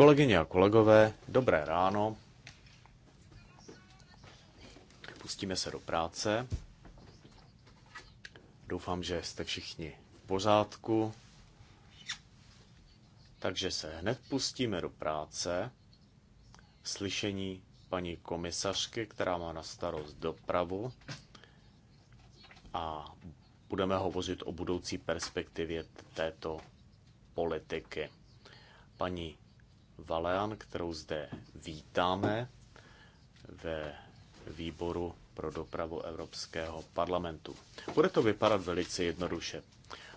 Kolegyně a kolegové, dobré ráno. Pustíme se do práce. Doufám, že jste všichni v pořádku. Takže se hned pustíme do práce. Slyšení paní komisařky, která má na starost dopravu a budeme hovořit o budoucí perspektivě této politiky. Paní Valean, kterou zde vítáme ve výboru pro dopravu Evropského parlamentu. Bude to vypadat velice jednoduše.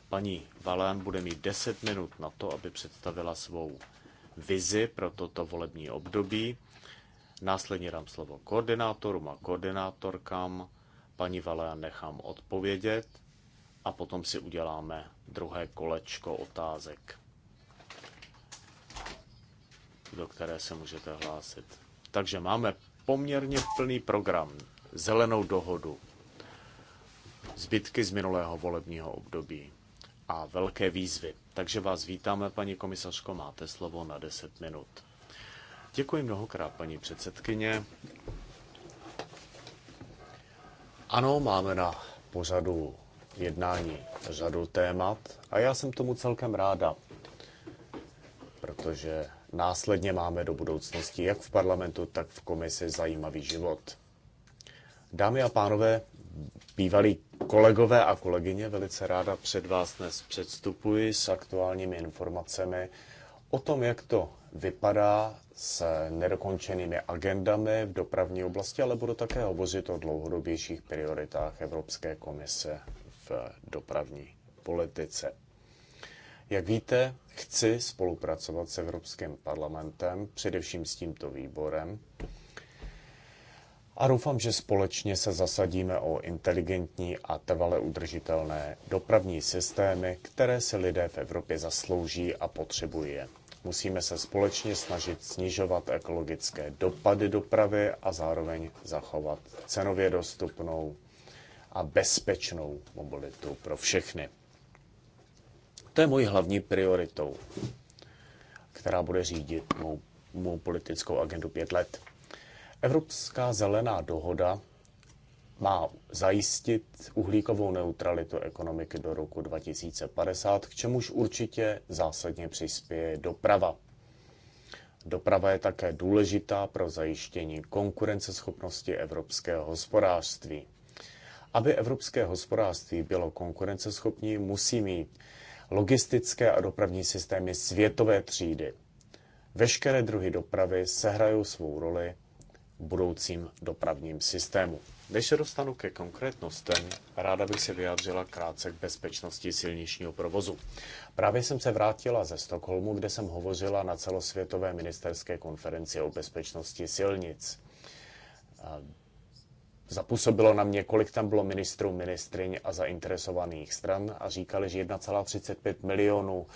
Paní Valean bude mít 10 minut na to, aby představila svou vizi pro toto volební období. Následně dám slovo koordinátorům a koordinátorkám. Paní Valean nechám odpovědět a potom si uděláme druhé kolečko otázek do které se můžete hlásit. Takže máme poměrně plný program, zelenou dohodu, zbytky z minulého volebního období a velké výzvy. Takže vás vítáme, paní komisařko, máte slovo na 10 minut. Děkuji mnohokrát, paní předsedkyně. Ano, máme na pořadu jednání řadu témat a já jsem tomu celkem ráda, protože Následně máme do budoucnosti jak v parlamentu, tak v komisi zajímavý život. Dámy a pánové, bývalí kolegové a kolegyně, velice ráda před vás dnes předstupuji s aktuálními informacemi o tom, jak to vypadá s nedokončenými agendami v dopravní oblasti, ale budu také hovořit o dlouhodobějších prioritách Evropské komise v dopravní politice. Jak víte, Chci spolupracovat s Evropským parlamentem, především s tímto výborem. A doufám, že společně se zasadíme o inteligentní a trvale udržitelné dopravní systémy, které si lidé v Evropě zaslouží a potřebují. Musíme se společně snažit snižovat ekologické dopady dopravy a zároveň zachovat cenově dostupnou a bezpečnou mobilitu pro všechny. To je mojí hlavní prioritou, která bude řídit mou, mou politickou agendu pět let. Evropská zelená dohoda má zajistit uhlíkovou neutralitu ekonomiky do roku 2050, k čemuž určitě zásadně přispěje doprava. Doprava je také důležitá pro zajištění konkurenceschopnosti evropského hospodářství. Aby evropské hospodářství bylo konkurenceschopní, musí mít Logistické a dopravní systém je světové třídy. Veškeré druhy dopravy sehrají svou roli v budoucím dopravním systému. Než se dostanu ke konkrétnostem, ráda bych se vyjádřila krátce k bezpečnosti silničního provozu. Právě jsem se vrátila ze Stockholmu, kde jsem hovořila na celosvětové ministerské konferenci o bezpečnosti silnic. Zapůsobilo na mě, kolik tam bylo ministrů, ministryň a zainteresovaných stran a říkali, že 1,35 milionů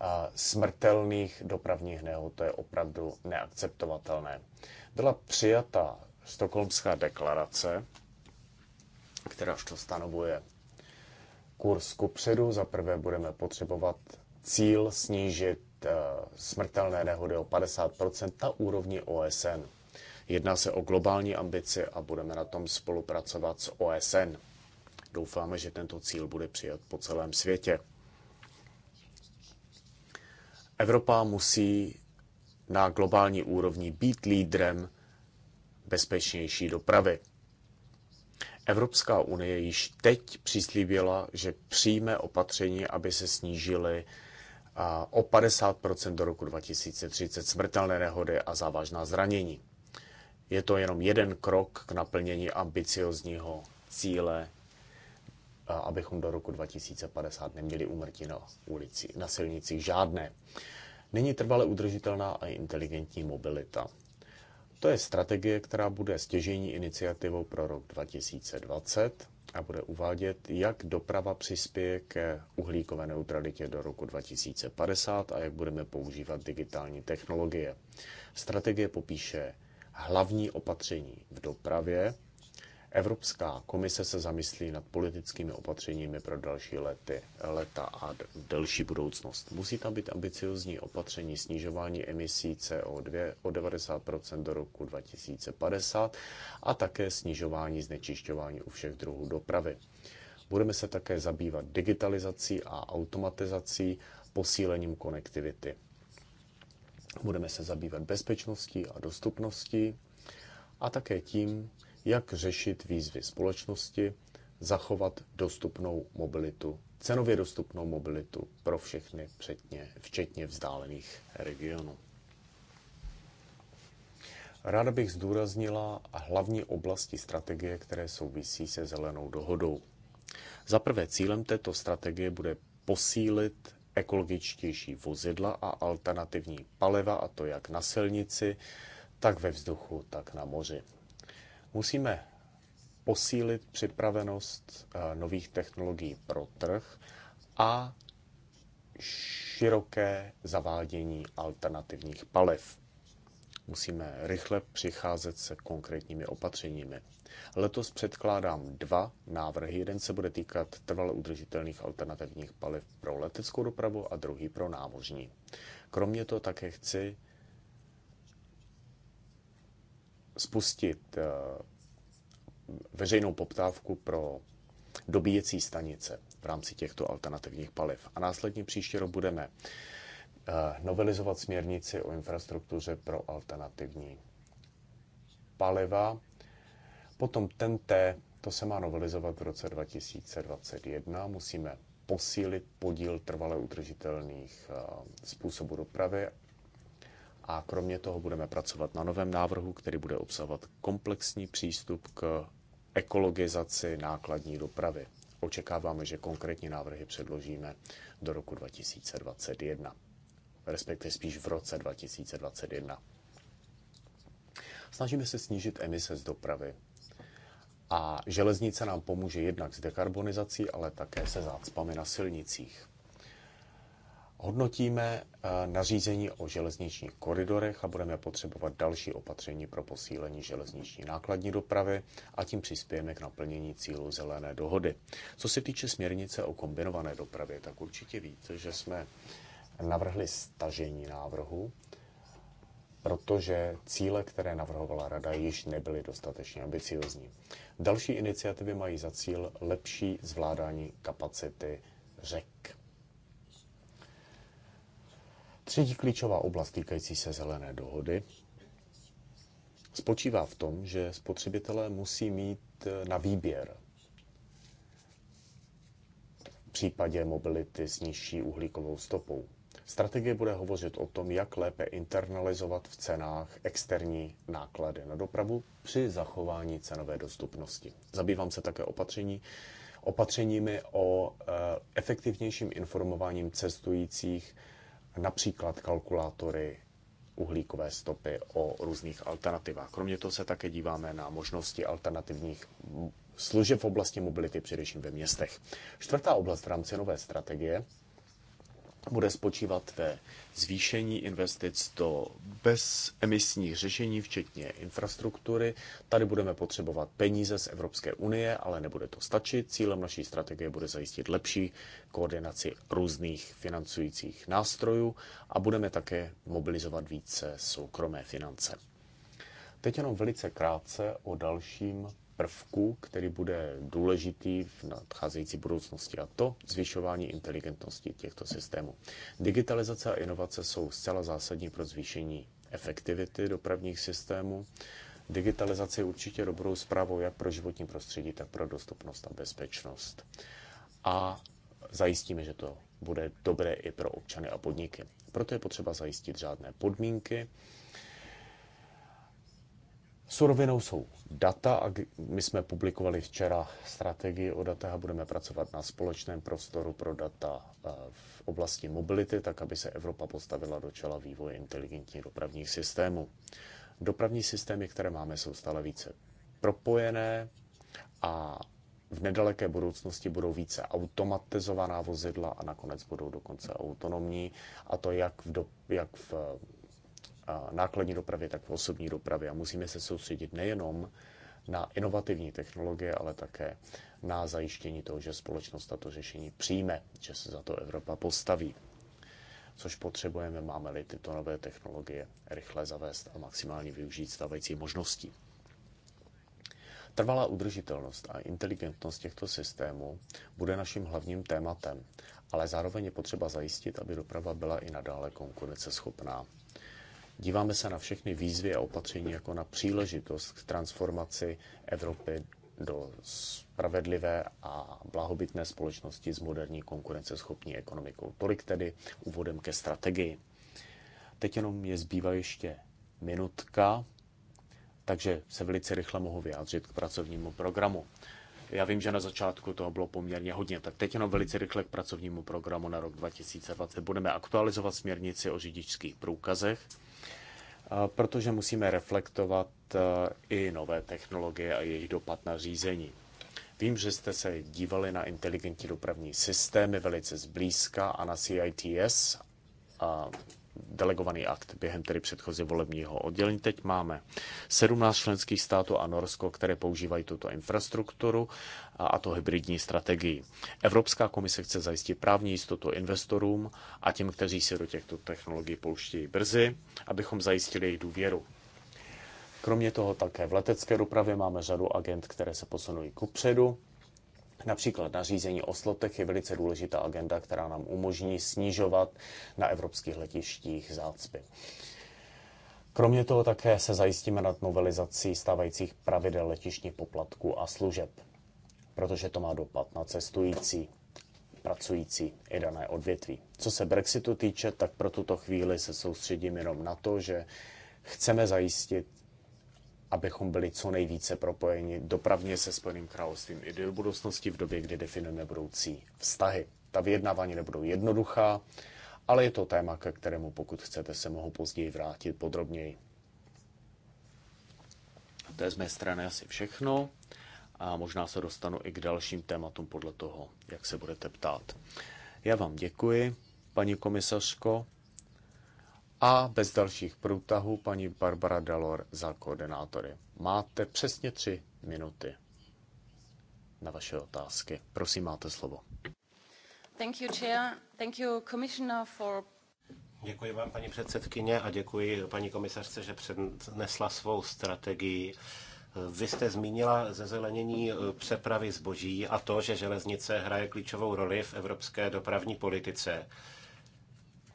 eh, smrtelných dopravních nehod, to je opravdu neakceptovatelné. Byla přijata Stokholmská deklarace, kteráž to stanovuje kurz ku předu. Za prvé budeme potřebovat cíl snížit eh, smrtelné nehody o 50% na úrovni OSN. Jedná se o globální ambici a budeme na tom spolupracovat s OSN. Doufáme, že tento cíl bude přijat po celém světě. Evropa musí na globální úrovni být lídrem bezpečnější dopravy. Evropská unie již teď přislíbila, že přijme opatření, aby se snížily o 50 do roku 2030 smrtelné nehody a závažná zranění. Je to jenom jeden krok k naplnění ambiciozního cíle, abychom do roku 2050 neměli umrtí na, ulici, na silnicích žádné. Není trvale udržitelná a inteligentní mobilita. To je strategie, která bude stěžení iniciativou pro rok 2020 a bude uvádět, jak doprava přispěje k uhlíkové neutralitě do roku 2050 a jak budeme používat digitální technologie. Strategie popíše hlavní opatření v dopravě. Evropská komise se zamyslí nad politickými opatřeními pro další lety, leta a delší budoucnost. Musí tam být ambiciozní opatření snižování emisí CO2 o 90 do roku 2050 a také snižování znečišťování u všech druhů dopravy. Budeme se také zabývat digitalizací a automatizací, posílením konektivity. Budeme se zabývat bezpečností a dostupností a také tím, jak řešit výzvy společnosti, zachovat dostupnou mobilitu, cenově dostupnou mobilitu pro všechny, předně, včetně vzdálených regionů. Ráda bych zdůraznila hlavní oblasti strategie, které souvisí se zelenou dohodou. Za prvé cílem této strategie bude posílit ekologičtější vozidla a alternativní paliva, a to jak na silnici, tak ve vzduchu, tak na moři. Musíme posílit připravenost eh, nových technologií pro trh a široké zavádění alternativních paliv musíme rychle přicházet se konkrétními opatřeními. Letos předkládám dva návrhy. Jeden se bude týkat trvale udržitelných alternativních paliv pro leteckou dopravu a druhý pro námořní. Kromě toho také chci spustit eh, veřejnou poptávku pro dobíjecí stanice v rámci těchto alternativních paliv. A následně příští rok budeme Eh, novelizovat směrnici o infrastruktuře pro alternativní paliva. Potom ten T, to se má novelizovat v roce 2021. Musíme posílit podíl trvale udržitelných eh, způsobů dopravy a kromě toho budeme pracovat na novém návrhu, který bude obsahovat komplexní přístup k ekologizaci nákladní dopravy. Očekáváme, že konkrétní návrhy předložíme do roku 2021 respektive spíš v roce 2021. Snažíme se snížit emise z dopravy. A železnice nám pomůže jednak s dekarbonizací, ale také se zácpami na silnicích. Hodnotíme eh, nařízení o železničních koridorech a budeme potřebovat další opatření pro posílení železniční nákladní dopravy a tím přispějeme k naplnění cílu zelené dohody. Co se týče směrnice o kombinované dopravě, tak určitě víte, že jsme navrhli stažení návrhu, protože cíle, které navrhovala rada, již nebyly dostatečně ambiciozní. Další iniciativy mají za cíl lepší zvládání kapacity řek. Třetí klíčová oblast týkající se zelené dohody spočívá v tom, že spotřebitelé musí mít eh, na výběr v případě mobility s nižší uhlíkovou stopou. Strategie bude hovořit o tom, jak lépe internalizovat v cenách externí náklady na dopravu při zachování cenové dostupnosti. Zabývám se také opatření, opatřeními o eh, efektivnějším informováním cestujících, například kalkulátory uhlíkové stopy o různých alternativách. Kromě toho se také díváme na možnosti alternativních služeb v oblasti mobility, především ve městech. Čtvrtá oblast v rámci nové strategie bude spočívat ve zvýšení investic do bezemisních řešení, včetně infrastruktury. Tady budeme potřebovat peníze z Evropské unie, ale nebude to stačit. Cílem naší strategie bude zajistit lepší koordinaci různých financujících nástrojů a budeme také mobilizovat více soukromé finance. Teď jenom velice krátce o dalším prvků, který bude důležitý v nadcházející budoucnosti, a to zvyšování inteligentnosti těchto systémů. Digitalizace a inovace jsou zcela zásadní pro zvýšení efektivity dopravních systémů. Digitalizace je určitě dobrou zprávou jak pro životní prostředí, tak pro dostupnost a bezpečnost. A zajistíme, že to bude dobré i pro občany a podniky. Proto je potřeba zajistit řádné podmínky, Surovinou jsou data a my jsme publikovali včera strategii o datech a budeme pracovat na společném prostoru pro data eh, v oblasti mobility, tak aby se Evropa postavila do čela vývoje inteligentních dopravních systémů. Dopravní systémy, které máme, jsou stále více propojené a v nedaleké budoucnosti budou více automatizovaná vozidla a nakonec budou dokonce autonomní, a to jak v, do, jak v nákladní dopravě, tak v osobní dopravě. A musíme se soustředit nejenom na inovativní technologie, ale také na zajištění toho, že společnost tato řešení přijme, že se za to Evropa postaví. Což potřebujeme, máme-li tyto nové technologie rychle zavést a maximálně využít stávající možností. Trvalá udržitelnost a inteligentnost těchto systémů bude naším hlavním tématem, ale zároveň je potřeba zajistit, aby doprava byla i nadále konkurenceschopná. Díváme se na všechny výzvy a opatření jako na příležitost k transformaci Evropy do spravedlivé a blahobytné společnosti s moderní konkurenceschopní ekonomikou. Tolik tedy úvodem ke strategii. Teď jenom je zbývá ještě minutka, takže se velice rychle mohu vyjádřit k pracovnímu programu. Já vím, že na začátku toho bylo poměrně hodně, tak teď jenom velice rychle k pracovnímu programu na rok 2020. Budeme aktualizovat směrnici o řidičských průkazech protože musíme reflektovat e, i nové technologie a jejich dopad na řízení. Vím, že jste se dívali na inteligentní dopravní systémy velice zblízka a na CITS, a delegovaný akt během tedy předchozí volebního oddělení. Teď máme 17 členských států a Norsko, které používají tuto infrastrukturu a, a to hybridní strategii. Evropská komise chce zajistit právní jistotu investorům a těm, kteří se do těchto technologií pouštějí brzy, abychom zajistili jejich důvěru. Kromě toho také v letecké dopravě máme řadu agent, které se posunují kupředu Například nařízení o slotech je velice důležitá agenda, která nám umožní snižovat na evropských letištích zácpy. Kromě toho také se zajistíme nad novelizací stávajících pravidel letišních poplatků a služeb, protože to má dopad na cestující, pracující i dané odvětví. Co se Brexitu týče, tak pro tuto chvíli se soustředím jenom na to, že chceme zajistit abychom byli co nejvíce propojeni dopravně se Spojeným královstvím i do budoucnosti v době, kdy definujeme budoucí vztahy. Ta vyjednávání nebudou jednoduchá, ale je to téma, ke kterému pokud chcete, se mohu později vrátit podrobněji. To je z mé strany asi všechno a možná se dostanu i k dalším tématům podle toho, jak se budete ptát. Já vám děkuji, paní komisařko. A bez dalších průtahů paní Barbara Dalor za koordinátory. Máte přesně tři minuty na vaše otázky. Prosím, máte slovo. Thank you, Chair. Thank you, Commissioner, for Děkuji vám, paní předsedkyně, a děkuji paní komisařce, že přednesla svou strategii. Vy jste zmínila zezelenění přepravy zboží a to, že železnice hraje klíčovou roli v evropské dopravní politice.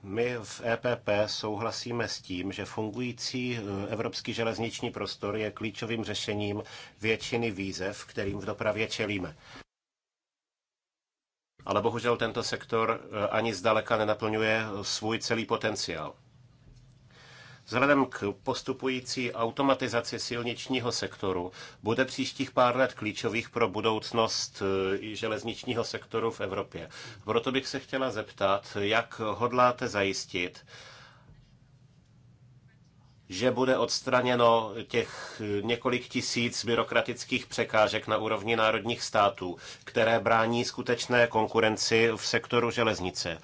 My v EPP souhlasíme s tím, že fungující e, evropský železniční prostor je klíčovým řešením většiny výzev, kterým v dopravě čelíme. Ale bohužel tento sektor e, ani zdaleka nenaplňuje e, svůj celý potenciál. Vzhledem k postupující automatizaci silničního sektoru bude příštích pár let klíčových pro budoucnost eh, železničního sektoru v Evropě. Proto bych se chtěla zeptat, jak hodláte zajistit, že bude odstraněno těch několik tisíc byrokratických překážek na úrovni národních států, které brání skutečné konkurenci v sektoru železnice.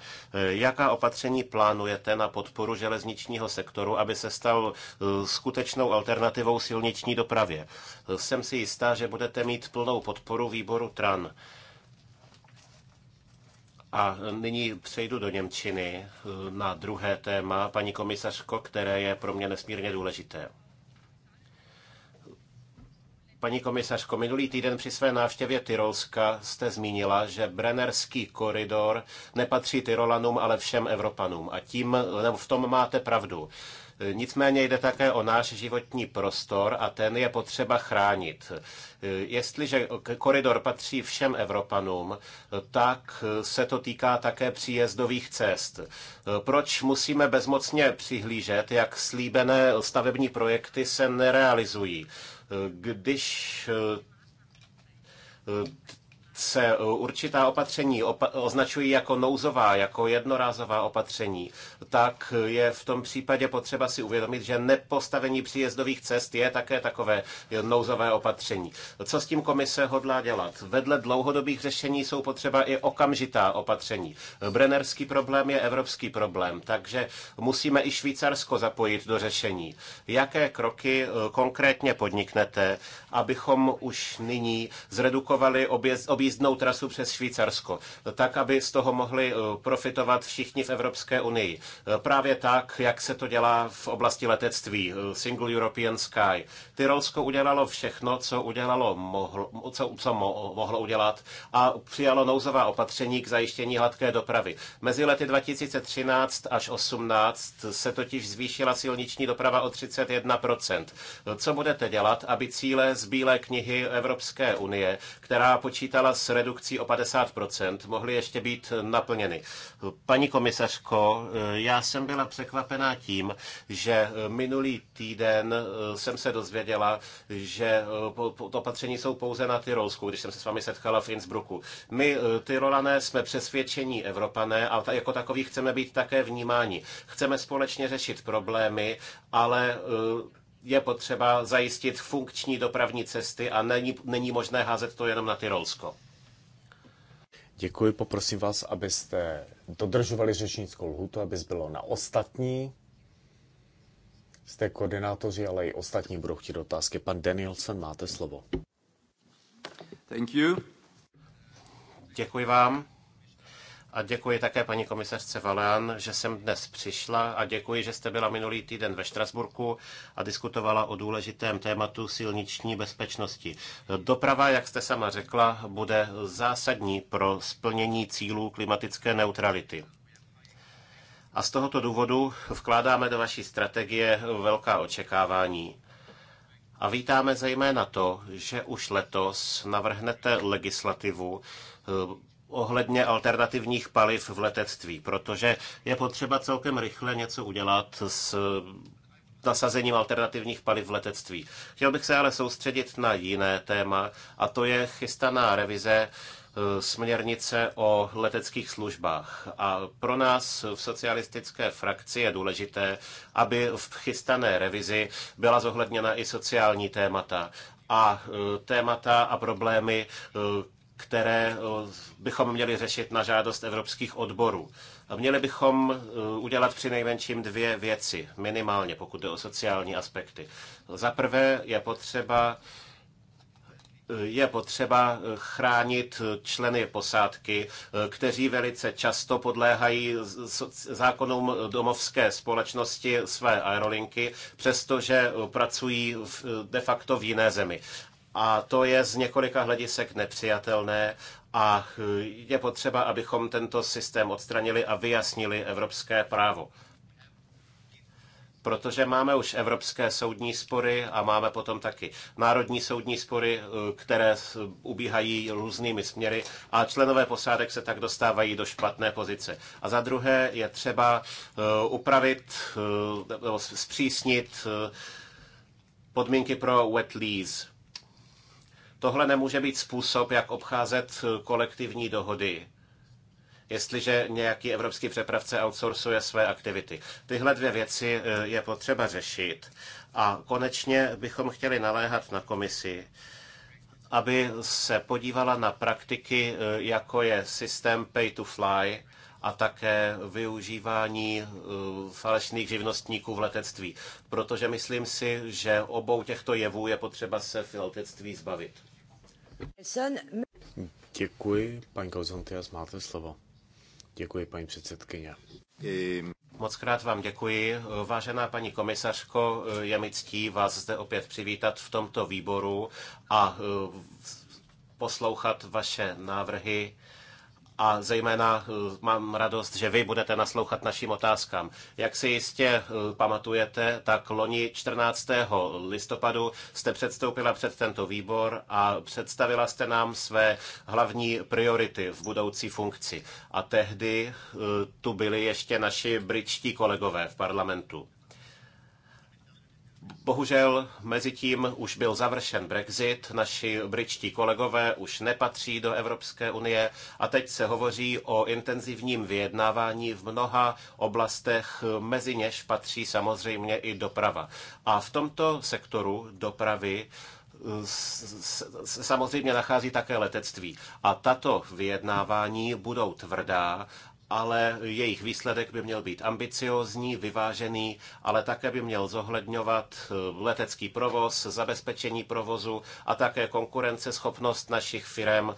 Jaká opatření plánujete na podporu železničního sektoru, aby se stal eh, skutečnou alternativou silniční dopravě? Jsem si jistá, že budete mít plnou podporu výboru TRAN. A nyní přejdu do Němčiny eh, na druhé téma, paní komisařko, které je pro mě nesmírně důležité. Paní komisařko, minulý týden při své návštěvě Tyrolska jste zmínila, že Brennerský koridor nepatří Tyrolanům, ale všem Evropanům. A tím, nebo v tom máte pravdu. Nicméně jde také o náš životní prostor a ten je potřeba chránit. Jestliže koridor patří všem Evropanům, tak se to týká také příjezdových cest. Proč musíme bezmocně přihlížet, jak slíbené stavební projekty se nerealizují? Když se e, určitá opatření opa- označují jako nouzová, jako jednorázová opatření, tak je v tom případě potřeba si uvědomit, že nepostavení příjezdových cest je také takové nouzové opatření. Co s tím komise hodlá dělat? Vedle dlouhodobých řešení jsou potřeba i okamžitá opatření. Brennerský problém je evropský problém, takže musíme i Švýcarsko zapojit do řešení. Jaké kroky e, konkrétně podniknete, abychom už nyní zredukovali objezd, jízdnou trasu přes Švýcarsko, tak, aby z toho mohli eh, profitovat všichni v Evropské unii. Eh, právě tak, jak se to dělá v oblasti letectví, eh, Single European Sky. Tyrolsko udělalo všechno, co udělalo mohlo, co, co mohlo udělat a přijalo nouzová opatření k zajištění hladké dopravy. Mezi lety 2013 až 18 se totiž zvýšila silniční doprava o 31%. Co budete dělat, aby cíle z Bílé knihy Evropské unie, která počítala s redukcí o 50% mohly ještě být naplněny. Paní komisařko, já jsem byla překvapená tím, že minulý týden eh, jsem se dozvěděla, že eh, opatření jsou pouze na Tyrolsku, když jsem se s vámi setkala v Innsbrucku. My eh, Tyrolané jsme přesvědčení Evropané a jako takový chceme být také vnímáni. Chceme společně řešit problémy, ale je potřeba zajistit funkční dopravní cesty a není, není možné házet to jenom na Tyrolsko. Děkuji, poprosím vás, abyste dodržovali řečnickou lhutu, aby bylo na ostatní. Jste koordinátoři, ale i ostatní budou chtít otázky. Pan Danielson, máte slovo. Thank you. Děkuji vám. A děkuji také paní komisařce Valean, že jsem dnes přišla a děkuji, že jste byla minulý týden ve Štrasburku a diskutovala o důležitém tématu silniční bezpečnosti. Doprava, jak jste sama řekla, bude zásadní pro splnění cílů klimatické neutrality. A z tohoto důvodu vkládáme do vaší strategie velká očekávání. A vítáme zejména to, že už letos navrhnete legislativu ohledně alternativních paliv v letectví, protože je potřeba celkem rychle něco udělat s nasazením alternativních paliv v letectví. Chtěl bych se ale soustředit na jiné téma, a to je chystaná revize eh, směrnice o leteckých službách. A pro nás v socialistické frakci je důležité, aby v chystané revizi byla zohledněna i sociální témata a eh, témata a problémy, eh, které eh, bychom měli řešit na žádost evropských odborů. Měli bychom eh, udělat při nejmenším dvě věci, minimálně, pokud jde o sociální aspekty. Za prvé je potřeba eh, je potřeba chránit členy posádky, kteří velice často podléhají zákonům domovské společnosti své aerolinky, přestože pracují de facto v jiné zemi. A to je z několika hledisek nepřijatelné a je potřeba, abychom tento systém odstranili a vyjasnili evropské právo protože máme už evropské soudní spory a máme potom taky národní soudní spory, eh, které ubíhají různými směry a členové posádek se tak dostávají do špatné pozice. A za druhé je třeba eh, upravit eh, nebo zpřísnit podmínky pro wet lease Tohle nemůže být způsob, jak obcházet kolektivní dohody jestliže nějaký evropský přepravce outsourcuje své aktivity. Tyhle dvě věci eh, je potřeba řešit. A konečně bychom chtěli naléhat na komisi, aby se podívala na praktiky, eh, jako je systém pay to fly a také využívání eh, falešných živnostníků v letectví. Protože myslím si, že obou těchto jevů je potřeba se v letectví zbavit. Děkuji, paní Gauzantias, máte slovo. Děkuji, paní předsedkyně. Ehm, moc krát vám děkuji. Vážená paní komisařko, eh, je mi ctí vás zde opět přivítat v tomto výboru a eh, poslouchat vaše návrhy a zejména eh, mám radost, že vy budete naslouchat našim otázkám. Jak si jistě eh, pamatujete, tak loni 14. listopadu jste předstoupila před tento výbor a představila jste nám své hlavní priority v budoucí funkci. A tehdy eh, tu byli ještě naši britští kolegové v parlamentu. Bohužel mezi tím už byl završen Brexit, naši britští kolegové už nepatří do Evropské unie a teď se hovoří o intenzivním vyjednávání v mnoha oblastech, mezi něž patří samozřejmě i doprava. A v tomto sektoru dopravy samozřejmě nachází také letectví. A tato vyjednávání budou tvrdá ale jejich výsledek by měl být ambiciózní, vyvážený, ale také by měl zohledňovat eh, letecký provoz, zabezpečení provozu a také konkurenceschopnost našich firm eh,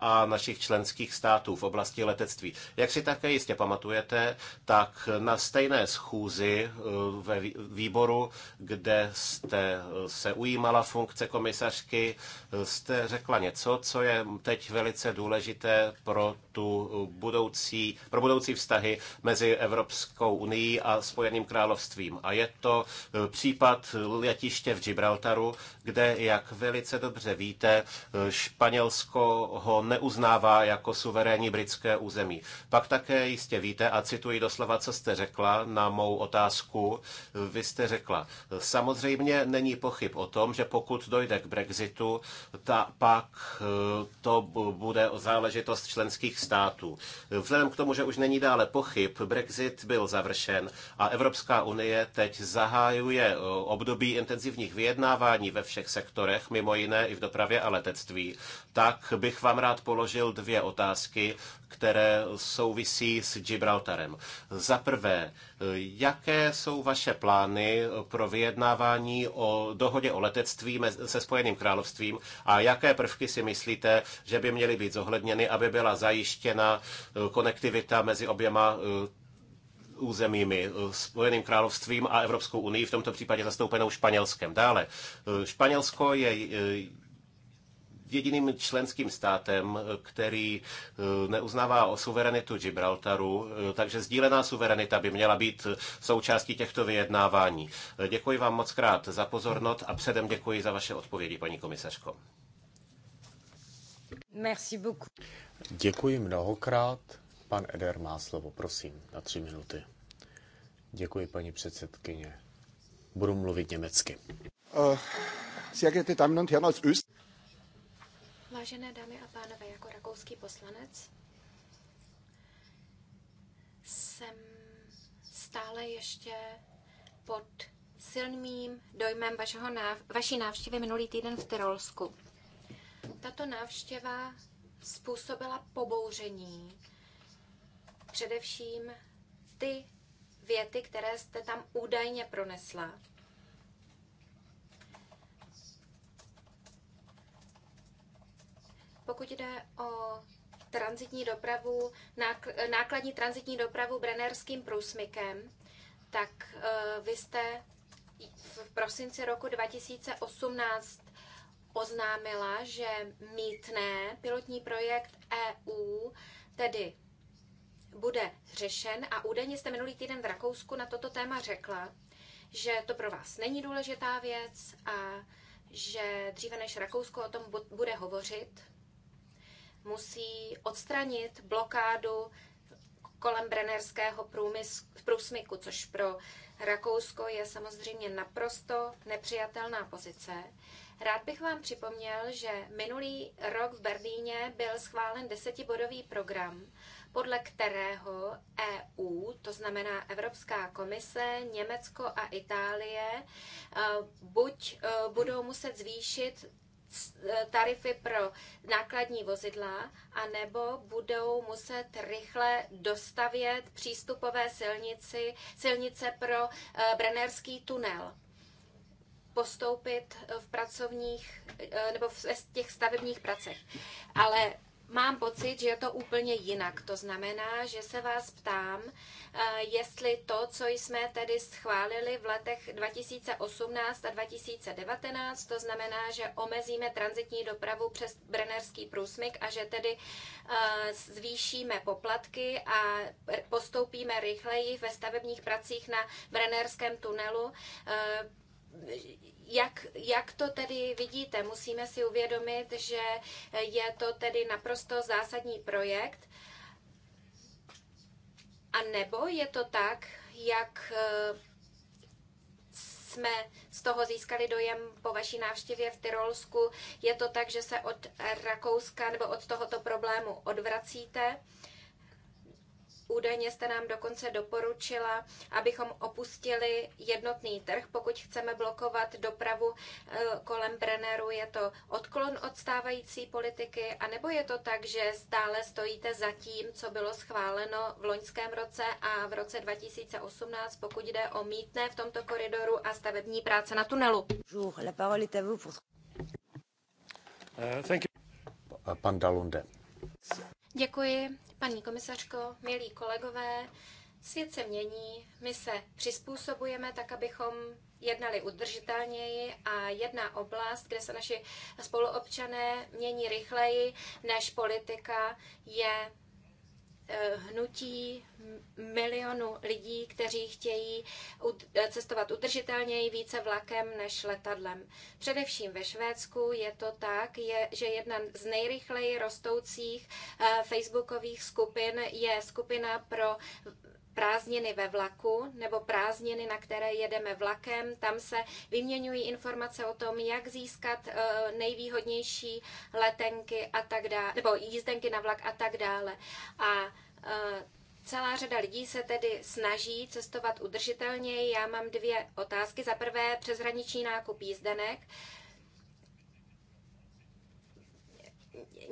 a našich členských států v oblasti letectví. Jak si také jistě pamatujete, tak na stejné schůzi eh, ve výboru, kde jste se ujímala funkce komisařky, jste řekla něco, co je teď velice důležité pro tu budoucí pro budoucí vztahy mezi Evropskou unii a Spojeným královstvím. A je to e, případ letiště v Gibraltaru, kde, jak velice dobře víte, e, Španělsko ho neuznává jako suverénní britské území. Pak také jistě víte, a cituji doslova, co jste řekla na mou otázku, e, vy jste řekla, samozřejmě není pochyb o tom, že pokud dojde k Brexitu, ta, pak to bude záležitost členských států. Vzhledem k tomu, že už není dále pochyb, Brexit byl završen a Evropská unie teď zahájuje eh, období intenzivních vyjednávání ve všech sektorech, mimo jiné i v dopravě a letectví tak bych vám rád položil dvě otázky, které souvisí s Gibraltarem. Za prvé, jaké jsou vaše plány pro vyjednávání o dohodě o letectví se Spojeným královstvím a jaké prvky si myslíte, že by měly být zohledněny, aby byla zajištěna eh, konektivita mezi oběma eh, územími, eh, Spojeným královstvím a Evropskou unii, v tomto případě zastoupenou Španělskem. Dále, Španělsko je jediným členským státem, který eh, neuznává suverenitu Gibraltaru, eh, takže sdílená suverenita by měla být součástí těchto vyjednávání. Eh, děkuji vám moc krát za pozornost a předem děkuji za vaše odpovědi, paní komisařko. Merci beaucoup. Děkuji mnohokrát. Pan Eder má slovo, prosím, na tři minuty. Děkuji, paní předsedkyně. Budu mluvit německy. Uh, sehr geehrte Damen und Herren, aus Öst Vážené dámy a pánové, jako rakouský poslanec jsem stále ještě pod silným dojmem vašeho náv- vaší návštěvy minulý týden v Tyrolsku. Tato návštěva způsobila pobouření. Především ty věty, které jste tam údajně pronesla. Pokud jde o transitní dopravu, nákladní transitní dopravu Brenerským průsmykem, tak e, vy jste v prosinci roku 2018 oznámila, že mítné pilotní projekt EU tedy bude řešen a údajně jste minulý týden v Rakousku na toto téma řekla, že to pro vás není důležitá věc a že dříve než Rakousko o tom bude hovořit, musí odstranit blokádu kolem brenerského průsmyku, což pro Rakousko je samozřejmě naprosto nepřijatelná pozice. Rád bych vám připomněl, že minulý rok v Berlíně byl schválen desetibodový program, podle kterého EU, to znamená Evropská komise, Německo a Itálie, eh, buď eh, budou muset zvýšit tarify pro nákladní vozidla, anebo budou muset rychle dostavět přístupové silnici, silnice pro eh, Brenerský tunel postoupit v pracovních eh, nebo v těch stavebních pracech. Ale mám pocit, že je to úplně jinak. To znamená, že se vás ptám, eh, jestli to, co jsme tedy schválili v letech 2018 a 2019, to znamená, že omezíme transitní dopravu přes Brenerský průsmyk a že tedy eh, zvýšíme poplatky a postoupíme rychleji ve stavebních pracích na Brenerském tunelu, eh, jak, jak to tedy vidíte? Musíme si uvědomit, že je to tedy naprosto zásadní projekt. A nebo je to tak, jak eh, jsme z toho získali dojem po vaší návštěvě v Tyrolsku, je to tak, že se od Rakouska nebo od tohoto problému odvracíte? Údajně jste nám dokonce doporučila, abychom opustili jednotný trh, pokud chceme blokovat dopravu eh, kolem Brenneru. Je to odklon od stávající politiky, anebo je to tak, že stále stojíte za tím, co bylo schváleno v loňském roce a v roce 2018, pokud jde o mítné v tomto koridoru a stavební práce na tunelu? Eh, Pan Dalunde. Děkuji, paní komisařko, milí kolegové. Svět se mění, my se přizpůsobujeme tak, abychom jednali udržitelněji a jedna oblast, kde se naši spoluobčané mění rychleji než politika, je Eh, hnutí milionu lidí, kteří chtějí eh, cestovat udržitelněji více vlakem než letadlem. Především ve Švédsku je to tak, je, že jedna z nejrychleji rostoucích eh, facebookových skupin je skupina pro prázdniny ve vlaku nebo prázdniny, na které jedeme vlakem. Tam se vyměňují informace o tom, jak získat eh, nejvýhodnější letenky a tak dále, nebo jízdenky na vlak a tak dále. A eh, Celá řada lidí se tedy snaží cestovat udržitelněji. Já mám dvě otázky. Za prvé přeshraniční nákup jízdenek.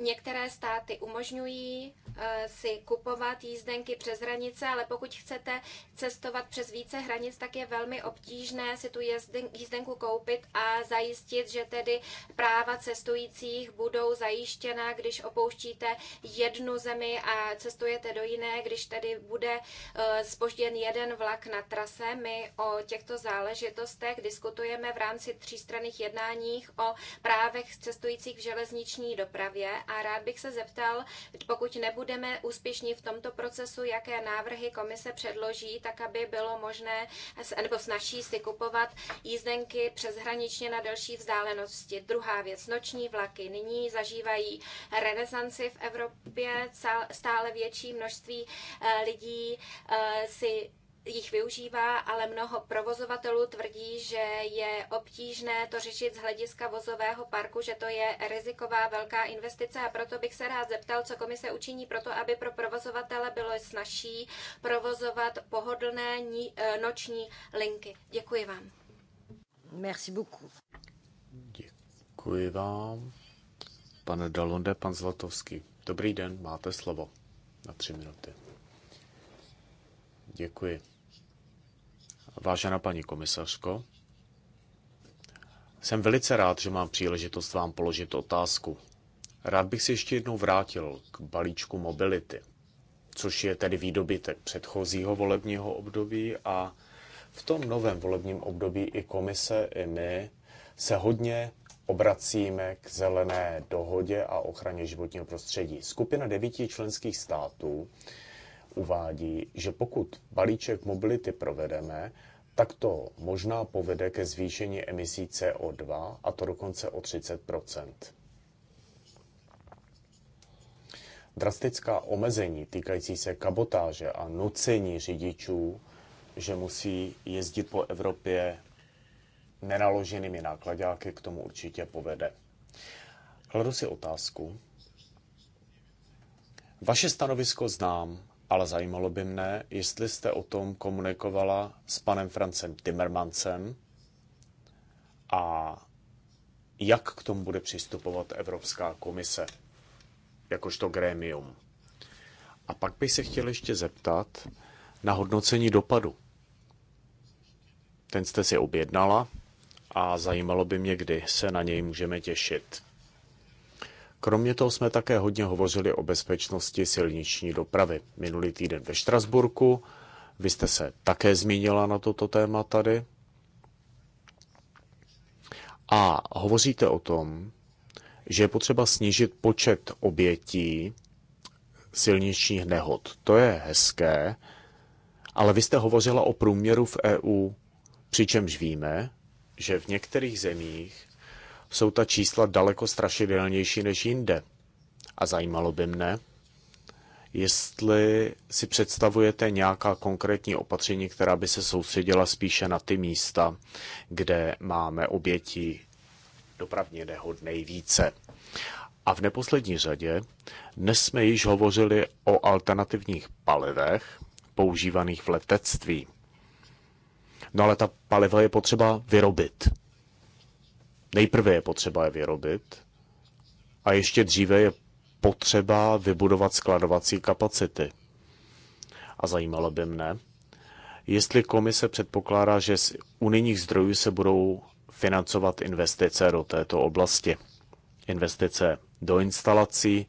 Některé státy umožňují eh, si kupovat jízdenky přes hranice, ale pokud chcete cestovat přes více hranic, tak je velmi obtížné si tu jízdenku koupit a zajistit, že tedy práva cestujících budou zajištěna, když opouštíte jednu zemi a cestujete do jiné, když tedy bude spožděn eh, jeden vlak na trase. My o těchto záležitostech diskutujeme v rámci třístranných jednáních o právech cestujících v železniční dopravě a rád bych se zeptal, pokud nebudeme úspěšní v tomto procesu, jaké návrhy komise předloží, tak aby bylo možné nebo snaží si kupovat jízdenky přeshraničně na delší vzdálenosti. Druhá věc, noční vlaky. Nyní zažívají renesanci v Evropě, stále větší množství eh, lidí eh, si jich využívá, ale mnoho provozovatelů tvrdí, že je obtížné to řešit z hlediska vozového parku, že to je riziková velká investice a proto bych se rád zeptal, co komise učiní pro to, aby pro provozovatele bylo snažší provozovat pohodlné e, noční linky. Děkuji vám. Merci beaucoup. Děkuji vám. Pane Dalonde, pan Zlatovský. Dobrý den, máte slovo na tři minuty. Děkuji. Vážená paní komisařko, jsem velice rád, že mám příležitost vám položit otázku. Rád bych se ještě jednou vrátil k balíčku mobility, což je tedy výdobytek předchozího volebního období a v tom novém volebním období i komise, i my se hodně obracíme k zelené dohodě a ochraně životního prostředí. Skupina devíti členských států uvádí, že pokud balíček mobility provedeme, tak to možná povede ke zvýšení emisí CO2, a to dokonce o 30 Drastická omezení týkající se kabotáže a nucení řidičů, že musí jezdit po Evropě nenaloženými nákladáky, k tomu určitě povede. Kladu si otázku. Vaše stanovisko znám ale zajímalo by mne, jestli jste o tom komunikovala s panem Francem Timmermansem a jak k tomu bude přistupovat Evropská komise, jakožto grémium. A pak bych se chtěl ještě zeptat na hodnocení dopadu. Ten jste si objednala a zajímalo by mě, kdy se na něj můžeme těšit. Kromě toho jsme také hodně hovořili o bezpečnosti silniční dopravy. Minulý týden ve Štrasburku, vy jste se také zmínila na toto téma tady. A hovoříte o tom, že je potřeba snížit počet obětí silničních nehod. To je hezké, ale vy jste hovořila o průměru v EU, přičemž víme, že v některých zemích jsou ta čísla daleko strašidelnější než jinde. A zajímalo by mne, jestli si představujete nějaká konkrétní opatření, která by se soustředila spíše na ty místa, kde máme oběti dopravně nehod nejvíce. A v neposlední řadě, dnes jsme již hovořili o alternativních palivech používaných v letectví. No ale ta paliva je potřeba vyrobit. Nejprve je potřeba je vyrobit a ještě dříve je potřeba vybudovat skladovací kapacity. A zajímalo by mne, jestli komise předpokládá, že z unijních zdrojů se budou financovat investice do této oblasti. Investice do instalací,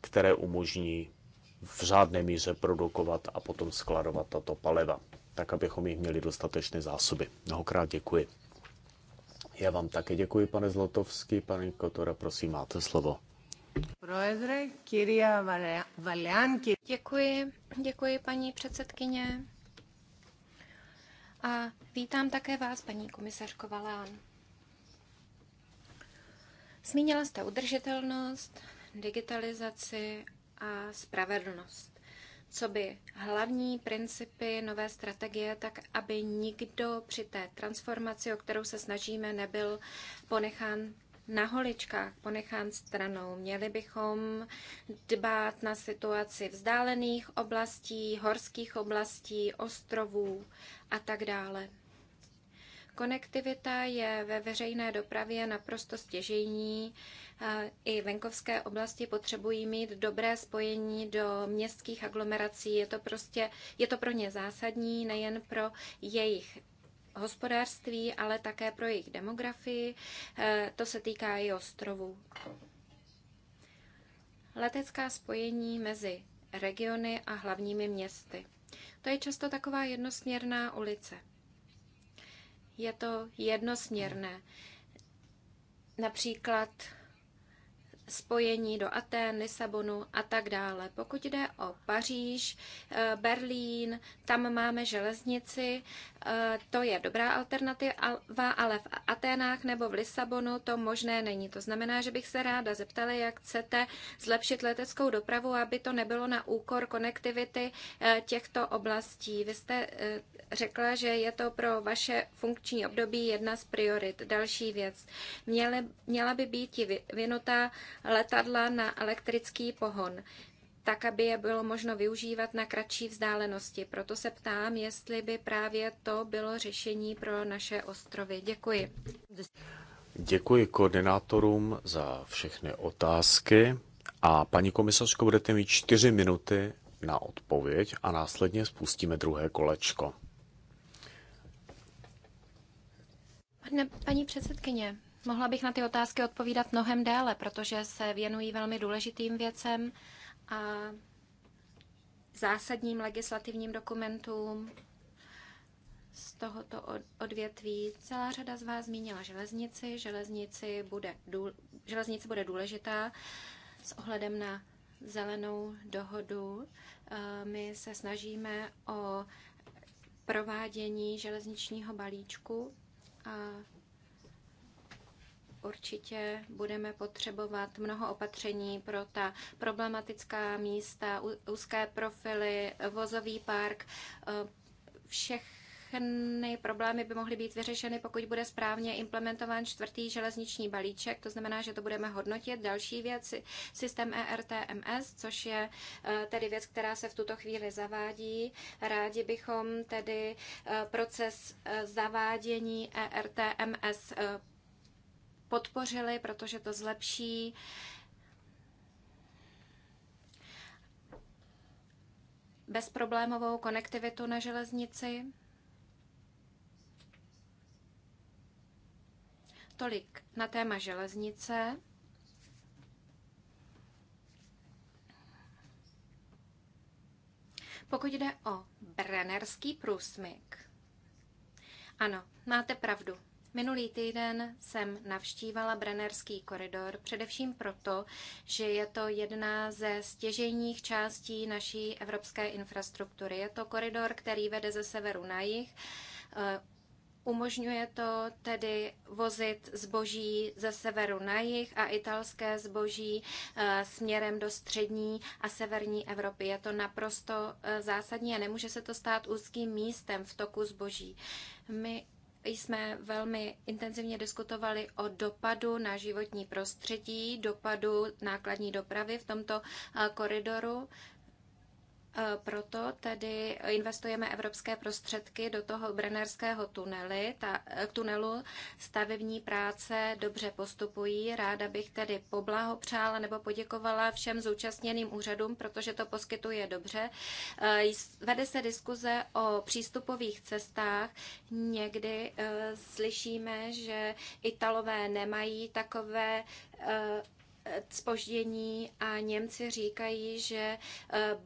které umožní v řádné míře produkovat a potom skladovat tato paliva, tak abychom jich měli dostatečné zásoby. Mnohokrát děkuji. Já vám také děkuji, pane Zlotovský. Pane Kotora, prosím, máte slovo. Děkuji, děkuji paní předsedkyně. A vítám také vás, paní komisařko Valán. Zmínila jste udržitelnost, digitalizaci a spravedlnost co by hlavní principy nové strategie, tak aby nikdo při té transformaci, o kterou se snažíme, nebyl ponechán na holičkách, ponechán stranou. Měli bychom dbát na situaci vzdálených oblastí, horských oblastí, ostrovů a tak dále. Konektivita je ve veřejné dopravě naprosto stěžejní i venkovské oblasti potřebují mít dobré spojení do městských aglomerací. Je to prostě, je to pro ně zásadní, nejen pro jejich hospodářství, ale také pro jejich demografii. E, to se týká i ostrovů. Letecká spojení mezi regiony a hlavními městy. To je často taková jednosměrná ulice. Je to jednosměrné. Například spojení do Atén, Lisabonu a tak dále. Pokud jde o Paříž, eh, Berlín, tam máme železnici, eh, to je dobrá alternativa, ale v Aténách nebo v Lisabonu to možné není. To znamená, že bych se ráda zeptala, jak chcete zlepšit leteckou dopravu, aby to nebylo na úkor konektivity eh, těchto oblastí. Vy jste řekla, že je to pro vaše funkční období jedna z priorit. Další věc. Měla by být vynutá letadla na elektrický pohon tak, aby je bylo možno využívat na kratší vzdálenosti. Proto se ptám, jestli by právě to bylo řešení pro naše ostrovy. Děkuji. Děkuji koordinátorům za všechny otázky a paní komisařko, budete mít čtyři minuty na odpověď a následně spustíme druhé kolečko. Pane, paní předsedkyně, Mohla bych na ty otázky odpovídat mnohem déle, protože se věnují velmi důležitým věcem a zásadním legislativním dokumentům z tohoto odvětví. Celá řada z vás zmínila železnici. Železnici bude, důle, železnice bude důležitá s ohledem na zelenou dohodu. Eh, my se snažíme o provádění železničního balíčku a určitě budeme potřebovat mnoho opatření pro ta problematická místa, úzké profily, vozový park, všech všechny problémy by mohly být vyřešeny, pokud bude správně implementován čtvrtý železniční balíček. To znamená, že to budeme hodnotit. Další věc, systém ERTMS, což je eh, tedy věc, která se v tuto chvíli zavádí. Rádi bychom tedy eh, proces eh, zavádění ERTMS podpořili, protože to zlepší bezproblémovou konektivitu na železnici. Tolik na téma železnice. Pokud jde o brenerský průsmyk, ano, máte pravdu. Minulý týden jsem navštívala Brennerský koridor, především proto, že je to jedna ze stěžejních částí naší evropské infrastruktury. Je to koridor, který vede ze severu na jih. Eh, umožňuje to tedy vozit zboží ze severu na jih a italské zboží eh, směrem do střední a severní Evropy. Je to naprosto eh, zásadní a nemůže se to stát úzkým místem v toku zboží. My jsme velmi intenzivně diskutovali o dopadu na životní prostředí, dopadu nákladní dopravy v tomto eh, koridoru. E, proto tedy investujeme evropské prostředky do toho brenerského tunely, ta, e, tunelu. Stavební práce dobře postupují. Ráda bych tedy poblahopřála nebo poděkovala všem zúčastněným úřadům, protože to poskytuje dobře. E, vede se diskuze o přístupových cestách. Někdy slyšíme, že Italové nemají takové spoždění a Němci říkají, že eh,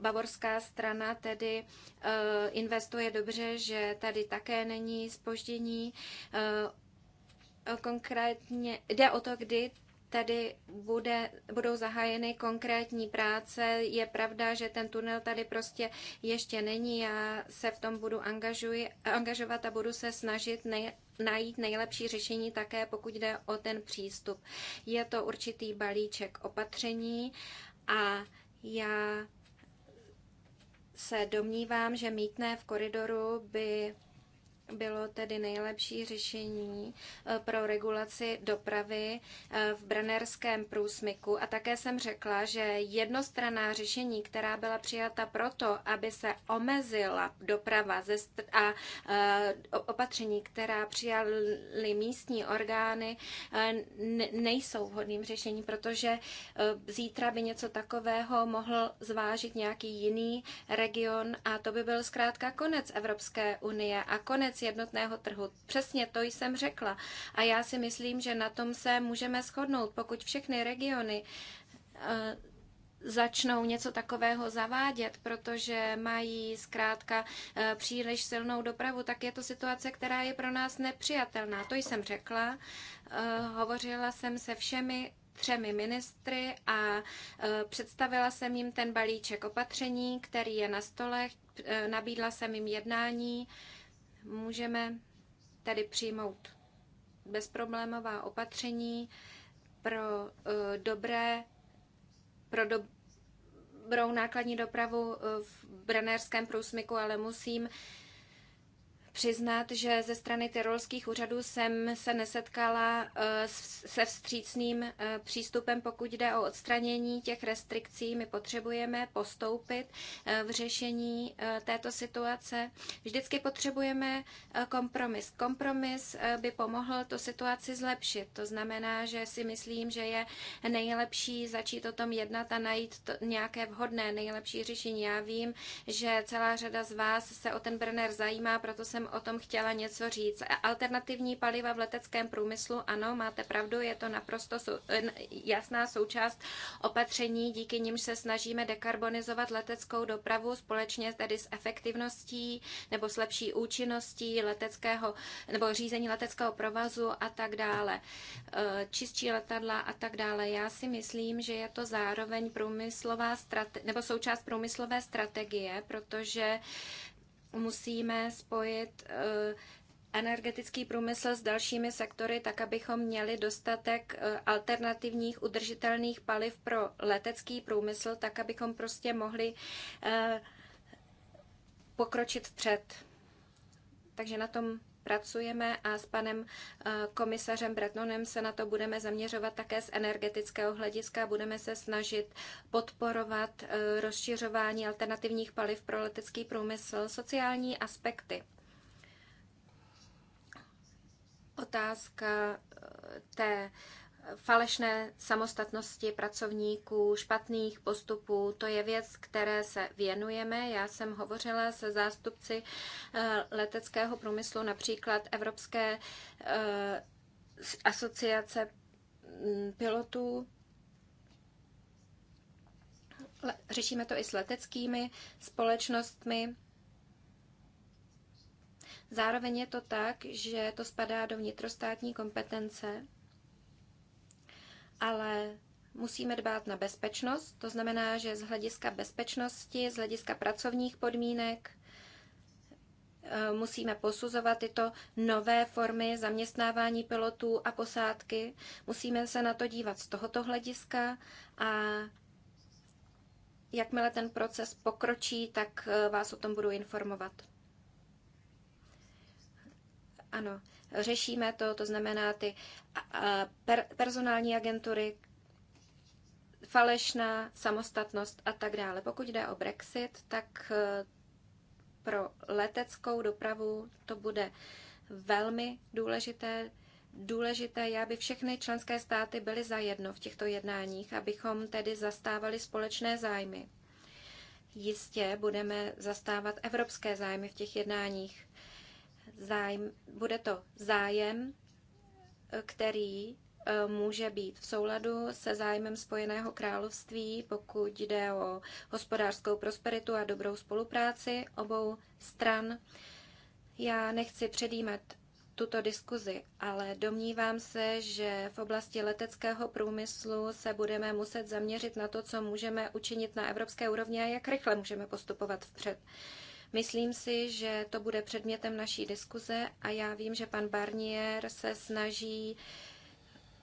bavorská strana tedy eh, investuje dobře, že tady také není spoždění. Eh, konkrétně jde o to, kdy tady bude, budou zahájeny konkrétní práce. Je pravda, že ten tunel tady prostě ještě není. Já se v tom budu angažuji, angažovat a budu se snažit nej, najít nejlepší řešení také, pokud jde o ten přístup. Je to určitý balíček opatření a já se domnívám, že mítné v koridoru by bylo tedy nejlepší řešení eh, pro regulaci dopravy eh, v branerském průsmyku. A také jsem řekla, že jednostranná řešení, která byla přijata proto, aby se omezila doprava ze a eh, opatření, která přijaly místní orgány, nejsou vhodným řešením, protože zítra by něco takového mohl zvážit nějaký jiný region a to by byl zkrátka konec Evropské unie a konec rámec jednotného trhu. Přesně to jsem řekla. A já si myslím, že na tom se můžeme shodnout, pokud všechny regiony eh, začnou něco takového zavádět, protože mají zkrátka eh, příliš silnou dopravu, tak je to situace, která je pro nás nepřijatelná. To jsem řekla. Eh, hovořila jsem se všemi třemi ministry a představila jsem jim ten balíček opatření, který je na stole. Nabídla jsem jim jednání můžeme tady přijmout bezproblémová opatření pro eh, dobré, pro do, dobrou nákladní dopravu eh, v Branerském průsmyku, ale musím přiznat, že ze strany tyrolských úřadů jsem se nesetkala eh, se vstřícným eh, přístupem, pokud jde o odstranění těch restrikcí. My potřebujeme postoupit eh, v řešení této situace. Vždycky potřebujeme kompromis. Kompromis by pomohl tu situaci zlepšit. To znamená, že si myslím, že je nejlepší začít o tom jednat a najít nějaké vhodné, nejlepší řešení. Já vím, že celá řada z vás se o ten Brenner zajímá, proto jsem jsem o tom chtěla něco říct. Alternativní paliva v leteckém průmyslu, ano, máte pravdu, je to naprosto jasná součást opatření, díky nimž se snažíme dekarbonizovat leteckou dopravu společně tedy s efektivností nebo s lepší účinností leteckého nebo řízení leteckého provazu a tak dále. E, čistší letadla a tak dále. Já si myslím, že je to zároveň průmyslová strate- nebo součást průmyslové strategie, protože musíme spojit eh, energetický průmysl s dalšími sektory, tak abychom měli dostatek eh, alternativních udržitelných paliv pro letecký průmysl, tak abychom prostě mohli eh, pokročit vpřed. Takže na tom pracujeme a s panem eh, komisařem Bretonem se na to budeme zaměřovat také z energetického hlediska. Budeme se snažit podporovat eh, rozšiřování alternativních paliv pro letecký průmysl, sociální aspekty. Otázka eh, té falešné samostatnosti pracovníků, špatných postupů. To je věc, které se věnujeme. Já jsem hovořila se zástupci eh, leteckého průmyslu, například Evropské eh, asociace mm, pilotů. Řešíme to i s leteckými společnostmi. Zároveň je to tak, že to spadá do vnitrostátní kompetence ale musíme dbát na bezpečnost. To znamená, že z hlediska bezpečnosti, z hlediska pracovních podmínek, eh, musíme posuzovat tyto nové formy zaměstnávání pilotů a posádky. Musíme se na to dívat z tohoto hlediska a jakmile ten proces pokročí, tak eh, vás o tom budu informovat. Ano, řešíme to, to znamená ty per, personální agentury, falešná samostatnost a tak dále. Pokud jde o Brexit, tak e, pro leteckou dopravu to bude velmi důležité. Důležité je, aby všechny členské státy byly zajedno v těchto jednáních, abychom tedy zastávali společné zájmy. Jistě budeme zastávat evropské zájmy v těch jednáních zájem, bude to zájem, který eh, může být v souladu se zájmem Spojeného království, pokud jde o hospodářskou prosperitu a dobrou spolupráci obou stran. Já nechci předjímat tuto diskuzi, ale domnívám se, že v oblasti leteckého průmyslu se budeme muset zaměřit na to, co můžeme učinit na evropské úrovni a jak rychle můžeme postupovat vpřed. Myslím si, že to bude předmětem naší diskuze a já vím, že pan Barnier se snaží,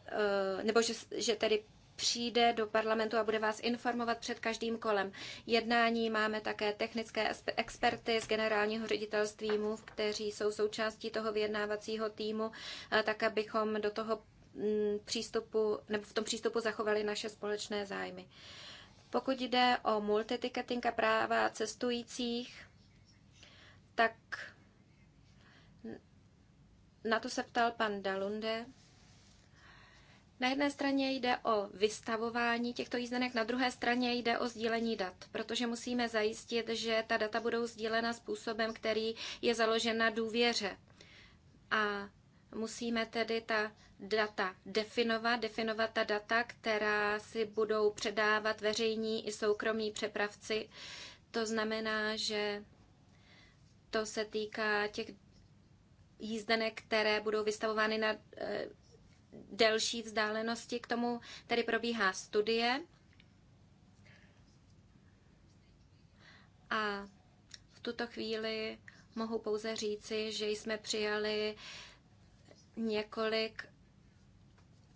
eh, nebo že, že tedy přijde do parlamentu a bude vás informovat před každým kolem jednání. Máme také technické experty z generálního ředitelství MUV, kteří jsou součástí toho vyjednávacího týmu, eh, tak abychom do toho mm, přístupu, nebo v tom přístupu zachovali naše společné zájmy. Pokud jde o multitiketing a práva cestujících, tak na to se ptal pan Dalunde. Na jedné straně jde o vystavování těchto jízdenek, na druhé straně jde o sdílení dat, protože musíme zajistit, že ta data budou sdílena způsobem, který je založen na důvěře. A musíme tedy ta data definovat, definovat ta data, která si budou předávat veřejní i soukromí přepravci. To znamená, že to se týká těch jízdenek, které budou vystavovány na eh, delší vzdálenosti. K tomu tedy probíhá studie. A v tuto chvíli mohu pouze říci, že jsme přijali několik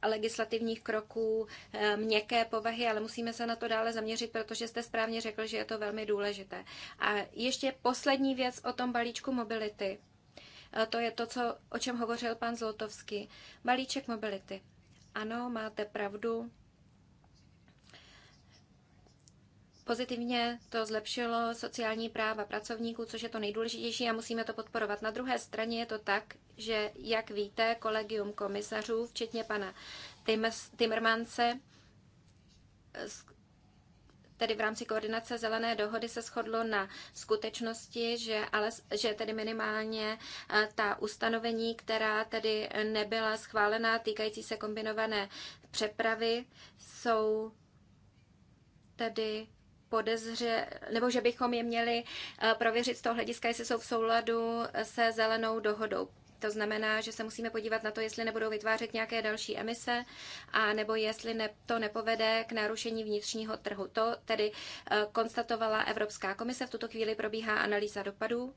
legislativních kroků eh, měkké povahy, ale musíme se na to dále zaměřit, protože jste správně řekl, že je to velmi důležité. A ještě poslední věc o tom balíčku mobility. Eh, to je to, co, o čem hovořil pan Zlotovský. Balíček mobility. Ano, máte pravdu. Pozitivně to zlepšilo sociální práva pracovníků, což je to nejdůležitější a musíme to podporovat. Na druhé straně je to tak, že, jak víte, kolegium komisařů, včetně pana Timmermance, tedy v rámci koordinace zelené dohody se shodlo na skutečnosti, že, ale, že tedy minimálně e, ta ustanovení, která tedy nebyla schválená týkající se kombinované přepravy, jsou tedy podezře, nebo že bychom je měli eh, prověřit z toho hlediska, jestli jsou v souladu eh, se zelenou dohodou. To znamená, že se musíme podívat na to, jestli nebudou vytvářet nějaké další emise, a nebo jestli ne, to nepovede k narušení vnitřního trhu. To tedy eh, konstatovala Evropská komise. V tuto chvíli probíhá analýza dopadů.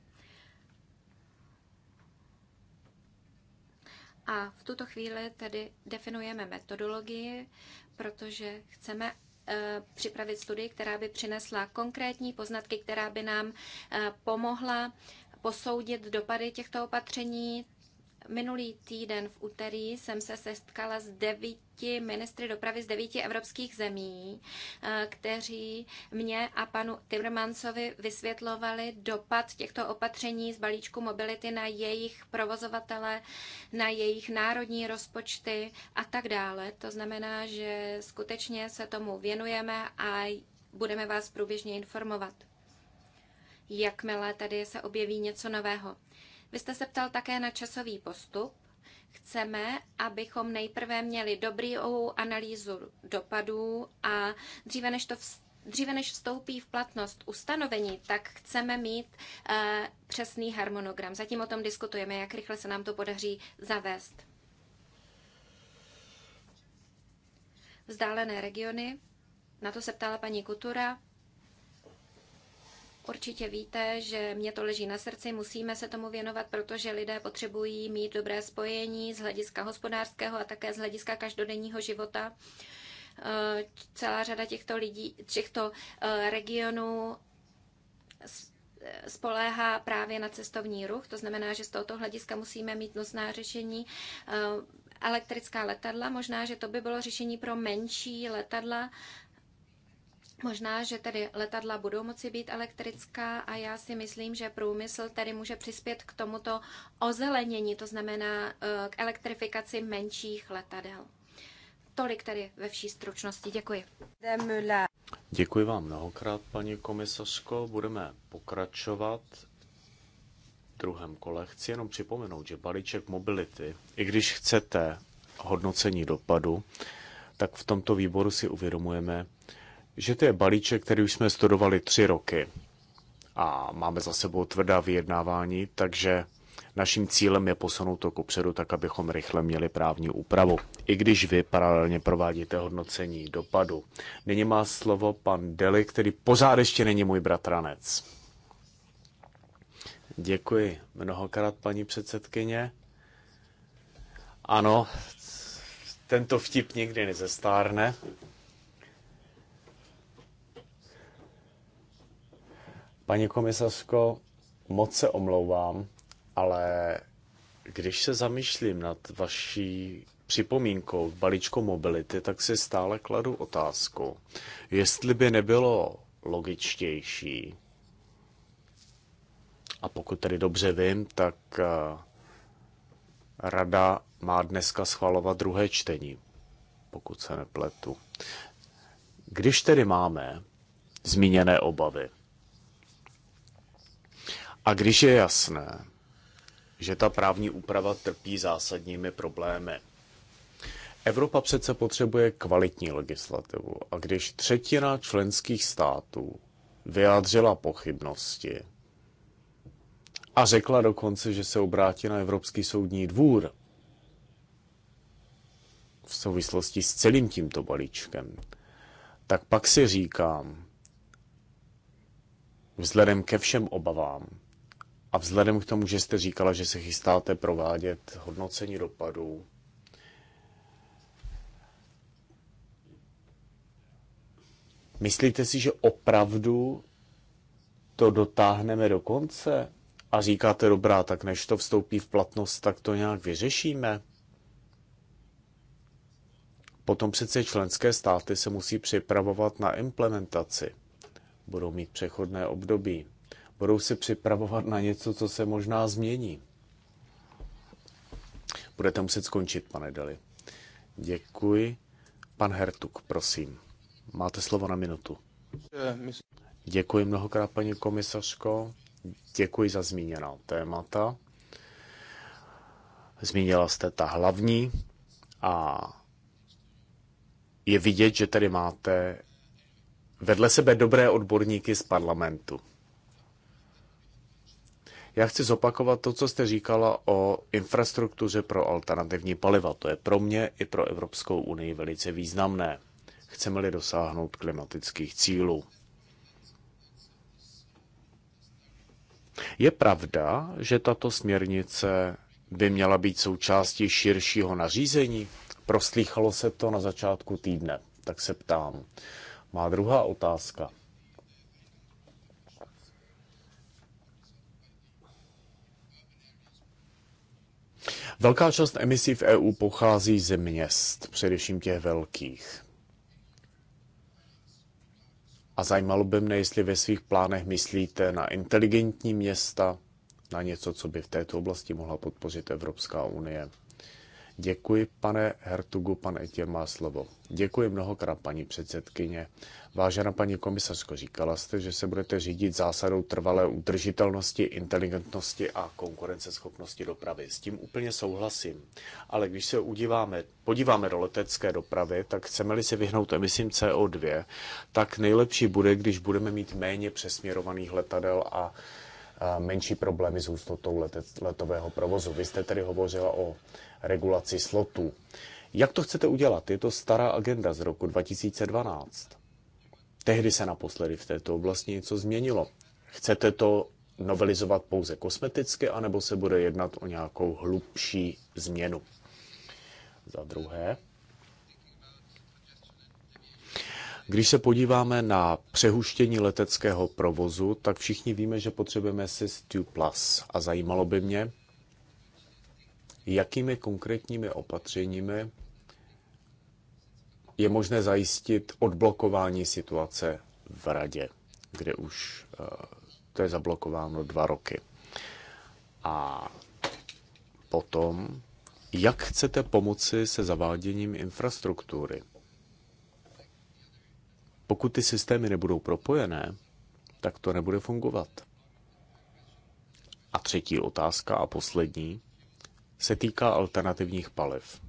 A v tuto chvíli tedy definujeme metodologii, protože chceme, Eh, připravit studii, která by přinesla konkrétní poznatky, která by nám eh, pomohla posoudit dopady těchto opatření, Minulý týden v úterý jsem se setkala s devíti ministry dopravy z devíti evropských zemí, eh, kteří mě a panu Timmermansovi vysvětlovali dopad těchto opatření z balíčku mobility na jejich provozovatele, na jejich národní rozpočty a tak dále. To znamená, že skutečně se tomu věnujeme a budeme vás průběžně informovat, jakmile tady se objeví něco nového. Vy jste se ptal také na časový postup. Chceme, abychom nejprve měli dobrou analýzu dopadů a dříve než to v, dříve než vstoupí v platnost ustanovení, tak chceme mít uh, přesný harmonogram. Zatím o tom diskutujeme, jak rychle se nám to podaří zavést. Vzdálené regiony, na to se ptala paní Kutura. Určitě víte, že mě to leží na srdci, musíme se tomu věnovat, protože lidé potřebují mít dobré spojení z hlediska hospodářského a také z hlediska každodenního života. Eh, celá řada těchto lidí, těchto eh, regionů eh, spoléhá právě na cestovní ruch, to znamená, že z tohoto hlediska musíme mít nosná řešení. Elektrická letadla, možná, že to by bylo řešení pro menší letadla, Možná, že tedy letadla budou moci být elektrická a já si myslím, že průmysl tady může přispět k tomuto ozelenění, to znamená eh, k elektrifikaci menších letadel. Tolik tedy ve vší stručnosti. Děkuji. Děkuji vám mnohokrát, paní komisařko. Budeme pokračovat v druhém kole. Chci jenom připomenout, že balíček mobility, i když chcete hodnocení dopadu, tak v tomto výboru si uvědomujeme, že to je balíček, který už jsme studovali tři roky a máme za sebou tvrdá vyjednávání, takže naším cílem je posunout to kupředu tak, abychom rychle měli právní úpravu. I když vy paralelně provádíte hodnocení dopadu. Nyní má slovo pan Deli, který pořád ještě není můj bratranec. Děkuji mnohokrát, paní předsedkyně. Ano, tento vtip nikdy nezestárne. Paní komisařko, moc se omlouvám, ale když se zamýšlím nad vaší připomínkou balíčku mobility, tak si stále kladu otázku, jestli by nebylo logičtější, a pokud tedy dobře vím, tak eh, rada má dneska schvalovat druhé čtení, pokud se nepletu. Když tedy máme zmíněné obavy, a když je jasné, že ta právní úprava trpí zásadními problémy, Evropa přece potřebuje kvalitní legislativu. A když třetina členských států vyjádřila pochybnosti a řekla dokonce, že se obrátí na Evropský soudní dvůr v souvislosti s celým tímto balíčkem, tak pak si říkám, vzhledem ke všem obavám, a vzhledem k tomu, že jste říkala, že se chystáte provádět hodnocení dopadů, myslíte si, že opravdu to dotáhneme do konce? A říkáte, dobrá, tak než to vstoupí v platnost, tak to nějak vyřešíme? Potom přece členské státy se musí připravovat na implementaci. Budou mít přechodné období. Budou se připravovat na něco, co se možná změní. Budete muset skončit, pane Deli. Děkuji. Pan Hertuk, prosím. Máte slovo na minutu. Děkuji mnohokrát, paní komisařko. Děkuji za zmíněná témata. Zmínila jste ta hlavní a je vidět, že tady máte vedle sebe dobré odborníky z parlamentu. Já chci zopakovat to, co jste říkala o infrastruktuře pro alternativní paliva. To je pro mě i pro Evropskou unii velice významné. Chceme-li dosáhnout klimatických cílů. Je pravda, že tato směrnice by měla být součástí širšího nařízení? Proslýchalo se to na začátku týdne, tak se ptám. Má druhá otázka – Velká část emisí v EU pochází ze měst, především těch velkých. A zajímalo by mne, jestli ve svých plánech myslíte na inteligentní města, na něco, co by v této oblasti mohla podpořit Evropská unie. Děkuji, pane Hertugu, pan Etě má slovo. Děkuji mnohokrát, paní předsedkyně. Vážená paní komisařko, říkala jste, že se budete řídit zásadou trvalé udržitelnosti, inteligentnosti a konkurenceschopnosti dopravy. S tím úplně souhlasím. Ale když se udíváme, podíváme do letecké dopravy, tak chceme-li se vyhnout emisím CO2, tak nejlepší bude, když budeme mít méně přesměrovaných letadel a menší problémy s hustotou letového provozu. Vy jste tedy hovořila o regulaci slotů. Jak to chcete udělat? Je to stará agenda z roku 2012. Tehdy se naposledy v této oblasti něco změnilo. Chcete to novelizovat pouze kosmeticky, anebo se bude jednat o nějakou hlubší změnu? Za druhé, Když se podíváme na přehuštění leteckého provozu, tak všichni víme, že potřebujeme SIS 2+. A zajímalo by mě, jakými konkrétními opatřeními je možné zajistit odblokování situace v radě, kde už eh, to je zablokováno dva roky. A potom, jak chcete pomoci se zaváděním infrastruktury? Pokud ty systémy nebudou propojené, tak to nebude fungovat. A třetí otázka a poslední se týká alternativních paliv.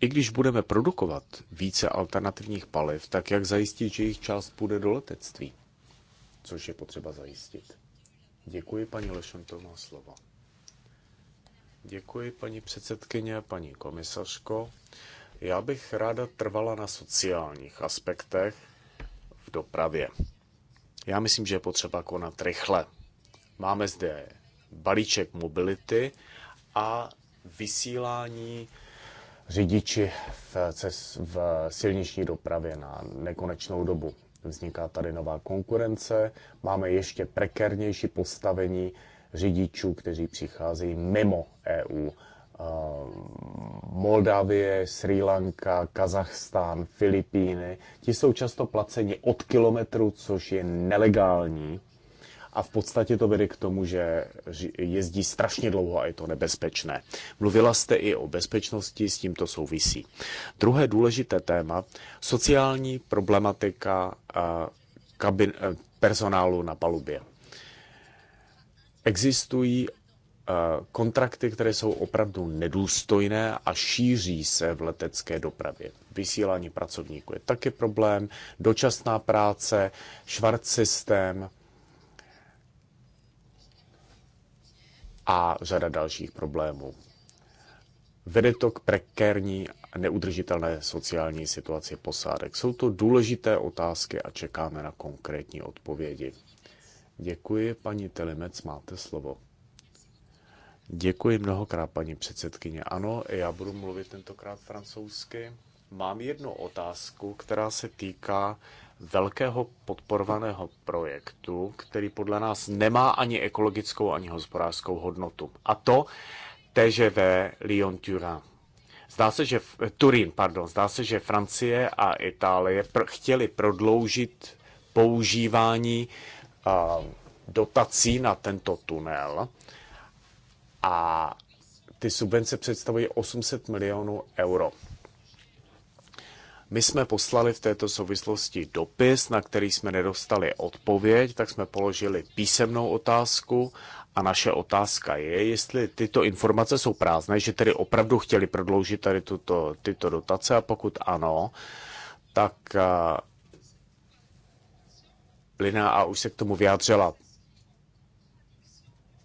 I když budeme produkovat více alternativních paliv, tak jak zajistit, že jejich část půjde do letectví? Což je potřeba zajistit. Děkuji, paní Lešentová, má slovo. Děkuji, paní předsedkyně, paní komisařko. Já bych ráda trvala na sociálních aspektech v dopravě. Já myslím, že je potřeba konat rychle. Máme zde balíček mobility, a vysílání řidiči v, cest, v silniční dopravě na nekonečnou dobu. Vzniká tady nová konkurence, máme ještě prekernější postavení řidičů, kteří přicházejí mimo EU. Ehm, Moldavie, Sri Lanka, Kazachstán, Filipíny. Ti jsou často placeni od kilometru, což je nelegální a v podstatě to vede k tomu, že jezdí strašně dlouho a je to nebezpečné. Mluvila jste i o bezpečnosti, s tím to souvisí. Druhé důležité téma, sociální problematika eh, kabin, eh, personálu na palubě. Existují eh, kontrakty, které jsou opravdu nedůstojné a šíří se v letecké dopravě. Vysílání pracovníků je taky problém, dočasná práce, švart systém, a řada dalších problémů. Vede to k prekérní a neudržitelné sociální situaci posádek. Jsou to důležité otázky a čekáme na konkrétní odpovědi. Děkuji, paní Telemec, máte slovo. Děkuji mnohokrát, paní předsedkyně. Ano, já budu mluvit tentokrát francouzsky. Mám jednu otázku, která se týká velkého podporovaného projektu, který podle nás nemá ani ekologickou, ani hospodářskou hodnotu. A to TGV Lyon-Turin. Zdá se, že Turín, pardon, zdá se, že Francie a Itálie pr- chtěli prodloužit používání uh, dotací na tento tunel a ty subvence představují 800 milionů euro. My jsme poslali v této souvislosti dopis, na který jsme nedostali odpověď, tak jsme položili písemnou otázku a naše otázka je, jestli tyto informace jsou prázdné, že tedy opravdu chtěli prodloužit tady tuto, tyto dotace a pokud ano, tak Lina a už se k tomu vyjádřila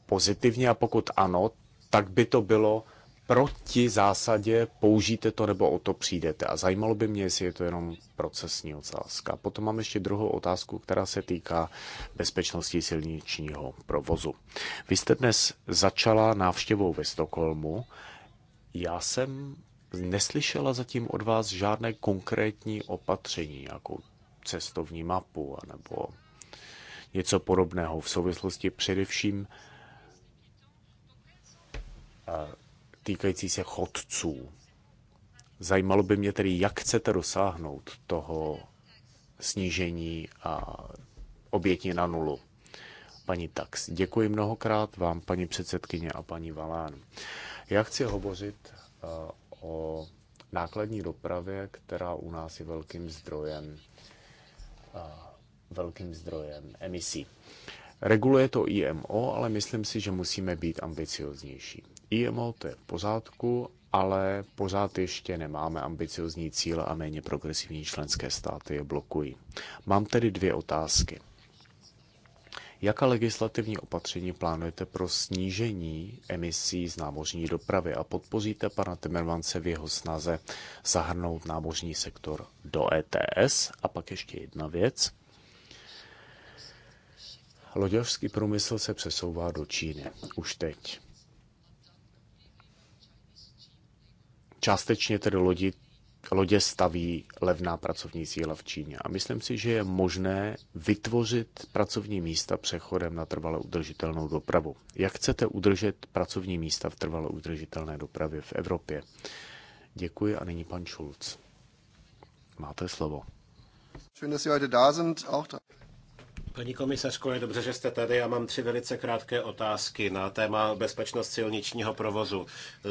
pozitivně a pokud ano, tak by to bylo proti zásadě použijte to nebo o to přijdete. A zajímalo by mě, jestli je to jenom procesní otázka. Potom mám ještě druhou otázku, která se týká bezpečnosti silničního provozu. Vy jste dnes začala návštěvou ve Stokholmu. Já jsem neslyšela zatím od vás žádné konkrétní opatření, jako cestovní mapu nebo něco podobného v souvislosti především eh, týkající se chodců. Zajímalo by mě tedy, jak chcete dosáhnout toho snížení a obětí na nulu. Paní Tax, děkuji mnohokrát vám, paní předsedkyně a paní Valán. Já chci hovořit eh, o nákladní dopravě, která u nás je velkým zdrojem, eh, velkým zdrojem emisí. Reguluje to IMO, ale myslím si, že musíme být ambicioznější. IMO to je v pořádku, ale pořád ještě nemáme ambiciozní cíle a méně progresivní členské státy je blokují. Mám tedy dvě otázky. Jaká legislativní opatření plánujete pro snížení emisí z námořní dopravy a podpoříte pana Timmermanse v jeho snaze zahrnout námořní sektor do ETS? A pak ještě jedna věc. Loděvský průmysl se přesouvá do Číny už teď. Částečně tedy lodi, lodě staví levná pracovní síla v Číně. A myslím si, že je možné vytvořit pracovní místa přechodem na trvale udržitelnou dopravu. Jak chcete udržet pracovní místa v trvale udržitelné dopravě v Evropě? Děkuji a nyní pan Schulz. Máte slovo. Paní komisařko, je dobře, že jste tady. Já mám tři velice krátké otázky na téma bezpečnost silničního provozu.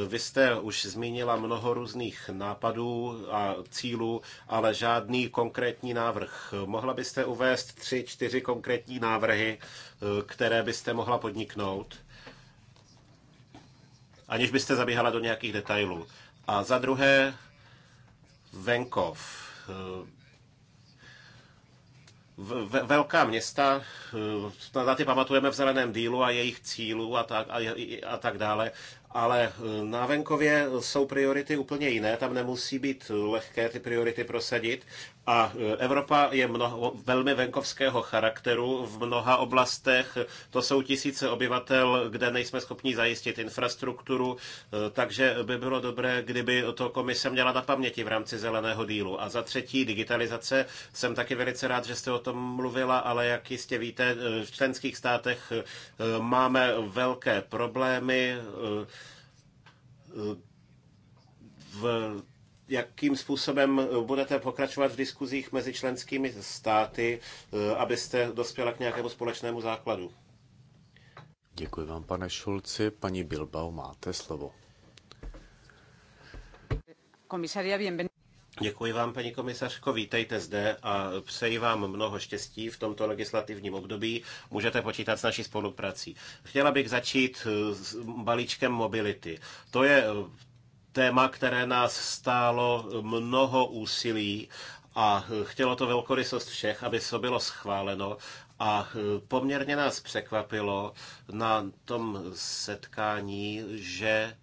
Vy jste už zmínila mnoho různých nápadů a cílů, ale žádný konkrétní návrh. Mohla byste uvést tři, čtyři konkrétní návrhy, které byste mohla podniknout, aniž byste zabíhala do nějakých detailů. A za druhé, venkov velká města, eh, na ty pamatujeme v zeleném dílu a jejich cílů a tak, a, a tak dále. Ale eh, na venkově jsou priority úplně jiné, tam nemusí být lehké ty priority prosadit. A eh, Evropa je mnoho, velmi venkovského charakteru v mnoha oblastech. To jsou tisíce obyvatel, kde nejsme schopni zajistit infrastrukturu, eh, takže by bylo dobré, kdyby to komise měla na paměti v rámci zeleného dílu. A za třetí, digitalizace. Jsem taky velice rád, že jste o tom mluvila, ale jak jistě víte, v členských státech máme velké problémy v jakým způsobem budete pokračovat v diskuzích mezi členskými státy, eh, abyste dospěla k nějakému společnému základu. Děkuji vám, pane Šulci. Paní Bilbao, máte slovo. Komisaria, bienvenido. Děkuji vám, paní komisařko, vítejte zde a přeji vám mnoho štěstí v tomto legislativním období. Můžete počítat s naší spoluprací. Chtěla bych začít s balíčkem mobility. To je téma, které nás stálo mnoho úsilí a chtělo to velkorysost všech, aby to bylo schváleno. A poměrně nás překvapilo na tom setkání, že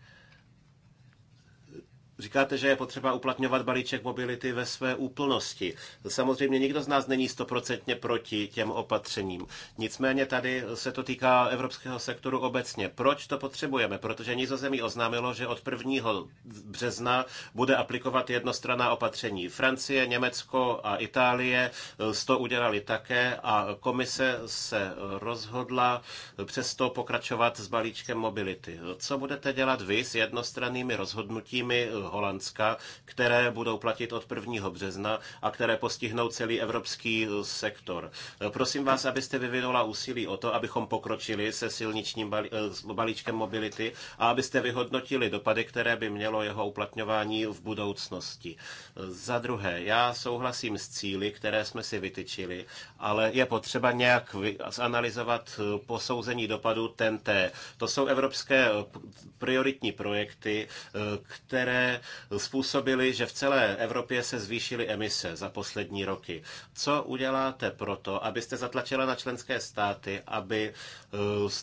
Říkáte, že je potřeba uplatňovat balíček mobility ve své úplnosti. Samozřejmě nikdo z nás není stoprocentně proti těm opatřením. Nicméně tady se to týká evropského sektoru obecně. Proč to potřebujeme? Protože Nizozemí oznámilo, že od 1. března bude aplikovat jednostranná opatření. Francie, Německo a Itálie eh, to udělali také a komise se rozhodla přesto pokračovat s balíčkem mobility. Co budete dělat vy s jednostrannými rozhodnutími eh, Holandska, které budou platit od 1. března a které postihnou celý evropský eh, sektor. Eh, prosím vás, abyste vyvinula úsilí o to, abychom pokročili se silničním eh, balíčkem mobility a abyste vyhodnotili dopady, které by mělo jeho uplatňování v budoucnosti. Za druhé, já souhlasím s cíly, které jsme si vytyčili, ale je potřeba nějak zanalizovat posouzení dopadu TNT. To jsou evropské prioritní projekty, které emise způsobily, že v celé Evropě se zvýšily emise za poslední roky. Co uděláte proto, abyste zatlačila na členské státy, aby e,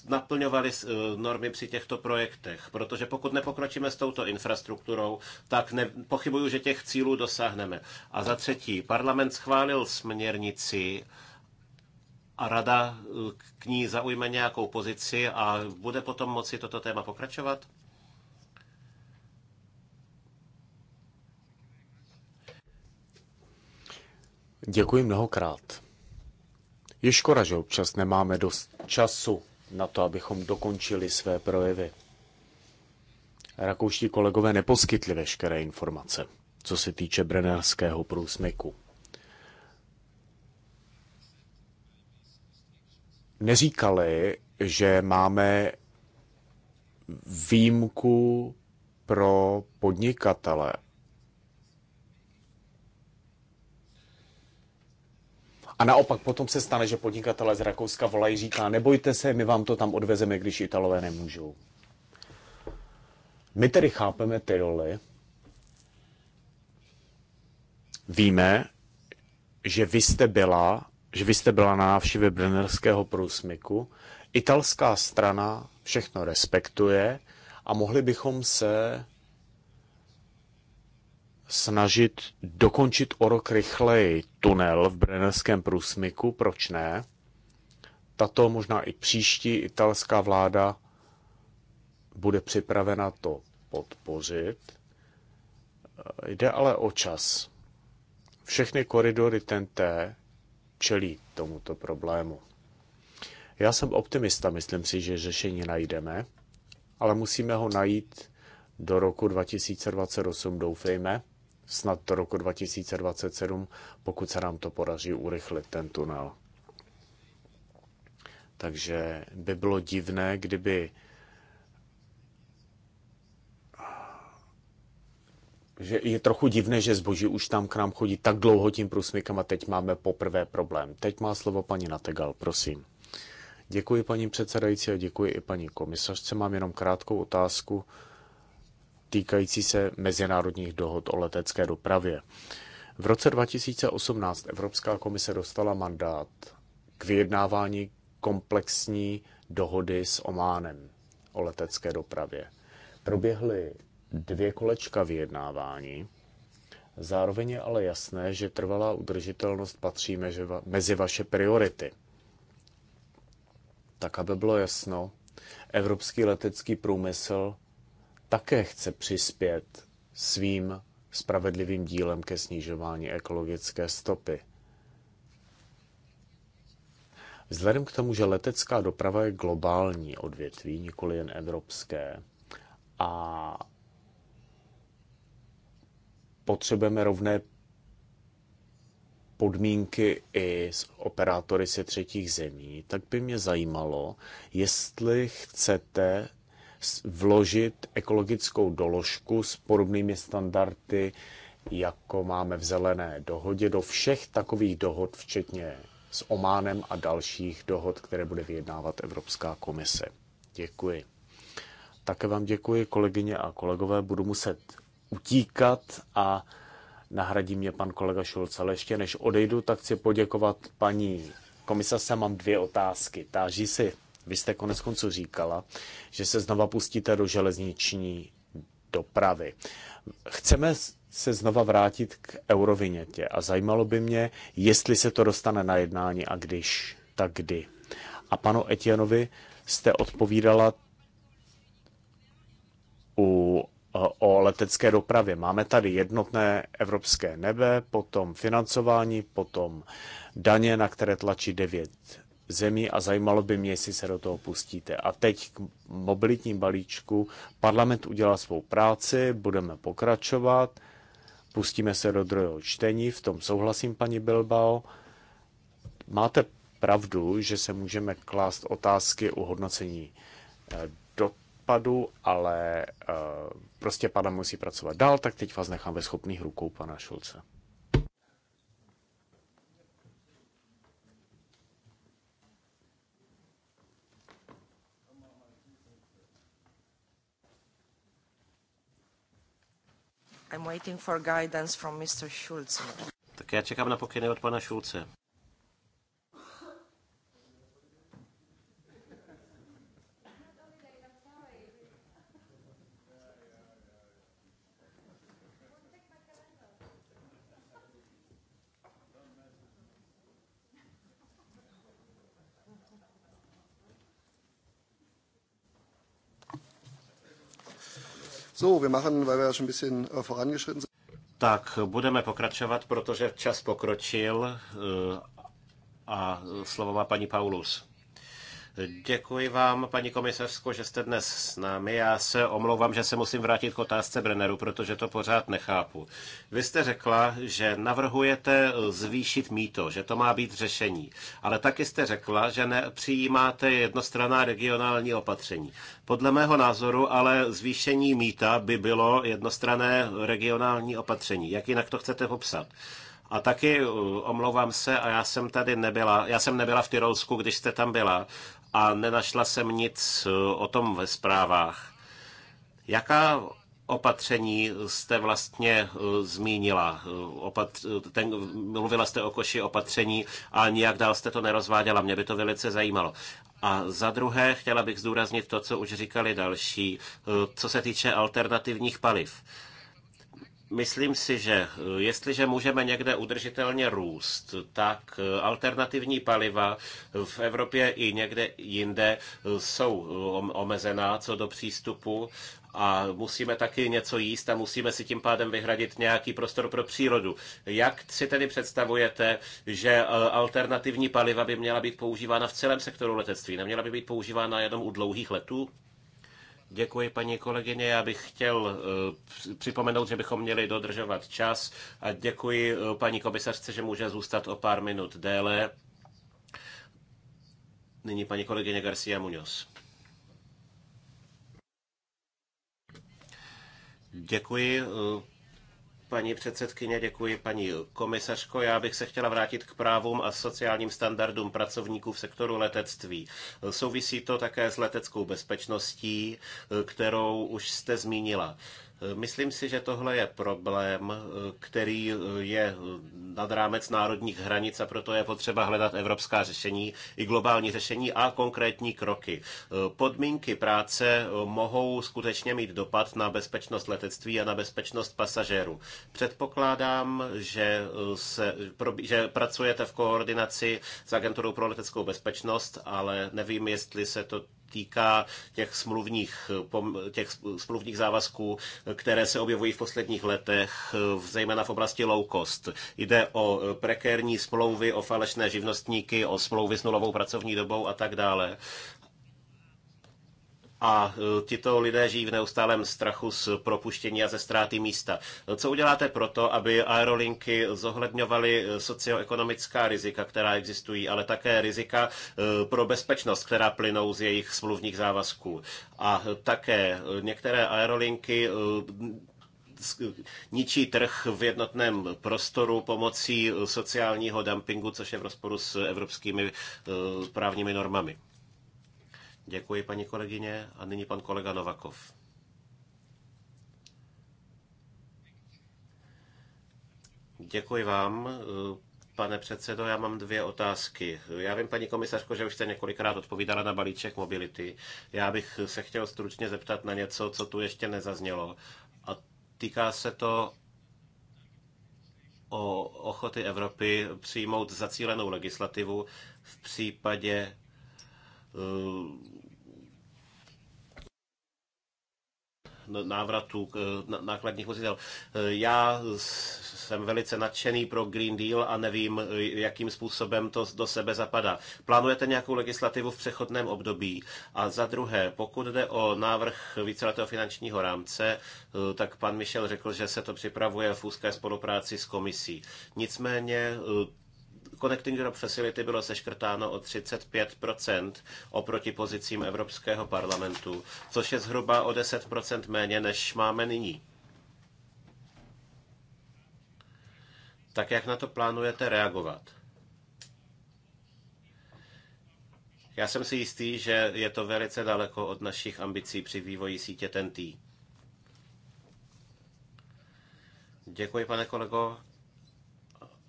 naplňovali e, normy při těchto projektech? Protože pokud nepokročíme s touto infrastrukturou, tak ne, pochybuju, že těch cílů dosáhneme. A za třetí, parlament schválil směrnici, a rada e, k ní zaujme nějakou pozici a bude potom moci toto téma pokračovat? Děkuji mnohokrát. Je škoda, že občas nemáme dost času na to, abychom dokončili své projevy. Rakouští kolegové neposkytli veškeré informace, co se týče brenerského průsmyku. Neříkali, že máme výjimku pro podnikatele A naopak potom se stane, že podnikatele z Rakouska volají, říká, nebojte se, my vám to tam odvezeme, když Italové nemůžou. My tedy chápeme ty roli. Víme, že vy jste byla, že vy jste byla na návštěvě Brennerského průsmyku. Italská strana všechno respektuje a mohli bychom se snažit dokončit o rok rychleji tunel v Brennerském průsmyku, proč ne? Tato, možná i příští italská vláda bude připravena to podpořit. Eh, jde ale o čas. Všechny koridory TNT čelí tomuto problému. Já jsem optimista, myslím si, že řešení najdeme, ale musíme ho najít do roku 2028, doufejme snad do roku 2027, pokud se nám to podaří urychlit ten tunel. Takže by bylo divné, kdyby že je trochu divné, že zboží už tam k nám chodí tak dlouho tím průsmykem a teď máme poprvé problém. Teď má slovo paní Nategal, prosím. Děkuji paní předsedající a děkuji i paní komisařce. Mám jenom krátkou otázku týkající se mezinárodních dohod o letecké dopravě. V roce 2018 Evropská komise dostala mandát k vyjednávání komplexní dohody s Ománem o letecké dopravě. Proběhly dvě kolečka vyjednávání. Zároveň je ale jasné, že trvalá udržitelnost patří mezi vaše priority. Tak, aby bylo jasno, evropský letecký průmysl také chce přispět svým spravedlivým dílem ke snižování ekologické stopy. Vzhledem k tomu, že letecká doprava je globální odvětví, nikoli jen evropské, a potřebujeme rovné podmínky i s operátory se třetích zemí, tak by mě zajímalo, jestli chcete vložit ekologickou doložku s podobnými standardy, jako máme v zelené dohodě, do všech takových dohod, včetně s Ománem a dalších dohod, které bude vyjednávat Evropská komise. Děkuji. Také vám děkuji, kolegyně a kolegové. Budu muset utíkat a nahradí mě pan kolega Šulc. Ale ještě než odejdu, tak chci poděkovat paní komisaře. Mám dvě otázky. Táží si vy jste konec konců říkala, že se znova pustíte do železniční dopravy. Chceme se znova vrátit k eurovinětě a zajímalo by mě, jestli se to dostane na jednání a když, tak kdy. A panu Etienovi jste odpovídala u, o letecké dopravě. Máme tady jednotné evropské nebe, potom financování, potom daně, na které tlačí devět zemí a zajímalo by mě, jestli se do toho pustíte. A teď k mobilitním balíčku. Parlament udělal svou práci, budeme pokračovat, pustíme se do druhého čtení, v tom souhlasím, paní Bilbao. Máte pravdu, že se můžeme klást otázky u hodnocení eh, dopadu, ale eh, prostě pana musí pracovat dál, tak teď vás nechám ve schopných rukou pana Šulce. I'm waiting for guidance from Mr. Schulz. Tak já čekám na pokyny od pana Šulce. So, wir machen, weil wir ja schon ein bisschen äh, vorangeschritten sind. Tak, budeme pokračovat, protože čas pokročil äh, a slovo má paní Paulus. Děkuji vám, paní komisařsko, že jste dnes s námi. Já se omlouvám, že se musím vrátit k otázce Brenneru, protože to pořád nechápu. Vy jste řekla, že navrhujete zvýšit míto, že to má být řešení, ale taky jste řekla, že nepřijímáte jednostranná regionální opatření. Podle mého názoru ale zvýšení míta by bylo jednostrané regionální opatření. Jak jinak to chcete popsat? A taky uh, omlouvám se, a já jsem tady nebyla, já jsem nebyla v Tyrolsku, když jste tam byla, a nenašla jsem nic eh, o tom ve zprávách. Jaká opatření jste vlastně eh, zmínila. Eh, opatř, ten, mluvila jste o koši opatření a nijak dál jste to nerozváděla. Mě by to velice zajímalo. A za druhé, chtěla bych zdůraznit to, co už říkali další, co se týče alternativních paliv. Myslím si, že eh, jestliže můžeme někde udržitelně růst, tak eh, alternativní paliva eh, v Evropě i někde jinde jsou omezená co do přístupu a musíme taky něco jíst a musíme si tím pádem vyhradit nějaký prostor pro přírodu. Jak si tedy představujete, že alternativní paliva by měla být používána v celém sektoru letectví? Neměla by být používána jenom u dlouhých letů? Děkuji, paní kolegyně. Já bych chtěl eh, připomenout, že bychom měli dodržovat čas a děkuji eh, paní komisařce, že může zůstat o pár minut déle. Nyní paní kolegyně Garcia Muñoz. Děkuji, eh, paní předsedkyně, děkuji paní komisařko. Já bych se chtěla vrátit k právům a sociálním standardům pracovníků v sektoru letectví. Souvisí to také s leteckou bezpečností, kterou už jste zmínila. Myslím si, že tohle je problém, který je nad rámec národních hranic a proto je potřeba hledat evropská řešení i globální řešení a konkrétní kroky. Podmínky práce mohou skutečně mít dopad na bezpečnost letectví a na bezpečnost pasažérů. Předpokládám, že, se, že pracujete v koordinaci s Agenturou pro leteckou bezpečnost, ale nevím, jestli se to týká těch smluvních, těch smluvních závazků, které se objevují v posledních letech, zejména v oblasti low cost. Jde o e, prekérní smlouvy, o falešné živnostníky, o smlouvy s nulovou pracovní dobou a tak dále a e, tito lidé žijí v neustálém strachu z propuštění a ze ztráty místa. Co uděláte proto, aby aerolinky zohledňovaly e, socioekonomická rizika, která existují, ale také rizika e, pro bezpečnost, která plynou z jejich smluvních závazků? A také některé aerolinky ničí trh v jednotném prostoru pomocí sociálního dumpingu, což je v rozporu s evropskými právními normami. Děkuji, paní kolegyně. A nyní pan kolega Novakov. Děkuji vám. Pane předsedo, já mám dvě otázky. Já vím, paní komisařko, že už jste několikrát odpovídala na balíček mobility. Já bych se chtěl stručně zeptat na něco, co tu ještě nezaznělo. A týká se to o ochoty Evropy přijmout zacílenou legislativu v případě Eh, návratu eh, nákladních vozidel. Eh, já jsem velice nadšený pro Green Deal a nevím, jakým způsobem to do sebe zapadá. Plánujete nějakou legislativu v přechodném období? A za druhé, pokud jde o návrh víceletého finančního rámce, tak pan Michel řekl, že se to připravuje v úzké spolupráci s komisí. Nicméně Connecting Europe Facility bylo seškrtáno o 35% oproti pozicím Evropského parlamentu, což je zhruba o 10% méně, než máme nyní. Tak jak na to plánujete reagovat? Já jsem si jistý, že je to velice daleko od našich ambicí při vývoji sítě TNT. Děkuji, pane kolego.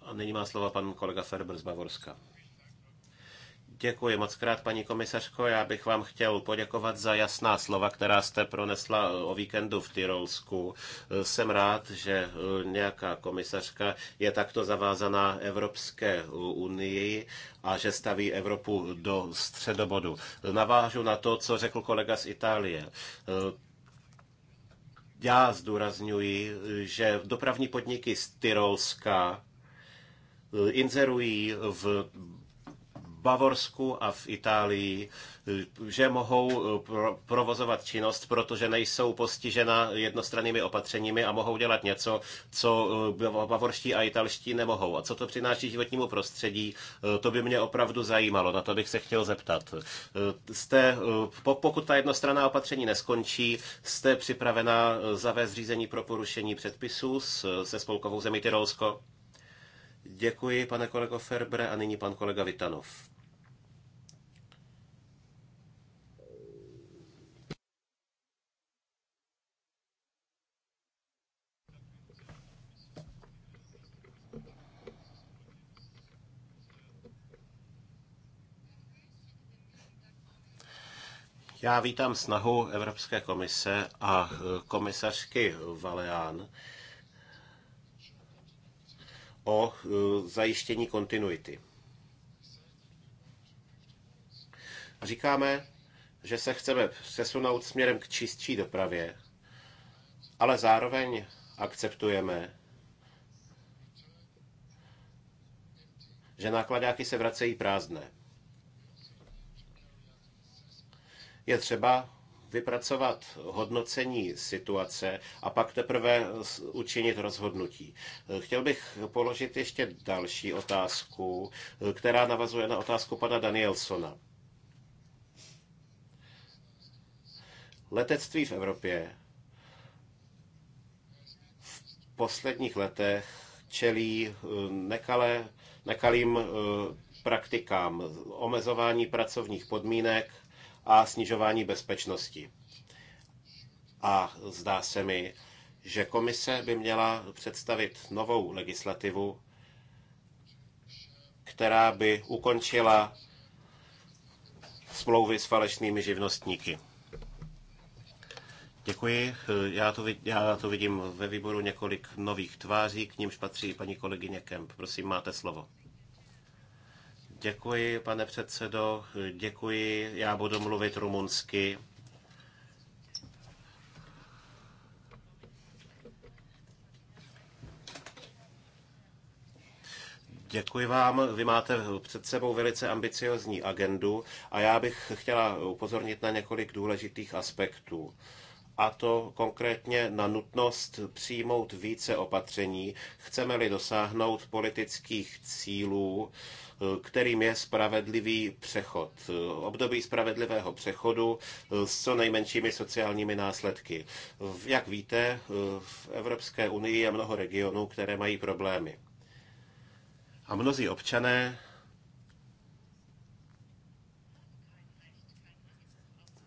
A nyní má slovo pan kolega Ferber z Bavorska. Děkuji moc krát, paní komisařko. Já bych vám chtěl poděkovat za jasná slova, která jste pronesla e, o víkendu v Tyrolsku. E, jsem rád, že e, nějaká komisařka je takto zavázaná Evropské unii a že staví Evropu do středobodu. Navážu na to, co řekl kolega z Itálie. Já zdůrazňuji, že dopravní podniky z Tyrolska Eh, inzerují v Bavorsku a v Itálii, eh, že mohou eh, provozovat činnost, protože nejsou postižena jednostrannými opatřeními a mohou dělat něco, co bavorští a italští nemohou. A co to přináší životnímu prostředí, to by mě opravdu zajímalo, na to bych se chtěl zeptat. Jste, pokud ta jednostranná opatření neskončí, jste připravena zavést řízení pro porušení předpisů se spolkovou zemí Tyrolsko? Děkuji, pane kolego Ferbre, a nyní pan kolega Vitanov. Já vítám snahu Evropské komise a komisařky Valeán o e, zajištění kontinuity. A říkáme, že se chceme přesunout směrem k čistší dopravě, ale zároveň akceptujeme, že nákladáky se vracejí prázdné. Je třeba vypracovat hodnocení situace a pak teprve učinit rozhodnutí. Chtěl bych položit ještě další otázku, která navazuje na otázku pana Danielsona. Letectví v Evropě v posledních letech čelí eh, nekalé, nekalým eh, praktikám, omezování pracovních podmínek, a snižování bezpečnosti. A zdá se mi, že komise by měla představit novou legislativu, která by ukončila smlouvy s falešnými živnostníky. Děkuji. Já to, vidím, já to vidím ve výboru několik nových tváří, k nímž patří paní kolegyně Kemp. Prosím, máte slovo. Děkuji, pane předsedo, děkuji. Já budu mluvit rumunsky. Děkuji vám. Vy máte před sebou velice ambiciozní agendu a já bych chtěla upozornit na několik důležitých aspektů. A to konkrétně na nutnost přijmout více opatření, chceme-li dosáhnout politických cílů, kterým je spravedlivý přechod. Období spravedlivého přechodu s co nejmenšími sociálními následky. Jak víte, v Evropské unii je mnoho regionů, které mají problémy. A mnozí občané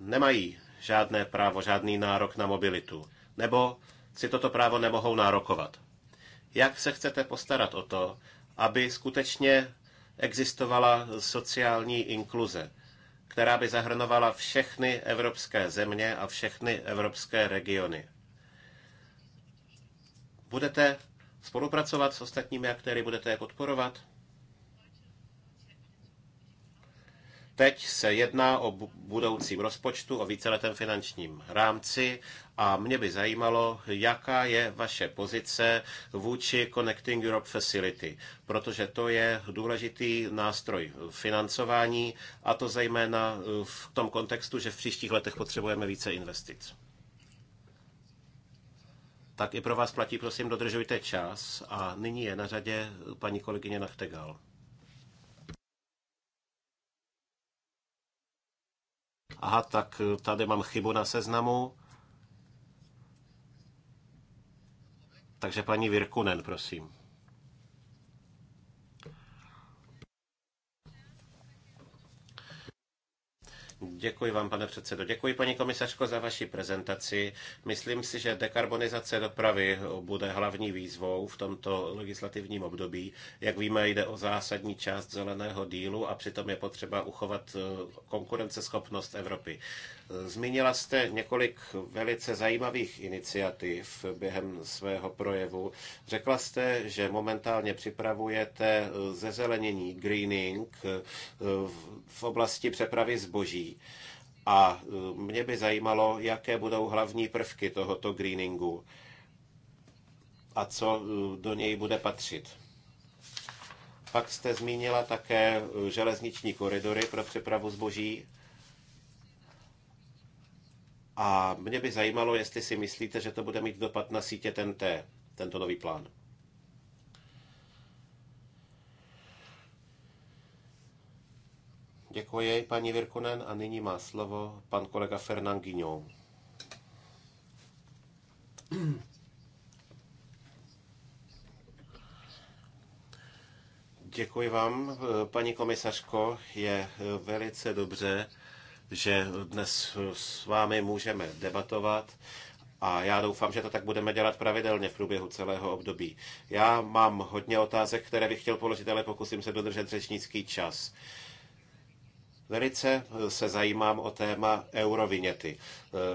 nemají žádné právo, žádný nárok na mobilitu, nebo si toto právo nemohou nárokovat. Jak se chcete postarat o to, aby skutečně existovala sociální inkluze, která by zahrnovala všechny evropské země a všechny evropské regiony. Budete spolupracovat s ostatními aktéry, budete je podporovat? Teď se jedná o budoucím rozpočtu, o víceletém finančním rámci a mě by zajímalo, jaká je vaše pozice vůči Connecting Europe Facility, protože to je důležitý nástroj financování a to zejména eh, v tom kontextu, že v příštích letech potřebujeme více investic. Tak i pro vás platí, prosím, dodržujte čas. A nyní je na řadě paní kolegyně Nachtegal. Aha, tak eh, tady mám chybu na seznamu. Takže paní Virkunen, prosím. Děkuji vám, pane předsedo. Děkuji, paní komisařko, za vaši prezentaci. Myslím si, že dekarbonizace dopravy bude hlavní výzvou v tomto legislativním období. Jak víme, jde o zásadní část zeleného dílu a přitom je potřeba uchovat eh, konkurenceschopnost Evropy. Zmínila jste několik velice zajímavých iniciativ během svého projevu. Řekla jste, že momentálně připravujete zezelenění greening eh, v oblasti přepravy zboží. A eh, mě by zajímalo, jaké budou hlavní prvky tohoto greeningu a co eh, do něj bude patřit. Pak jste zmínila také železniční koridory pro přepravu zboží a mě by zajímalo, jestli si myslíte, že to bude mít dopad na sítě TNT, tento nový plán. Děkuji, paní Virkonen, a nyní má slovo pan kolega Fernand Guignon. Děkuji vám, paní komisařko. Je velice dobře, že dnes s vámi můžeme debatovat a já doufám, že to tak budeme dělat pravidelně v průběhu celého období. Já mám hodně otázek, které bych chtěl položit, ale pokusím se dodržet řečnický čas. Velice se zajímám o téma eurovinety.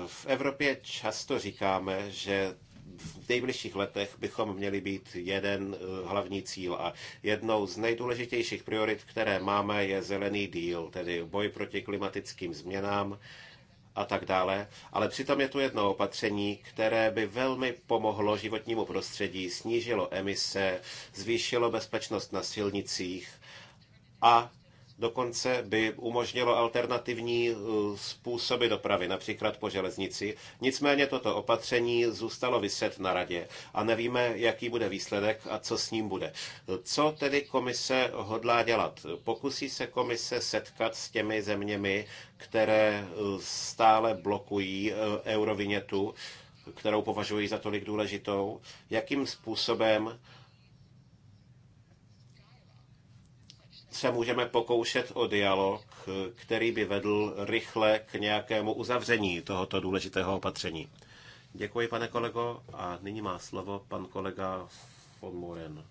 V Evropě často říkáme, že v nejbližších letech bychom měli být jeden eh, hlavní cíl a jednou z nejdůležitějších priorit, které máme, je zelený díl, tedy boj proti klimatickým změnám a tak dále. Ale přitom je tu jedno opatření, které by velmi pomohlo životnímu prostředí, snížilo emise, zvýšilo bezpečnost na silnicích a dokonce by umožnilo alternativní eh, způsoby dopravy, například po železnici. Nicméně toto opatření zůstalo vyset na radě a nevíme, jaký bude výsledek a co s ním bude. Co tedy komise hodlá dělat? Pokusí se komise setkat s těmi zeměmi, které eh, stále blokují eh, eurovinětu, kterou považují za tolik důležitou, jakým způsobem se můžeme pokoušet o dialog, který by vedl rychle k nějakému uzavření tohoto důležitého opatření. Děkuji, pane kolego, a nyní má slovo pan kolega von Moren.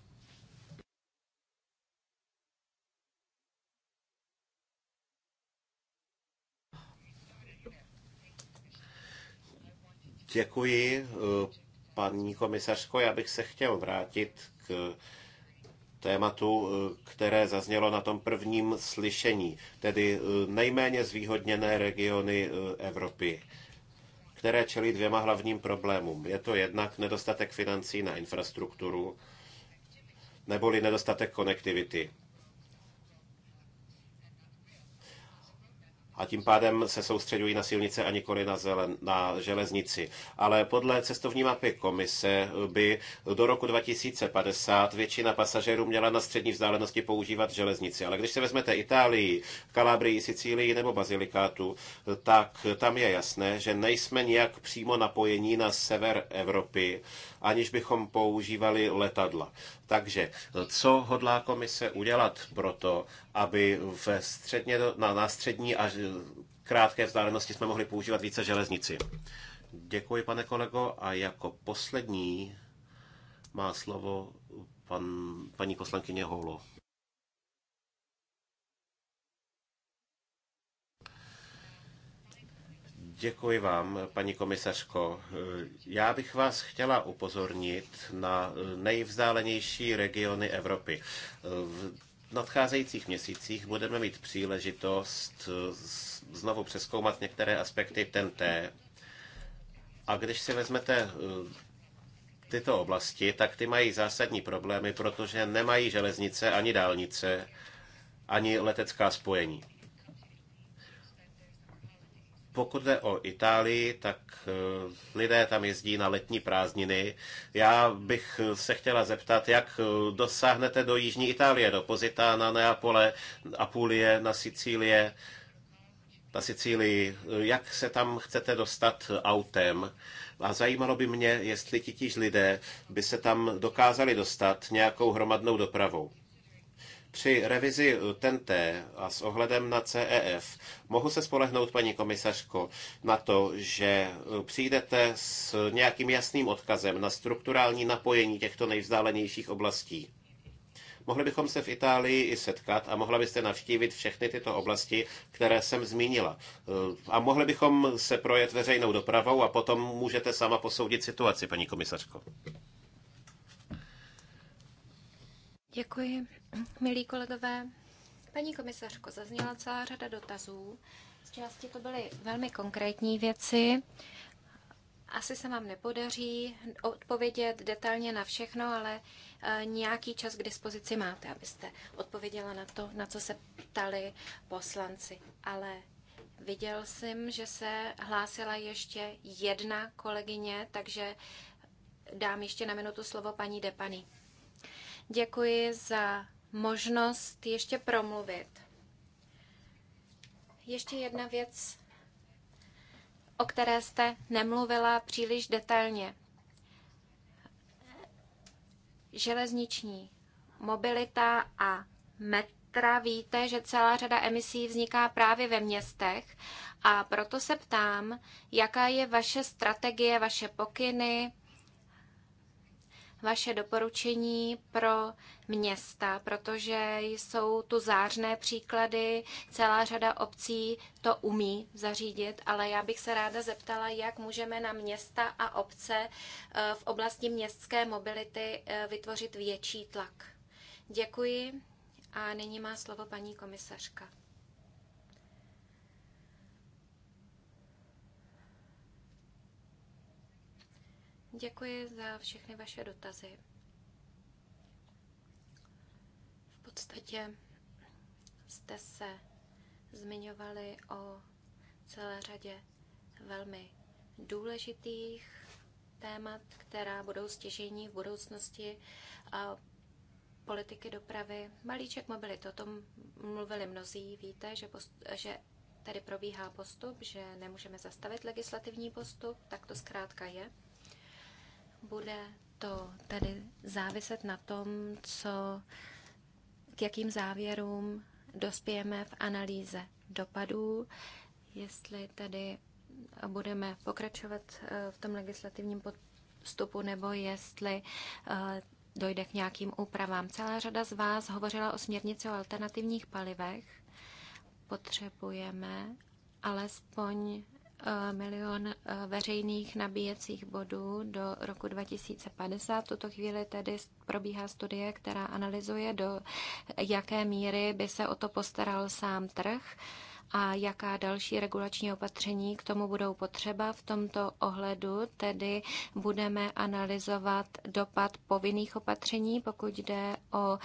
Děkuji, eh, paní komisařko. Já bych se chtěl vrátit k tématu, eh, které zaznělo na tom prvním slyšení, tedy eh, nejméně zvýhodněné regiony eh, Evropy které čelí dvěma hlavním problémům. Je to jednak nedostatek financí na infrastrukturu, neboli nedostatek konektivity. a tím pádem se soustředují na silnice a nikoli na, zelen, na železnici. Ale podle cestovní mapy komise by do roku 2050 většina pasažérů měla na střední vzdálenosti používat železnici. Ale když se vezmete Itálii, Kalabrii, Sicílii nebo Bazilikátu, tak tam je jasné, že nejsme nijak přímo napojení na sever Evropy aniž bychom používali letadla. Takže co hodlá komise udělat pro to, aby ve středně, na, na střední a krátké vzdálenosti jsme mohli používat více železnici? Děkuji, pane kolego. A jako poslední má slovo pan, paní poslankyně Houlo. Děkuji vám, paní komisařko. Já bych vás chtěla upozornit na nejvzdálenější regiony Evropy. V nadcházejících měsících budeme mít příležitost znovu přeskoumat některé aspekty TNT. A když si vezmete eh, tyto oblasti, tak ty mají zásadní problémy, protože nemají železnice ani dálnice, ani letecká spojení. Pokud jde o Itálii, tak eh, lidé tam jezdí na letní prázdniny. Já bych eh, se chtěla zeptat, jak eh, dosáhnete do Jižní Itálie, do na Neapole, Apulie, na Sicílie, na Sicílii, jak se tam chcete dostat autem. A zajímalo by mě, jestli titíž lidé by se tam dokázali dostat nějakou hromadnou dopravou. Při revizi eh, TNT a s ohledem na CEF mohu se spolehnout, paní komisařko, na to, že eh, přijdete s nějakým jasným odkazem na strukturální napojení těchto nejvzdálenějších oblastí. Mohli bychom se v Itálii i setkat a mohla byste navštívit všechny tyto oblasti, které jsem zmínila. Eh, a mohli bychom se projet veřejnou dopravou a potom můžete sama posoudit situaci, paní komisařko. Děkuji, milí kolegové. Paní komisařko, zazněla celá řada dotazů. Z části to byly velmi konkrétní věci. Asi se vám nepodaří odpovědět detailně na všechno, ale eh, nějaký čas k dispozici máte, abyste odpověděla na to, na co se ptali poslanci. Ale viděl jsem, že se hlásila ještě jedna kolegyně, takže dám ještě na minutu slovo paní Depany. Děkuji za možnost ještě promluvit. Ještě jedna věc, o které jste nemluvila příliš detailně. Železniční mobilita a metra. Víte, že celá řada emisí vzniká právě ve městech a proto se ptám, jaká je vaše strategie, vaše pokyny, vaše doporučení pro města, protože jsou tu zářné příklady, celá řada obcí to umí zařídit, ale já bych se ráda zeptala, jak můžeme na města a obce eh, v oblasti městské mobility eh, vytvořit větší tlak. Děkuji a nyní má slovo paní komisařka. Děkuji za všechny vaše dotazy. V podstatě jste se zmiňovali o celé řadě velmi důležitých témat, která budou stěžení v budoucnosti a politiky dopravy. Malíček mobility, o tom mluvili mnozí. Víte, že, post, že tady probíhá postup, že nemůžeme zastavit legislativní postup, tak to zkrátka je. Bude to tedy záviset na tom, co, k jakým závěrům dospějeme v analýze dopadů, jestli tedy budeme pokračovat eh, v tom legislativním postupu nebo jestli eh, dojde k nějakým úpravám. Celá řada z vás hovořila o směrnici o alternativních palivech. Potřebujeme alespoň Eh, milion eh, veřejných nabíjecích bodů do roku 2050. V tuto chvíli tedy probíhá studie, která analyzuje, do jaké míry by se o to postaral sám trh a jaká další regulační opatření k tomu budou potřeba. V tomto ohledu tedy budeme analyzovat dopad povinných opatření, pokud jde o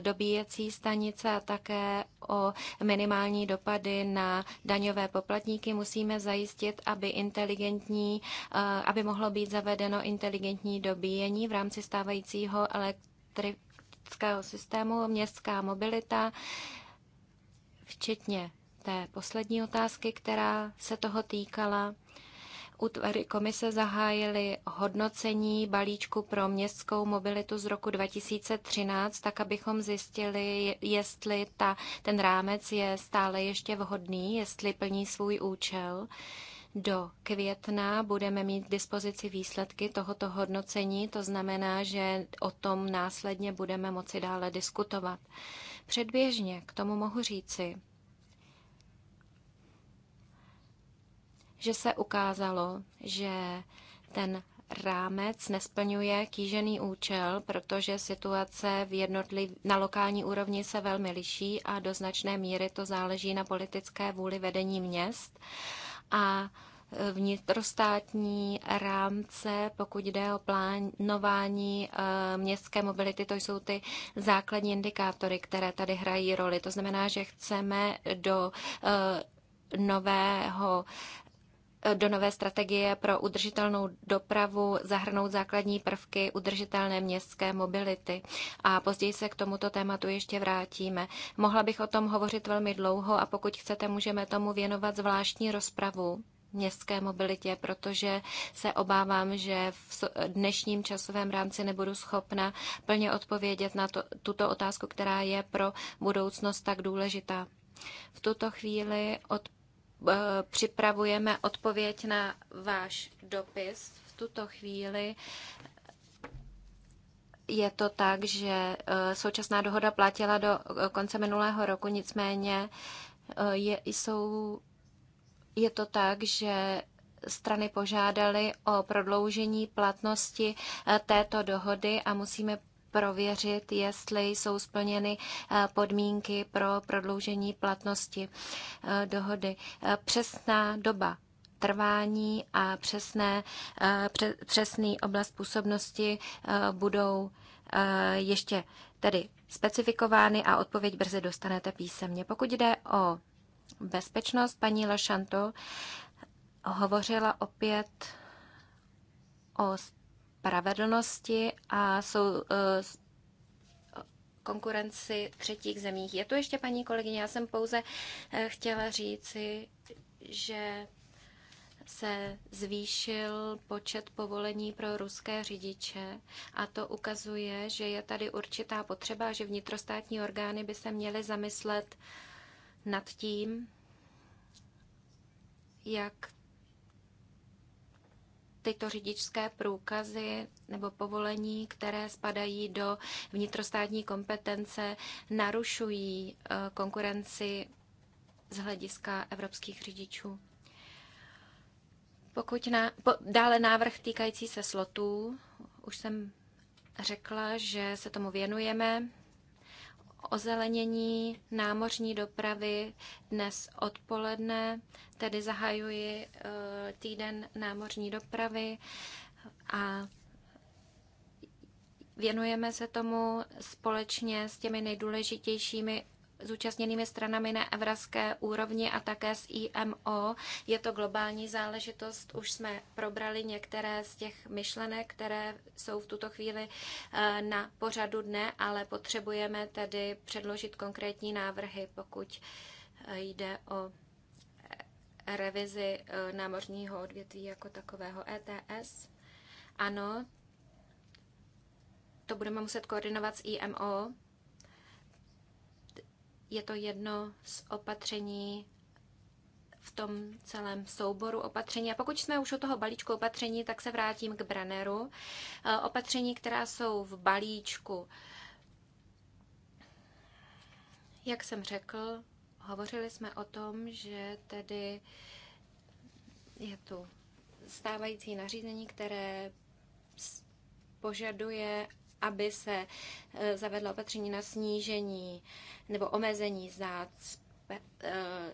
dobíjecí stanice a také o minimální dopady na daňové poplatníky. Musíme zajistit, aby inteligentní, aby mohlo být zavedeno inteligentní dobíjení v rámci stávajícího elektrického systému, městská mobilita, včetně té poslední otázky, která se toho týkala, útvary komise zahájily hodnocení balíčku pro městskou mobilitu z roku 2013, tak abychom zjistili, jestli ta, ten rámec je stále ještě vhodný, jestli plní svůj účel. Do května budeme mít k dispozici výsledky tohoto hodnocení, to znamená, že o tom následně budeme moci dále diskutovat. Předběžně k tomu mohu říci, že se ukázalo, že ten rámec nesplňuje kýžený účel, protože situace v jednotliv, na lokální úrovni se velmi liší a do značné míry to záleží na politické vůli vedení měst. A e, vnitrostátní rámce, pokud jde o plánování e, městské mobility, to jsou ty základní indikátory, které tady hrají roli. To znamená, že chceme do e, nového do nové strategie pro udržitelnou dopravu zahrnout základní prvky udržitelné městské mobility. A později se k tomuto tématu ještě vrátíme. Mohla bych o tom hovořit velmi dlouho a pokud chcete, můžeme tomu věnovat zvláštní rozpravu městské mobilitě, protože se obávám, že v dnešním časovém rámci nebudu schopna plně odpovědět na to, tuto otázku, která je pro budoucnost tak důležitá. V tuto chvíli od Eh, připravujeme odpověď na váš dopis. V tuto chvíli je to tak, že eh, současná dohoda platila do eh, konce minulého roku, nicméně je, jsou, je to tak, že strany požádaly o prodloužení platnosti této dohody a musíme prověřit, jestli jsou splněny eh, podmínky pro prodloužení platnosti eh, dohody. Eh, přesná doba trvání a přesné, přesný oblast působnosti budou ještě tedy specifikovány a odpověď brzy dostanete písemně. Pokud jde o bezpečnost, paní Lašanto hovořila opět o spravedlnosti a jsou eh, konkurenci třetích zemích. Je tu ještě paní kolegyně, já jsem pouze eh, chtěla říci, že se zvýšil počet povolení pro ruské řidiče a to ukazuje, že je tady určitá potřeba, že vnitrostátní orgány by se měly zamyslet nad tím, jak tyto řidičské průkazy nebo povolení, které spadají do vnitrostátní kompetence, narušují eh, konkurenci z hlediska evropských řidičů. Pokud na, po, dále návrh týkající se slotů, už jsem řekla, že se tomu věnujeme ozelenění námořní dopravy dnes odpoledne, tedy zahajuji eh, týden námořní dopravy a věnujeme se tomu společně s těmi nejdůležitějšími zúčastněnými stranami na evropské úrovni a také s IMO. Je to globální záležitost, už jsme probrali některé z těch myšlenek, které jsou v tuto chvíli eh, na pořadu dne, ale potřebujeme tedy předložit konkrétní návrhy, pokud eh, jde o eh, revizi námořního odvětví jako takového ETS. Ano, to budeme muset koordinovat s IMO. Je to jedno z opatření v tom celém souboru opatření. A pokud jsme už u toho balíčku opatření, tak se vrátím k Brenneru. Eh, opatření, která jsou v balíčku. Jak jsem řekl, hovořili jsme o tom, že tedy je tu stávající nařízení, které požaduje, aby se eh, zavedlo opatření na snížení nebo omezení zácp eh,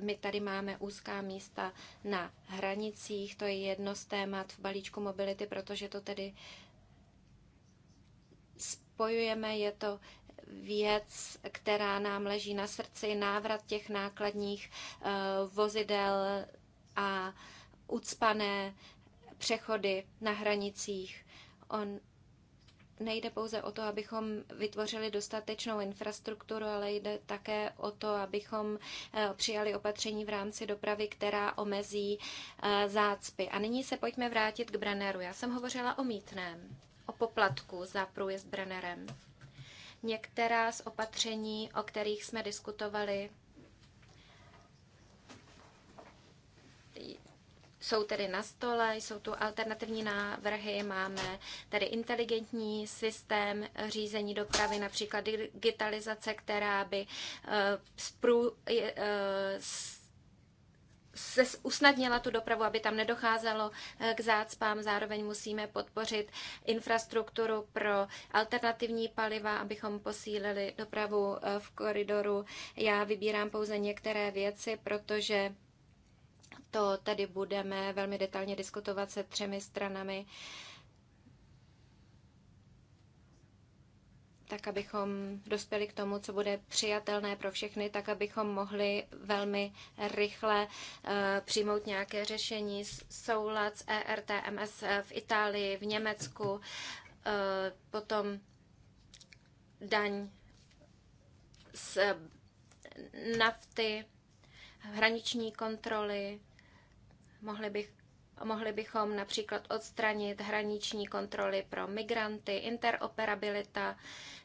my tady máme úzká místa na hranicích, to je jedno z témat v balíčku mobility, protože to tedy spojujeme, je to věc, která nám leží na srdci, návrat těch nákladních eh, vozidel a ucpané přechody na hranicích. On nejde pouze o to, abychom vytvořili dostatečnou infrastrukturu, ale jde také o to, abychom eh, přijali opatření v rámci dopravy, která omezí eh, zácpy. A nyní se pojďme vrátit k Brenneru. Já jsem hovořila o mítném, o poplatku za průjezd Brennerem. Některá z opatření, o kterých jsme diskutovali, jsou tedy na stole, jsou tu alternativní návrhy, máme tady inteligentní systém řízení dopravy, například digitalizace, která by sprů, eh, eh, se usnadnila tu dopravu, aby tam nedocházelo eh, k zácpám. Zároveň musíme podpořit infrastrukturu pro alternativní paliva, abychom posílili dopravu v koridoru. Já vybírám pouze některé věci, protože to tedy budeme velmi detailně diskutovat se třemi stranami, tak abychom dospěli k tomu, co bude přijatelné pro všechny, tak abychom mohli velmi rychle eh, přijmout nějaké řešení soulad s ERTMS eh, v Itálii, v Německu, eh, potom daň z nafty, hraniční kontroly, Mohli, bych, mohli bychom například odstranit hraniční kontroly pro migranty, interoperabilita.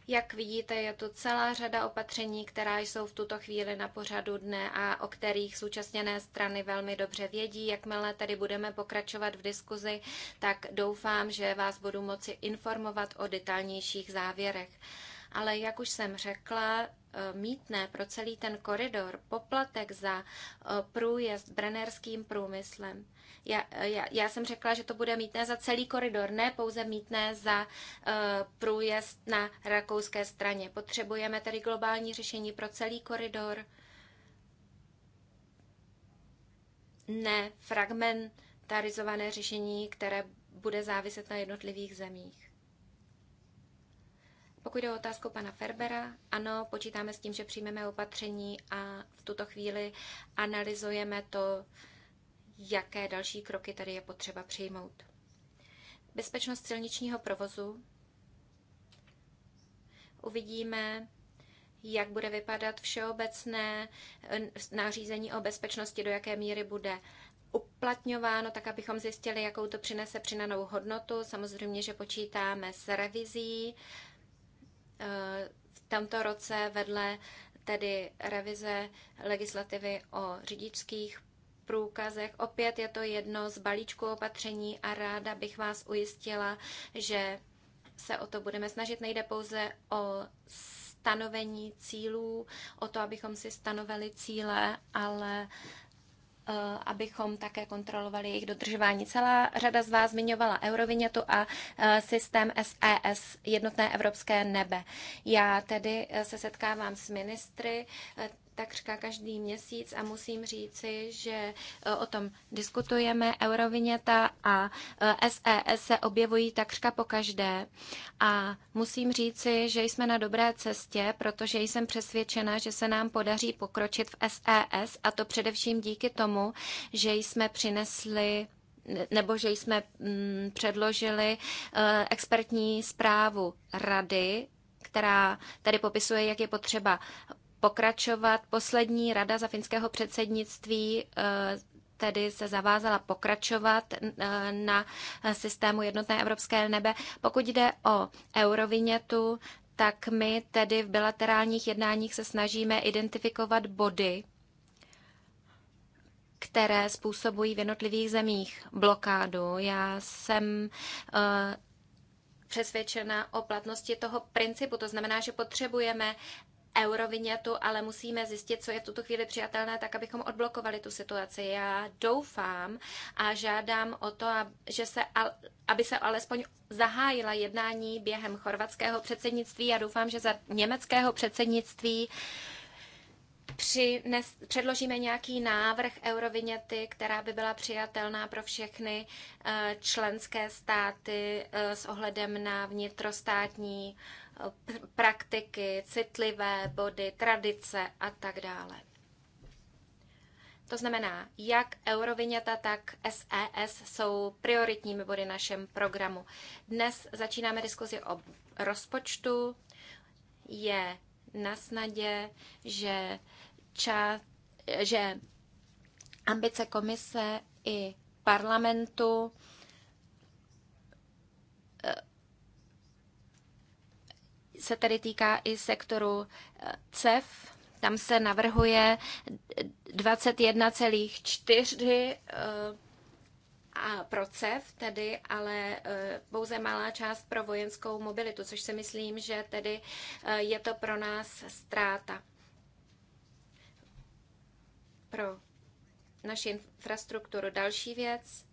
Jak vidíte, je tu celá řada opatření, která jsou v tuto chvíli na pořadu dne a o kterých současněné strany velmi dobře vědí. Jakmile tady budeme pokračovat v diskuzi, tak doufám, že vás budu moci informovat o detailnějších závěrech. Ale jak už jsem řekla, Eh, mítné pro celý ten koridor, poplatek za eh, průjezd brenerským průmyslem. Já, eh, já, já jsem řekla, že to bude mítné za celý koridor, ne pouze mítné za průjezd na rakouské straně. Potřebujeme tedy globální řešení pro celý koridor, ne fragmentarizované řešení, které bude záviset na jednotlivých zemích. Pokud jde o otázku pana Ferbera, ano, počítáme s tím, že přijmeme opatření a v tuto chvíli analyzujeme to, jaké další kroky tady je potřeba přijmout. Bezpečnost silničního provozu. Uvidíme, jak bude vypadat všeobecné eh, nářízení o bezpečnosti, do jaké míry bude uplatňováno, tak abychom zjistili, jakou to přinese přinanou hodnotu. Samozřejmě, že počítáme s revizí Eh, v tomto roce vedle tedy revize legislativy o řidičských průkazech. Opět je to jedno z balíčku opatření a ráda bych vás ujistila, že se o to budeme snažit. Nejde pouze o stanovení cílů, o to, abychom si stanovili cíle, ale Eh, abychom také kontrolovali jejich dodržování. Celá řada z vás zmiňovala Eurovinětu a eh, systém SES, e jednotné evropské nebe. Já tedy eh, se setkávám s ministry takřka každý měsíc a musím říci, že e, o tom diskutujeme. Euroviněta a SES e se objevují takřka po každé a musím říci, že jsme na dobré cestě, protože jsem přesvědčena, že se nám podaří pokročit v SES e a to především díky tomu, že jsme přinesli nebo že jsme mm, předložili expertní zprávu rady která tady popisuje, jak je potřeba pokračovat. Poslední rada za finského předsednictví eh, tedy se zavázala pokračovat eh, na systému jednotné evropské nebe. Pokud jde o eurovinětu, tak my tedy v bilaterálních jednáních se snažíme identifikovat body, které způsobují v jednotlivých zemích blokádu. Já jsem eh, přesvědčena o platnosti toho principu. To znamená, že potřebujeme eurovinětu, ale musíme zjistit, co je v tuto chvíli přijatelné, tak abychom odblokovali tu situaci. Já doufám a žádám o to, že se, aby se alespoň zahájila jednání během chorvatského předsednictví. Já doufám, že za německého předsednictví přines, předložíme nějaký návrh eurovinety, která by byla přijatelná pro všechny eh, členské státy eh, s ohledem na vnitrostátní uh, praktiky, citlivé body, tradice a tak dále. To znamená, jak euroviněta, tak SES e jsou prioritními body našem programu. Dnes začínáme diskuzi o rozpočtu. Je na snadě, že, ča, že ambice komise i parlamentu se tedy týká i sektoru eh, CEF. Tam se navrhuje 21,4 eh, a pro CEF tedy, ale eh, pouze malá část pro vojenskou mobilitu, což si myslím, že tedy je to pro nás ztráta. Pro naši infrastrukturu další věc.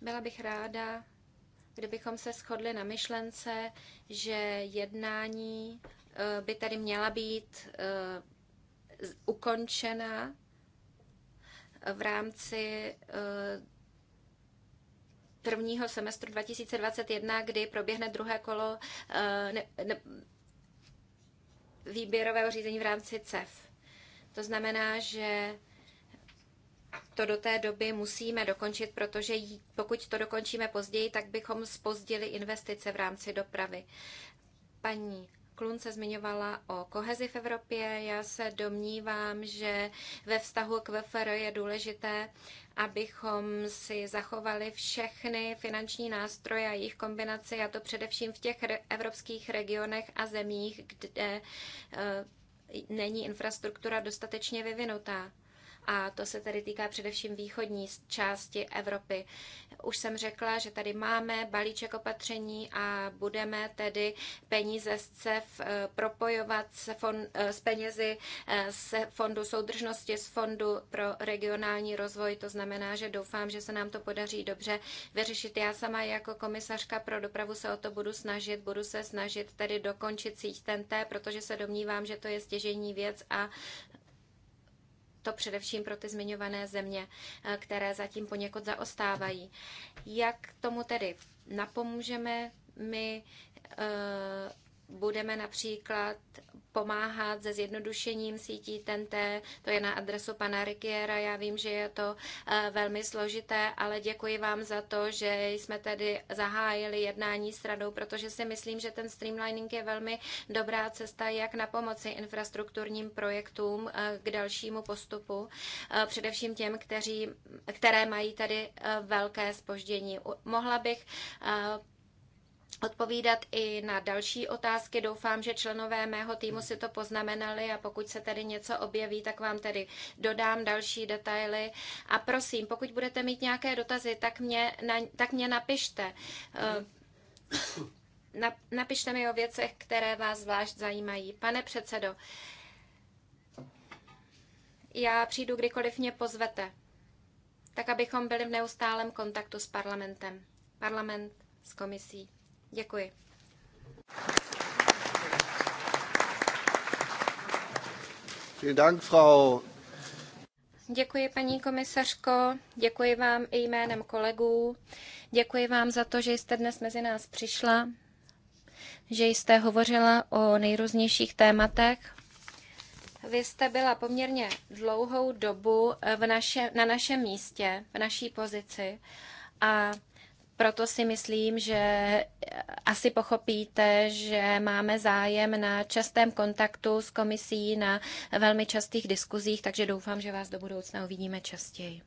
Byla bych ráda, kdybychom se shodli na myšlence, že jednání eh, by tady měla být eh, ukončena eh, v rámci prvního semestru 2021, kdy proběhne druhé kolo ne, ne, výběrového řízení v rámci CEF. To znamená, že to do té doby musíme dokončit, protože pokud to dokončíme později, tak bychom spozdili investice v rámci dopravy. Paní Klun se zmiňovala o kohezi v Evropě. Já se domnívám, že ve vztahu k VFR je důležité, abychom si zachovali všechny finanční nástroje a jejich kombinaci, a to především v těch evropských regionech a zemích, kde eh, není infrastruktura dostatečně vyvinutá a to se tedy týká především východní části Evropy. Už jsem řekla, že tady máme balíček opatření a budeme tedy peníze z CEF eh, propojovat s, fond, eh, s penězi eh, z Fondu soudržnosti, z Fondu pro regionální rozvoj. To znamená, že doufám, že se nám to podaří dobře vyřešit. Já sama jako komisařka pro dopravu se o to budu snažit. Budu se snažit tedy dokončit síť TNT, protože se domnívám, že to je stěžení věc a to především pro ty zmiňované země, eh, které zatím poněkud zaostávají. Jak tomu tedy napomůžeme my eh, budeme například pomáhat se zjednodušením sítí TNT, to je na adresu pana Rikiera, já vím, že je to eh, velmi složité, ale děkuji vám za to, že jsme tedy zahájili jednání s radou, protože si myslím, že ten streamlining je velmi dobrá cesta, jak na pomoci infrastrukturním projektům eh, k dalšímu postupu, eh, především těm, kteří, které mají tady velké spoždění. Mohla bych odpovídat i na další otázky. Doufám, že členové mého týmu si to poznamenali a pokud se tady něco objeví, tak vám tedy dodám další detaily. A prosím, pokud budete mít nějaké dotazy, tak mě, na, tak mě napište. Eh, na, napište mi o věcech, které vás zvlášť zajímají. Pane předsedo, já přijdu kdykoliv mě pozvete, tak abychom byli v neustálém kontaktu s parlamentem. Parlament s komisí. Děkuji. Děkuji, paní komisařko, děkuji vám i jménem kolegů, děkuji vám za to, že jste dnes mezi nás přišla, že jste hovořila o nejrůznějších tématech. Vy jste byla poměrně dlouhou dobu v naše, na našem místě, v naší pozici a proto si myslím, že eh, asi pochopíte, že máme zájem na častém kontaktu s komisí, na velmi častých diskuzích, takže doufám, že vás do budoucna uvidíme častěji.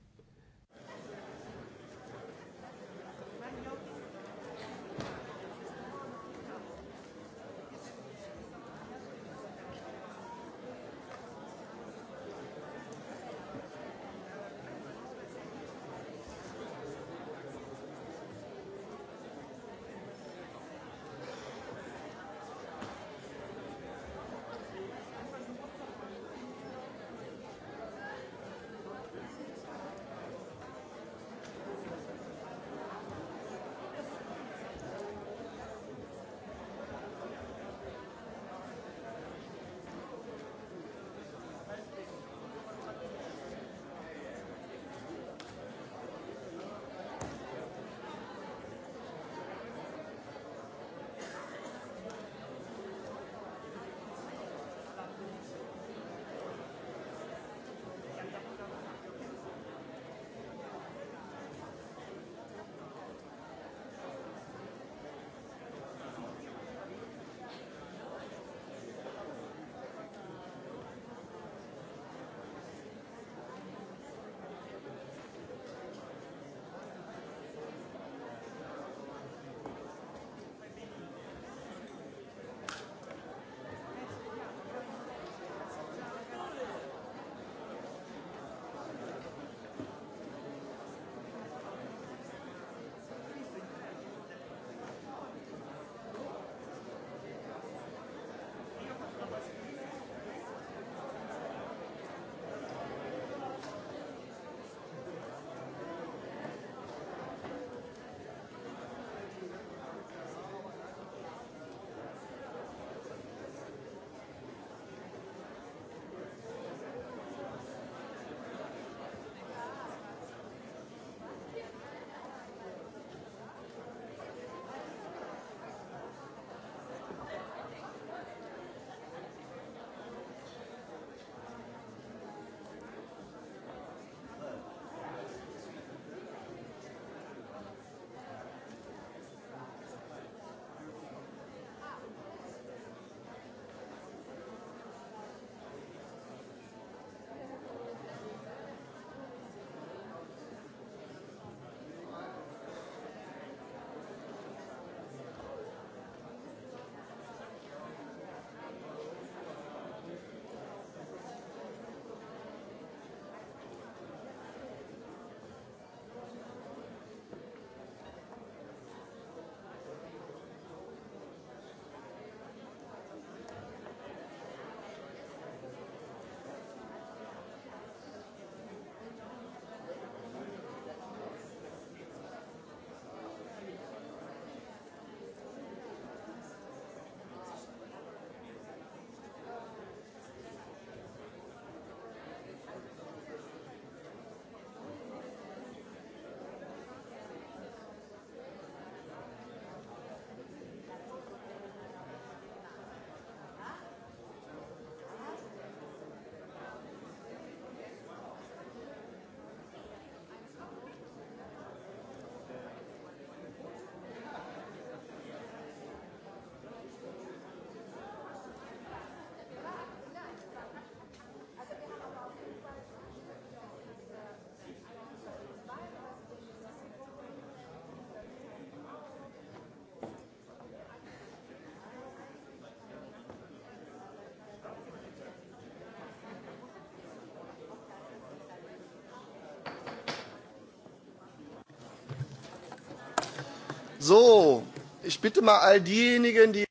So, ich bitte mal all diejenigen, die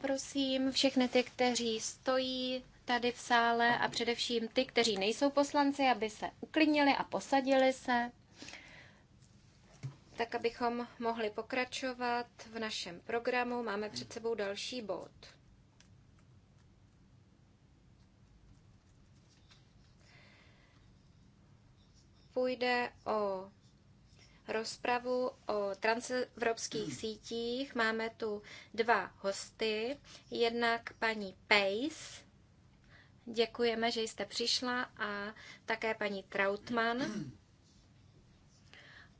Prosím všechny ty, kteří stojí tady v sále a především ty, kteří nejsou poslanci, aby se uklidnili a posadili se, tak abychom mohli pokračovat v našem programu. Máme před sebou další bod. Půjde o rozpravu o transevropských hmm. sítích. Máme tu dva hosty, jednak paní Pace, děkujeme, že jste přišla, a také paní Trautmann. Hmm.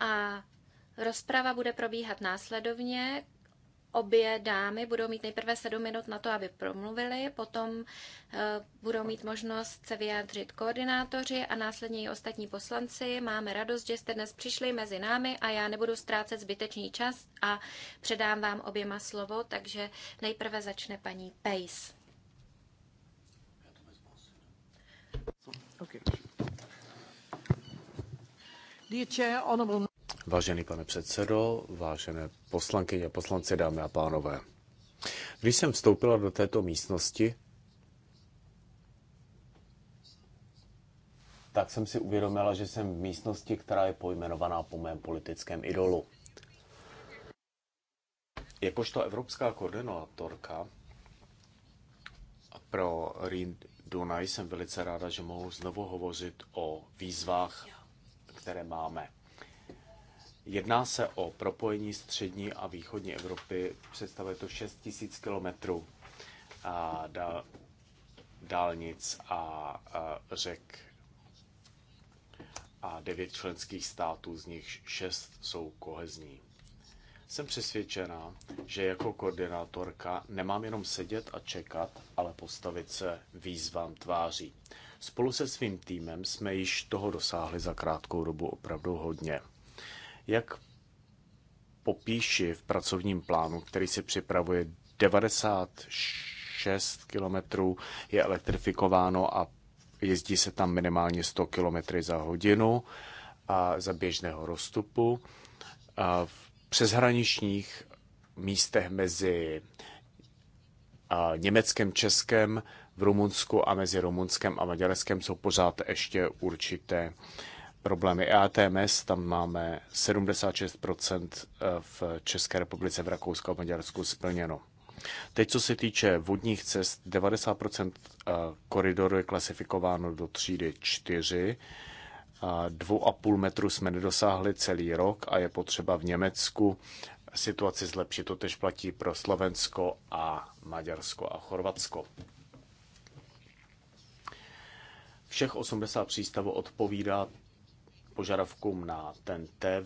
A rozprava bude probíhat následovně obě dámy budou mít nejprve sedm minut na to, aby promluvili, potom eh, budou mít možnost se vyjádřit koordinátoři a následně i ostatní poslanci. Máme radost, že jste dnes přišli mezi námi a já nebudu ztrácet zbytečný čas a předám vám oběma slovo, takže nejprve začne paní Pace. Vážený pane předsedo, vážené poslankyně, poslanci, dámy a pánové. Když jsem vstoupila do této místnosti, tak jsem si uvědomila, že jsem v místnosti, která je pojmenovaná po mém politickém idolu. Jakožto evropská koordinátorka pro Rín Dunaj jsem velice ráda, že mohu znovu hovořit o výzvách, které máme. Jedná se o propojení střední a východní Evropy, představuje to 6 000 kilometrů dálnic a řek a devět členských států, z nich šest jsou kohezní. Jsem přesvědčená, že jako koordinátorka nemám jenom sedět a čekat, ale postavit se výzvám tváří. Spolu se svým týmem jsme již toho dosáhli za krátkou dobu opravdu hodně. Jak popíši v pracovním plánu, který si připravuje 96 kilometrů, je elektrifikováno a jezdí se tam minimálně 100 km za hodinu a za běžného rozstupu. A v přeshraničních místech mezi Německem, Českem, v Rumunsku a mezi Rumunskem a Maďarskem jsou pořád ještě určité problémy EATMS, tam máme 76% e, v České republice, v Rakousku a Maďarsku splněno. Teď, co se týče vodních cest, 90% e, koridoru je klasifikováno do třídy 4. 2,5 metru jsme nedosáhli celý rok a je potřeba v Německu situaci zlepšit. To tež platí pro Slovensko a Maďarsko a Chorvatsko. Všech 80 přístavů odpovídá požadavkům na ten T,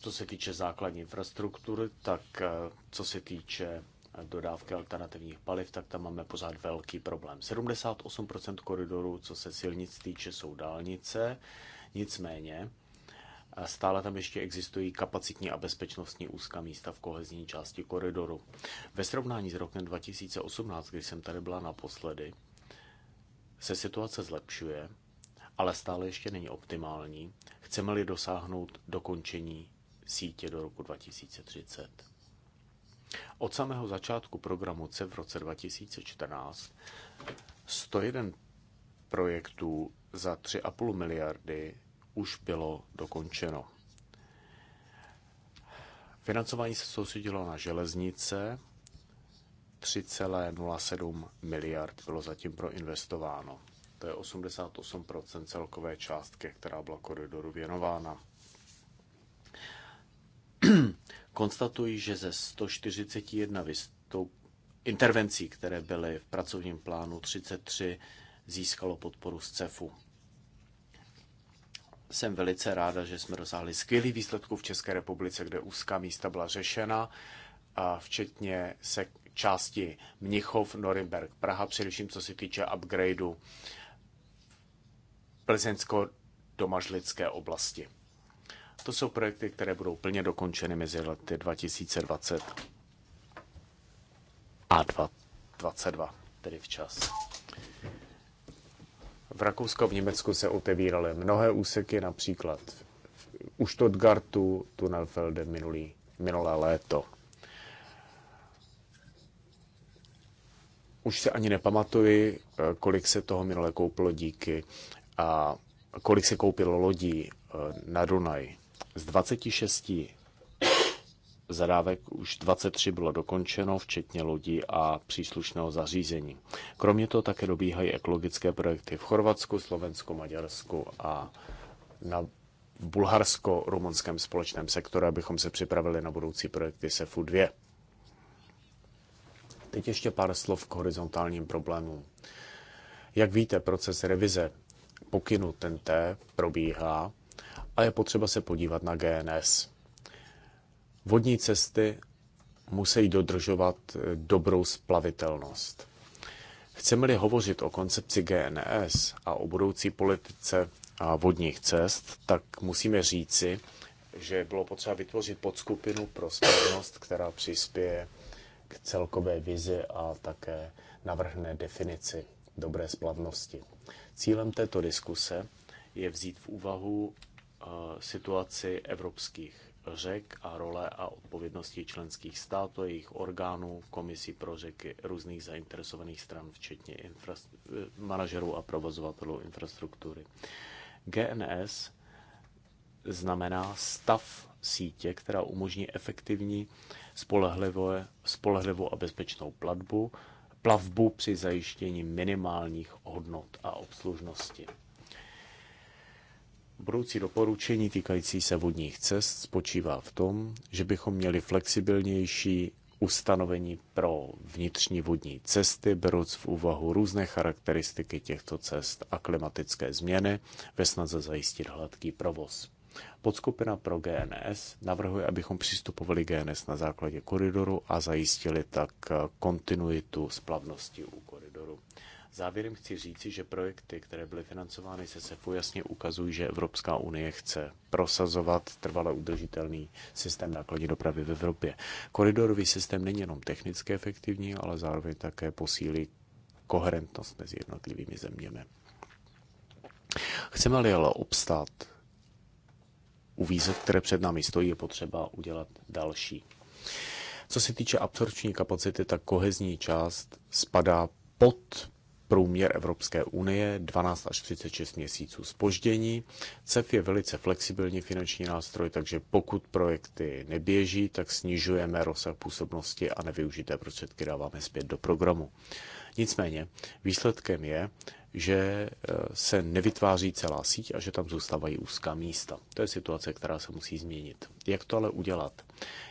co se týče základní infrastruktury, tak eh, co se týče eh, dodávky alternativních paliv, tak tam máme pořád velký problém. 78% koridorů, co se silnic týče, jsou dálnice, nicméně eh, stále tam ještě existují kapacitní a bezpečnostní úzká místa v kohezní části koridoru. Ve srovnání s rokem 2018, kdy jsem tady byla naposledy, se situace zlepšuje, ale stále ještě není optimální, chceme-li dosáhnout dokončení sítě do roku 2030. Od samého začátku programu CEF v roce 2014 101 projektů za 3,5 miliardy už bylo dokončeno. Financování se soustředilo na železnice, 3,07 miliard bylo zatím proinvestováno to je 88% celkové částky, která byla koridoru věnována. Konstatuji, že ze 141 vystoup... intervencí, které byly v pracovním plánu 33, získalo podporu z CEFu. Jsem velice ráda, že jsme dosáhli skvělých výsledků v České republice, kde úzká místa byla řešena, a včetně se části Mnichov, Norimberg, Praha, především co se týče upgradeu Plzeňsko-Domažlické oblasti. To jsou projekty, které budou plně dokončeny mezi lety 2020 a 2022, tedy včas. V Rakousku a v Německu se otevíraly mnohé úseky, například u Stuttgartu Tunnelfelde minulý, minulé léto. Už se ani nepamatuji, eh, kolik se toho minule koupilo díky a kolik se koupilo lodí eh, na Dunaj. Z 26 zadávek už 23 bylo dokončeno, včetně lodí a příslušného zařízení. Kromě toho také dobíhají ekologické projekty v Chorvatsku, Slovensku, Maďarsku a na bulharsko-rumunském společném sektoru, abychom se připravili na budoucí projekty SEFu 2. Teď ještě pár slov k horizontálním problémům. Jak víte, proces revize pokynu TNT probíhá a je potřeba se podívat na GNS. Vodní cesty musí dodržovat eh, dobrou splavitelnost. Chceme-li hovořit o koncepci GNS a o budoucí politice a vodních cest, tak musíme říci, že bylo potřeba vytvořit podskupinu pro splavnost, která přispěje k celkové vizi a také navrhne definici dobré splavnosti. Cílem této diskuse je vzít v úvahu eh, situaci evropských řek a role a odpovědnosti členských států, jejich orgánů, komisí pro řeky, různých zainteresovaných stran, včetně eh, manažerů a provozovatelů infrastruktury. GNS znamená stav sítě, která umožní efektivní, spolehlivou a bezpečnou platbu, plavbu při zajištění minimálních hodnot a obslužnosti. Budoucí doporučení týkající se vodních cest spočívá v tom, že bychom měli flexibilnější ustanovení pro vnitřní vodní cesty, beroc v úvahu různé charakteristiky těchto cest a klimatické změny ve snaze zajistit hladký provoz. Podskupina pro GNS navrhuje, abychom přistupovali GNS na základě koridoru a zajistili tak eh, kontinuitu splavnosti u koridoru. Závěrem chci říci, že projekty, které byly financovány se SEFu, jasně ukazují, že Evropská unie chce prosazovat trvale udržitelný systém nákladní dopravy v Evropě. Koridorový systém není jenom technicky efektivní, ale zároveň také posílí koherentnost mezi jednotlivými zeměmi. Chceme-li ale obstát u výzev, které před námi stojí, je potřeba udělat další. Co se týče absorpční kapacity, tak kohezní část spadá pod průměr Evropské unie 12 až 36 měsíců spoždění. CEF je velice flexibilní finanční nástroj, takže pokud projekty neběží, tak snižujeme rozsah působnosti a nevyužité prostředky dáváme zpět do programu. Nicméně výsledkem je, že eh, se nevytváří celá síť a že tam zůstávají úzká místa. To je situace, která se musí změnit. Jak to ale udělat?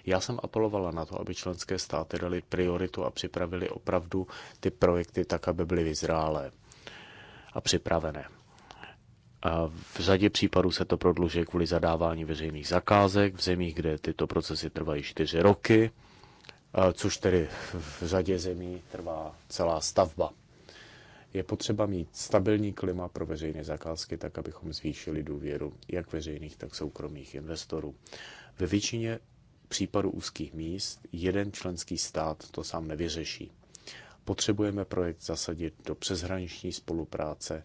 Já jsem apelovala na to, aby členské státy dali prioritu a připravili opravdu ty projekty tak, aby byly vyzrálé a připravené. A v řadě případů se to prodlužuje kvůli zadávání veřejných zakázek v zemích, kde tyto procesy trvají čtyři roky, eh, což tedy v řadě zemí trvá celá stavba. Je potřeba mít stabilní klima pro veřejné zakázky, tak abychom zvýšili důvěru jak veřejných, tak soukromých investorů. Ve většině případů úzkých míst jeden členský stát to sám nevyřeší. Potřebujeme projekt zasadit do přeshraniční spolupráce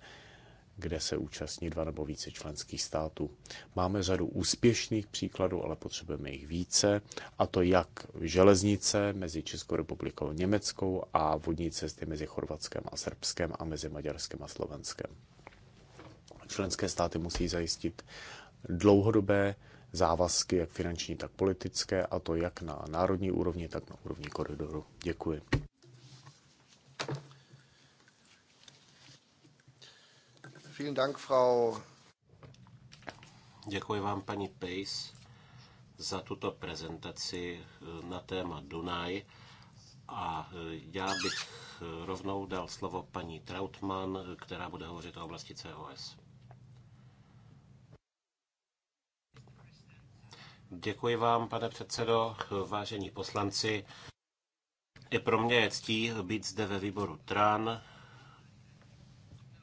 kde se účastní dva nebo více členských států. Máme řadu úspěšných příkladů, ale potřebujeme jich více, a to jak železnice mezi Českou republikou a Německou a vodní cesty mezi Chorvatskem a Srbskem a mezi Maďarskem a Slovenskem. Členské státy musí zajistit dlouhodobé závazky, jak finanční, tak politické, a to jak na národní úrovni, tak na úrovni koridoru. Děkuji. Vielen Dank, Frau. Děkuji vám, paní Pace, za tuto prezentaci eh, na téma Dunaj. A eh, já bych eh, rovnou dal slovo paní Trautmann, která bude hovořit o oblasti COS. Děkuji vám, pane předsedo, vážení poslanci. I pro mě je ctí být zde ve výboru TRAN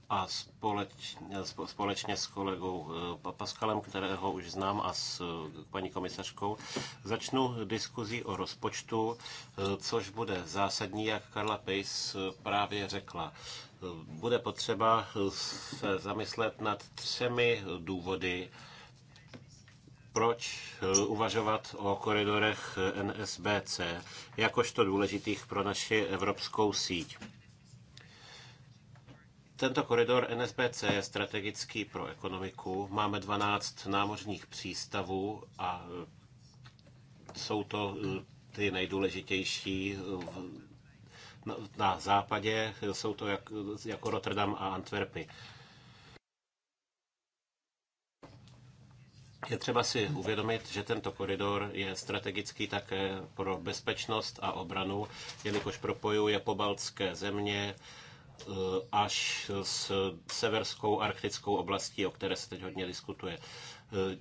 a společně, společně s kolegou eh, Paskalem, kterého už znám, a s eh, paní komisařkou, začnu diskuzí o rozpočtu, eh, což bude zásadní, jak Karla Pejs právě řekla. Bude potřeba se zamyslet nad třemi důvody, proč uvažovat o koridorech NSBC jakožto důležitých pro naši evropskou síť. Tento koridor NSBC je strategický pro ekonomiku. Máme 12 námořních přístavů a e, jsou to e, ty nejdůležitější na západě, jsou to jak, jako Rotterdam a Antwerpy. Je třeba si uvědomit, že tento koridor je strategický také pro bezpečnost a obranu, jelikož propojuje pobaltské země, Eh, až s severskou arktickou oblastí, o které se teď hodně diskutuje. Eh,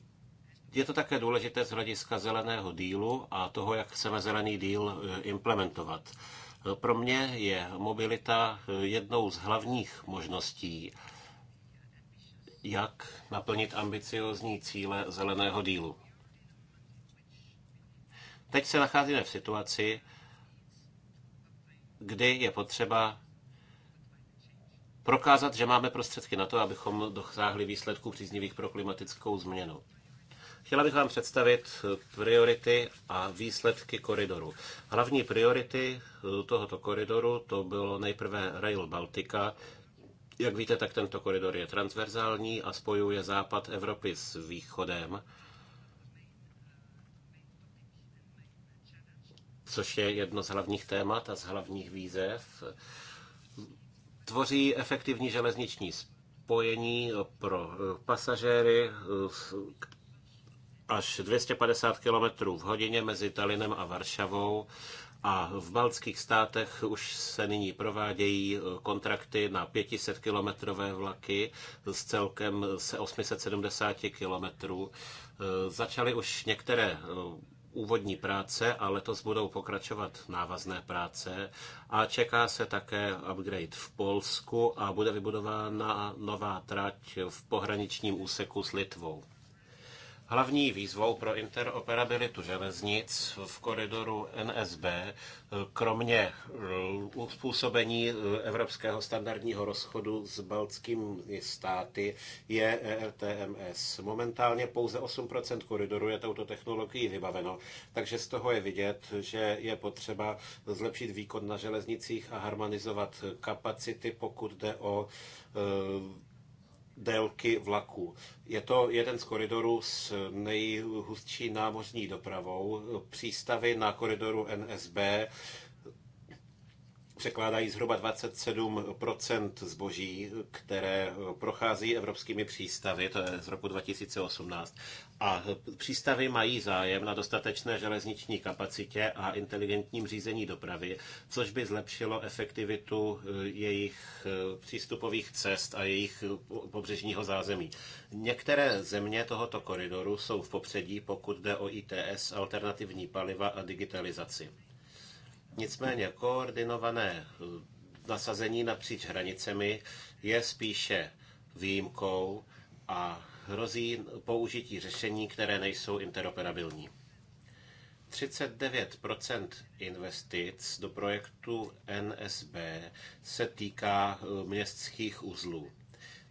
je to také důležité z hlediska zeleného dílu a toho, jak chceme zelený díl eh, implementovat. Pro mě je mobilita jednou z hlavních možností, jak naplnit ambiciozní cíle zeleného dílu. Teď se nacházíme v situaci, kdy je potřeba prokázat, že máme prostředky na to, abychom dosáhli výsledků příznivých pro klimatickou změnu. Chtěla bych vám představit priority a výsledky koridoru. Hlavní priority tohoto koridoru to bylo nejprve Rail Baltica. Jak víte, tak tento koridor je transverzální a spojuje západ Evropy s východem. což je jedno z hlavních témat a z hlavních výzev tvoří efektivní železniční spojení pro eh, pasažéry eh, až 250 km v hodině mezi Talinem a Varšavou a v baltských státech už se nyní provádějí eh, kontrakty na 500-kilometrové vlaky s celkem se 870 kilometrů. Začaly už některé úvodní práce a letos budou pokračovat návazné práce a čeká se také upgrade v Polsku a bude vybudována nová trať v pohraničním úseku s Litvou. Hlavní výzvou pro interoperabilitu železnic v koridoru NSB, eh, kromě eh, uspůsobení eh, evropského standardního rozchodu s baltskými státy, je ERTMS. Momentálně pouze 8 koridoru je touto technologií vybaveno, takže z toho je vidět, že je potřeba zlepšit výkon na železnicích a harmonizovat kapacity, pokud jde o délky vlaků. Je to jeden z koridorů s nejhustší námořní dopravou. Přístavy na koridoru NSB překládají zhruba 27 zboží, které prochází evropskými přístavy, to je z roku 2018. A přístavy mají zájem na dostatečné železniční kapacitě a inteligentním řízení dopravy, což by zlepšilo efektivitu eh, jejich eh, přístupových cest a jejich eh, pobřežního zázemí. Některé země tohoto koridoru jsou v popředí, pokud jde o ITS, alternativní paliva a digitalizaci. Nicméně koordinované nasazení napříč hranicemi je spíše výjimkou a hrozí použití řešení, které nejsou interoperabilní. 39 investic do projektu NSB se týká eh, městských uzlů.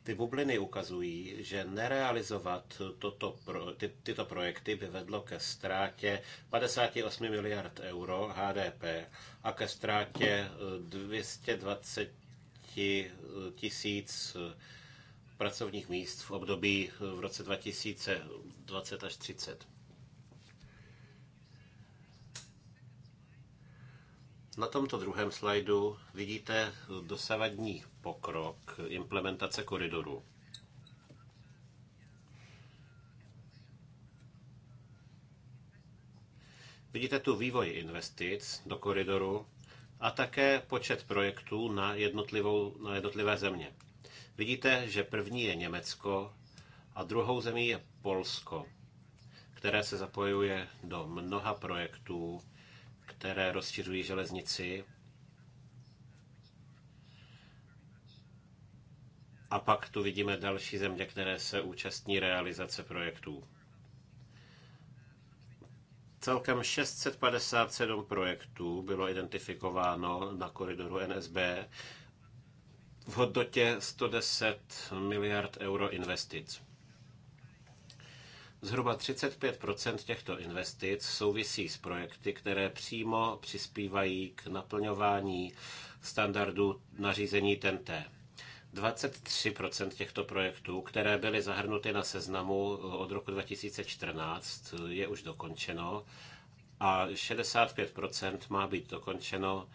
Ty bubliny ukazují, že nerealizovat toto ty, tyto projekty by vedlo ke ztrátě 58 miliard euro HDP a ke ztrátě 220 eh, tisíc eh, pracovních míst v období eh, v roce 2020 až 30. Na tomto druhém slajdu vidíte dosavadní pokrok implementace koridoru. Vidíte tu vývoj investic do koridoru a také počet projektů na, jednotlivou, na jednotlivé země. Vidíte, že první je Německo a druhou zemí je Polsko, které se zapojuje do mnoha projektů které rozšiřují železnici. A pak tu vidíme další země, které se účastní realizace projektů. Celkem 657 projektů bylo identifikováno na koridoru NSB v hodnotě 110 miliard euro investic. Zhruba 35 těchto investic souvisí s projekty, které přímo přispívají k naplňování standardu nařízení TNT. 23 těchto projektů, které byly zahrnuty na seznamu od roku 2014, je už dokončeno a 65 má být dokončeno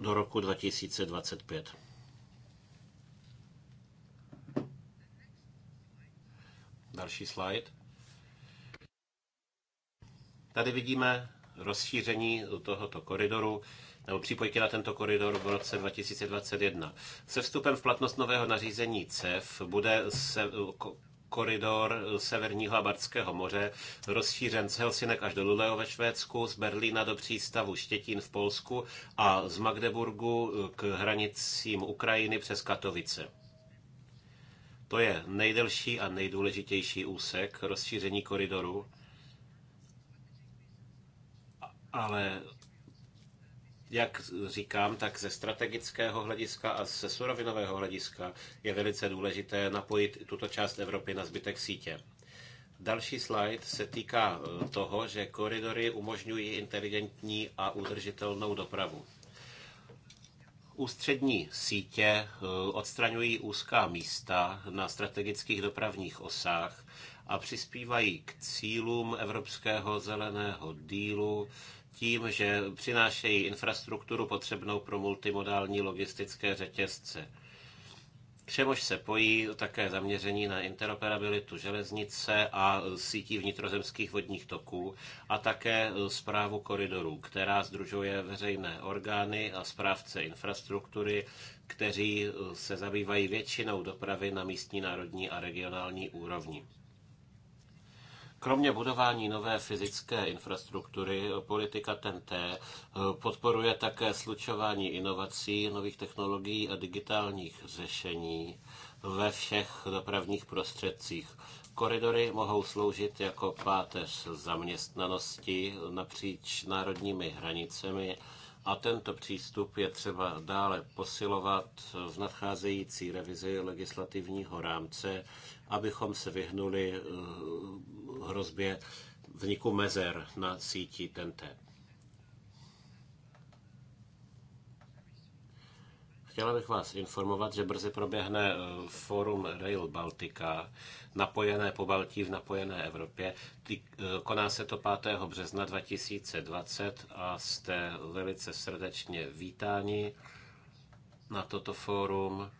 do roku 2025. Další slide. Tady vidíme rozšíření tohoto koridoru nebo připojky na tento koridor v roce 2021. Se vstupem v platnost nového nařízení CEF bude se, koridor Severního a Bartského moře, rozšířen z Helsinek až do Luleho ve Švédsku, z Berlína do přístavu Štětín v Polsku a z Magdeburgu k hranicím Ukrajiny přes Katovice. To je nejdelší a nejdůležitější úsek rozšíření koridoru, ale jak říkám, tak ze strategického hlediska a ze surovinového hlediska je velice důležité napojit tuto část Evropy na zbytek sítě. Další slide se týká eh, toho, že koridory umožňují inteligentní a udržitelnou dopravu. Ústřední sítě eh, odstraňují úzká místa na strategických dopravních osách a přispívají k cílům Evropského zeleného dílu tím, že přinášejí infrastrukturu potřebnou pro multimodální logistické řetězce k čemuž se pojí také zaměření na interoperabilitu železnice a sítí vnitrozemských vodních toků a také zprávu eh, koridorů, která združuje veřejné orgány a správce infrastruktury, kteří eh, se zabývají většinou dopravy na místní, národní a regionální úrovni. Kromě budování nové fyzické infrastruktury, politika TNT eh, podporuje také slučování inovací, nových technologií a digitálních řešení ve všech dopravních prostředcích. Koridory mohou sloužit jako páteř zaměstnanosti napříč národními hranicemi a tento přístup je třeba dále posilovat v nadcházející revizi legislativního rámce, abychom se vyhnuli eh, hrozbě vzniku mezer na síti TNT. Chtěla bych vás informovat, že brzy proběhne eh, fórum Rail Baltica, napojené po Baltii v napojené Evropě. Eh, koná se to 5. března 2020 a jste velice srdečně vítáni na toto fórum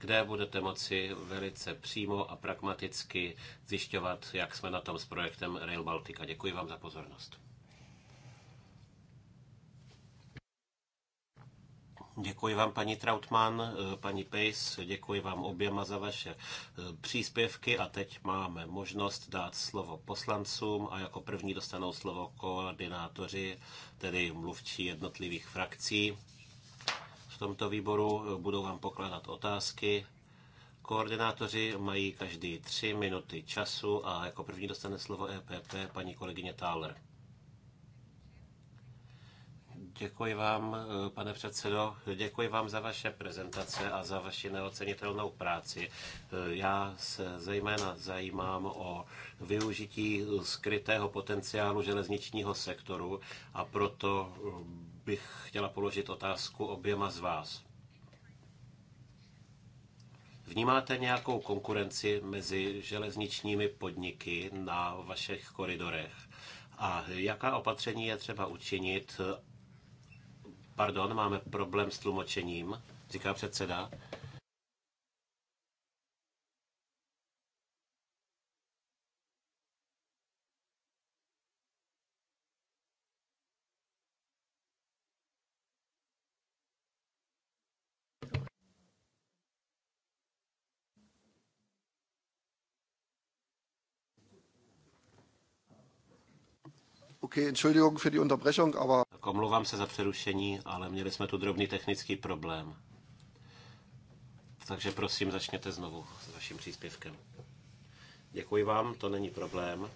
kde budete moci velice přímo a pragmaticky zjišťovat, jak jsme na tom s projektem Rail Baltica. Děkuji vám za pozornost. Děkuji vám, paní Trautmann, paní Pace, děkuji vám oběma za vaše eh, příspěvky a teď máme možnost dát slovo poslancům a jako první dostanou slovo koordinátoři, tedy mluvčí jednotlivých frakcí tomto výboru, eh, budou vám pokládat otázky. Koordinátoři mají každý tři minuty času a jako první dostane slovo EPP paní kolegyně Thaler. Děkuji vám, eh, pane předsedo, děkuji vám za vaše prezentace a za vaši neocenitelnou práci. Eh, já se zejména zajímám o využití skrytého potenciálu železničního sektoru a proto bych chtěla položit otázku oběma z vás. Vnímáte nějakou konkurenci mezi železničními podniky na vašich koridorech? A jaká opatření je třeba učinit? Pardon, máme problém s tlumočením, říká předseda. Okay, Entschuldigung für die Unterbrechung, aber... Tak omlouvám se za přerušení, ale měli jsme tu drobný technický problém. Takže prosím, začněte znovu s vaším příspěvkem. Děkuji vám, to není problém.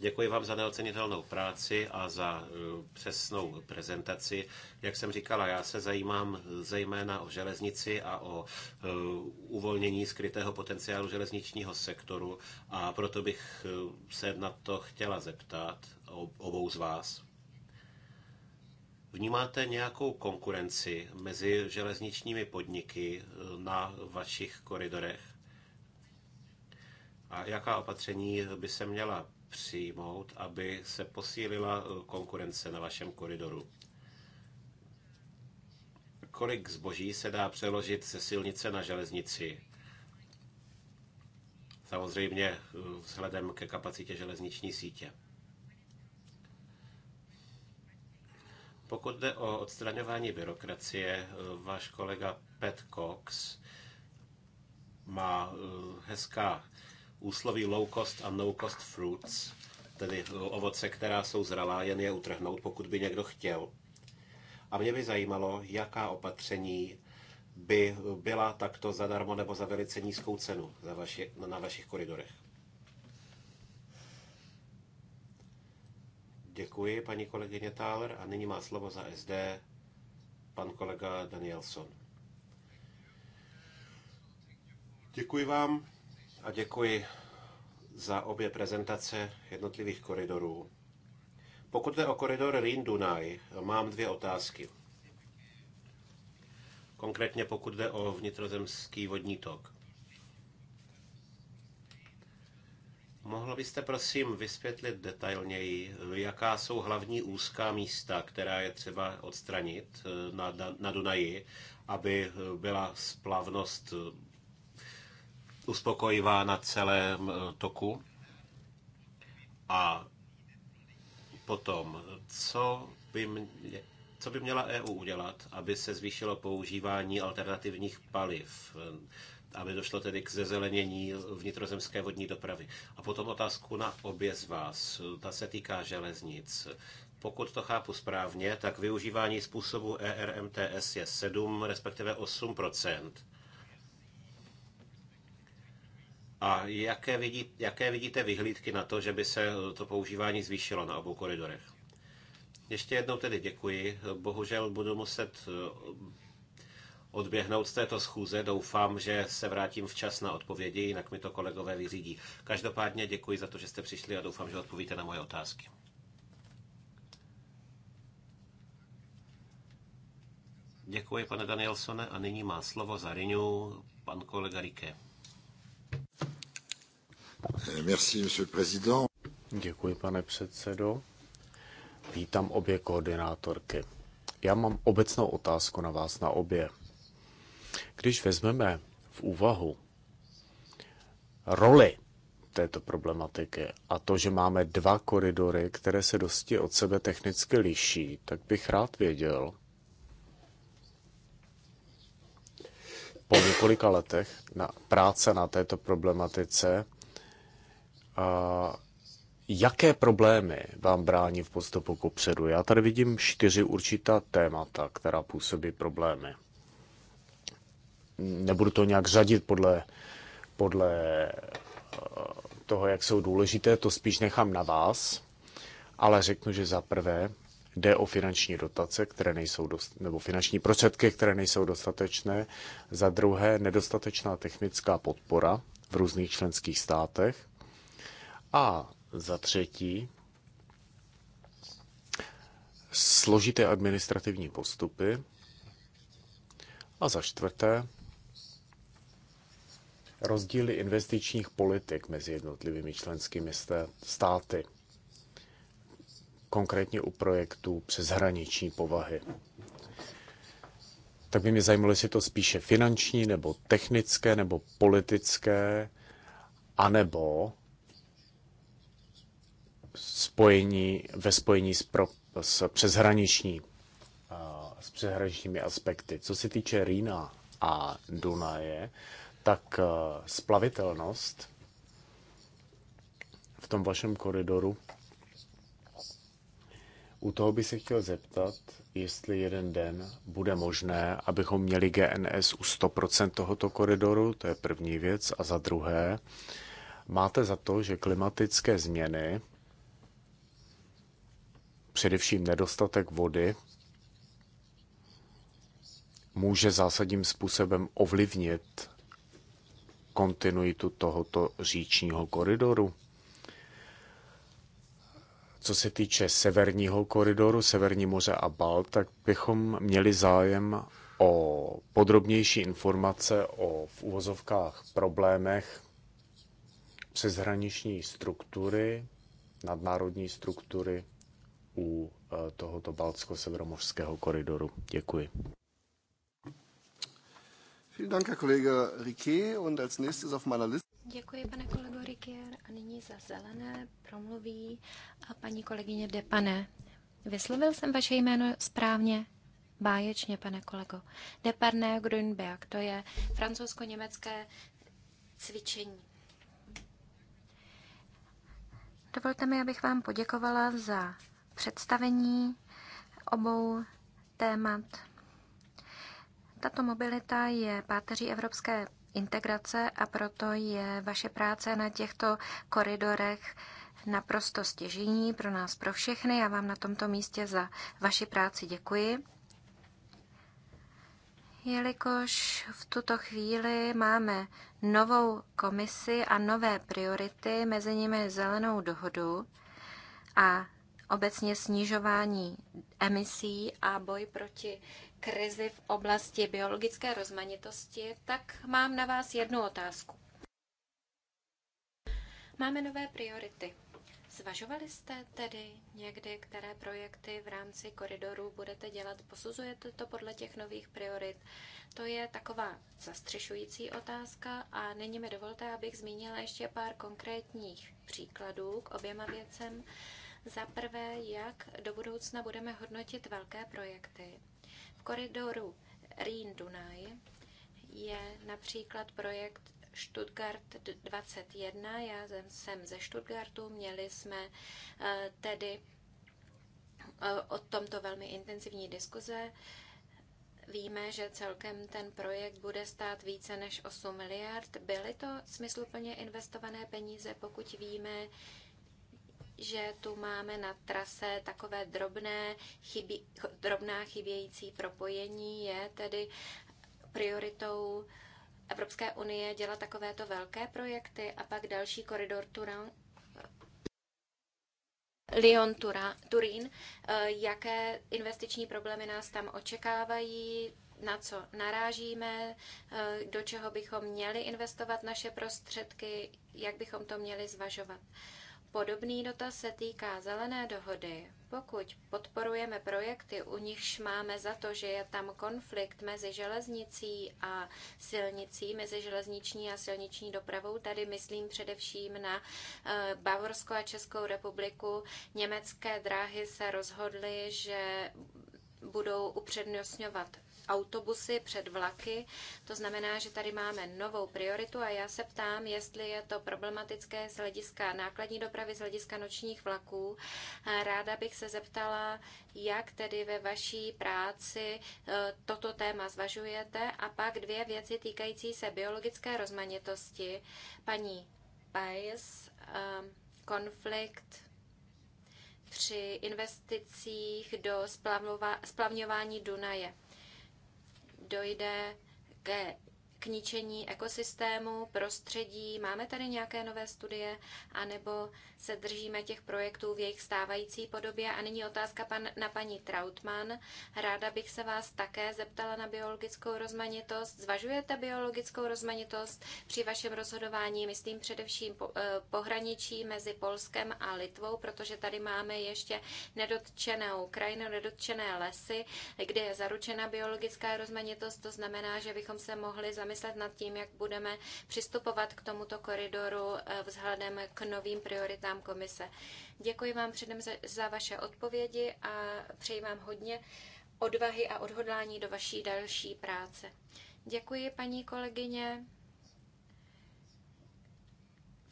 Děkuji vám za neocenitelnou práci a za e, přesnou prezentaci. Jak jsem říkala, já se zajímám e, zejména o železnici a o e, uvolnění skrytého potenciálu železničního sektoru a proto bych se na to chtěla zeptat obou z vás. Vnímáte nějakou konkurenci mezi železničními podniky na vašich koridorech? A jaká opatření by se měla přijmout, aby se posílila eh, konkurence na vašem koridoru? Kolik zboží se dá přeložit ze silnice na železnici? Samozřejmě eh, vzhledem ke kapacitě železniční sítě. Pokud jde o odstraňování byrokracie, eh, váš kolega Pat Cox má hezká úsloví low cost a no cost fruits, tedy ovoce, která jsou zralá, jen je utrhnout, pokud by někdo chtěl. A mě by zajímalo, jaká opatření by byla takto zadarmo nebo za velice nízkou cenu za vaši, na vašich koridorech. Děkuji, paní kolegyně Táler. A nyní má slovo za SD pan kolega Danielson. Děkuji vám. A děkuji za obě prezentace jednotlivých koridorů. Pokud jde o koridor rín dunaj mám dvě otázky. Konkrétně pokud jde o vnitrozemský vodní tok. Mohl byste prosím vysvětlit detailněji, jaká jsou hlavní úzká místa, která je třeba odstranit eh, na, na, na Dunaji, aby eh, byla splavnost uspokojivá na celém eh, toku. A potom, co by, mě, co by měla EU udělat, aby se zvýšilo používání alternativních paliv, eh, aby došlo tedy k zezelenění vnitrozemské vodní dopravy. A potom otázku na obě z vás. Ta se týká železnic. Pokud to chápu správně, tak využívání způsobu ERMTS je 7, respektive 8 a jaké, vidí, jaké vidíte vyhlídky na to, že by se to používání zvýšilo na obou koridorech? Ještě jednou tedy děkuji. Bohužel budu muset eh, odběhnout z této schůze. Doufám, že se vrátím včas na odpovědi, jinak mi to kolegové vyřídí. Každopádně děkuji za to, že jste přišli a doufám, že odpovíte na moje otázky. Děkuji, pane Danielsone, a nyní má slovo za Riňu pan kolega Rike. Děkuji, pane předsedo. Vítám obě koordinátorky. Já mám obecnou otázku na vás, na obě. Když vezmeme v úvahu roli této problematiky a to, že máme dva koridory, které se dosti od sebe technicky liší, tak bych rád věděl, po několika letech na práce na této problematice, Jaké problémy vám brání v postupu ku předu? Já tady vidím čtyři určitá témata, která působí problémy. Nebudu to nějak řadit podle, podle eh, toho, jak jsou důležité, to spíš nechám na vás, ale řeknu, že za prvé jde o finanční dotace, které nejsou dost, nebo finanční prostředky, které nejsou dostatečné, za druhé nedostatečná technická podpora v různých členských státech, a za třetí, složité administrativní postupy. A za čtvrté, rozdíly investičních politik mezi jednotlivými členskými státy, konkrétně u projektů přeshraniční povahy. Tak by mě zajímalo, jestli to spíše finanční, nebo technické, nebo politické, anebo spojení, ve spojení s, pro, s, přeshraniční, s přeshraničními aspekty. Co se týče Rýna a Dunaje, tak splavitelnost v tom vašem koridoru, u toho bych se chtěl zeptat, jestli jeden den bude možné, abychom měli GNS u 100% tohoto koridoru, to je první věc, a za druhé, máte za to, že klimatické změny především nedostatek vody může zásadním způsobem ovlivnit kontinuitu tohoto říčního koridoru. Co se týče severního koridoru, Severní moře a Bal, tak bychom měli zájem o podrobnější informace o v uvozovkách problémech přeshraniční struktury, nadnárodní struktury u eh, tohoto Baltsko-Severomořského koridoru. Děkuji. Děkuji, pane kolego Rikier. A nyní za zelené promluví a eh, paní kolegyně Depane. Vyslovil jsem vaše jméno správně? Báječně, pane kolego. Deparné Grünberg, to je francouzsko-německé cvičení. Dovolte mi, abych vám poděkovala za představení obou témat. Tato mobilita je páteří evropské integrace a proto je vaše práce na těchto koridorech naprosto stěžení pro nás, pro všechny. Já vám na tomto místě za vaši práci děkuji. Jelikož v tuto chvíli máme novou komisi a nové priority, mezi nimi zelenou dohodu a obecně snižování emisí a boj proti krizi v oblasti biologické rozmanitosti, tak mám na vás jednu otázku. Máme nové priority. Zvažovali jste tedy někdy, které projekty v rámci koridoru budete dělat? Posuzujete to podle těch nových priorit? To je taková zastřešující otázka a nyní mi dovolte, abych zmínila ještě pár konkrétních příkladů k oběma věcem. Za prvé, jak do budoucna budeme hodnotit velké projekty. V koridoru Rín dunaj je například projekt Stuttgart 21. Já jsem ze Stuttgartu, měli jsme eh, tedy eh, o tomto velmi intenzivní diskuze. Víme, že celkem ten projekt bude stát více než 8 miliard. Byly to smysluplně investované peníze, pokud víme, že tu máme na trase takové drobné chybí, drobná chybějící propojení, je tedy prioritou Evropské unie dělat takovéto velké projekty a pak další koridor Turan, Lyon Turín, eh, jaké investiční problémy nás tam očekávají, na co narážíme, eh, do čeho bychom měli investovat naše prostředky, jak bychom to měli zvažovat. Podobný dotaz se týká zelené dohody. Pokud podporujeme projekty, u nichž máme za to, že je tam konflikt mezi železnicí a silnicí, mezi železniční a silniční dopravou, tady myslím především na eh, Bavorsko a Českou republiku, německé dráhy se rozhodly, že budou upřednostňovat autobusy před vlaky. To znamená, že tady máme novou prioritu a já se ptám, jestli je to problematické z hlediska nákladní dopravy, z hlediska nočních vlaků. Ráda bych se zeptala, jak tedy ve vaší práci e, toto téma zvažujete. A pak dvě věci týkající se biologické rozmanitosti. Paní Pais, e, konflikt při investicích do splavňování Dunaje dojde ke k ničení ekosystému, prostředí? Máme tady nějaké nové studie, anebo se držíme těch projektů v jejich stávající podobě? A nyní otázka pan, na paní Trautmann. Ráda bych se vás také zeptala na biologickou rozmanitost. Zvažujete biologickou rozmanitost při vašem rozhodování? Myslím především po, eh, pohraničí mezi Polskem a Litvou, protože tady máme ještě nedotčenou krajinu, nedotčené lesy, kde je zaručena biologická rozmanitost. To znamená, že bychom se mohli zaměřit zamyslet nad tím, jak budeme přistupovat k tomuto koridoru eh, vzhledem k novým prioritám komise. Děkuji vám předem za, vaše odpovědi a přeji vám hodně odvahy a odhodlání do vaší další práce. Děkuji, paní kolegyně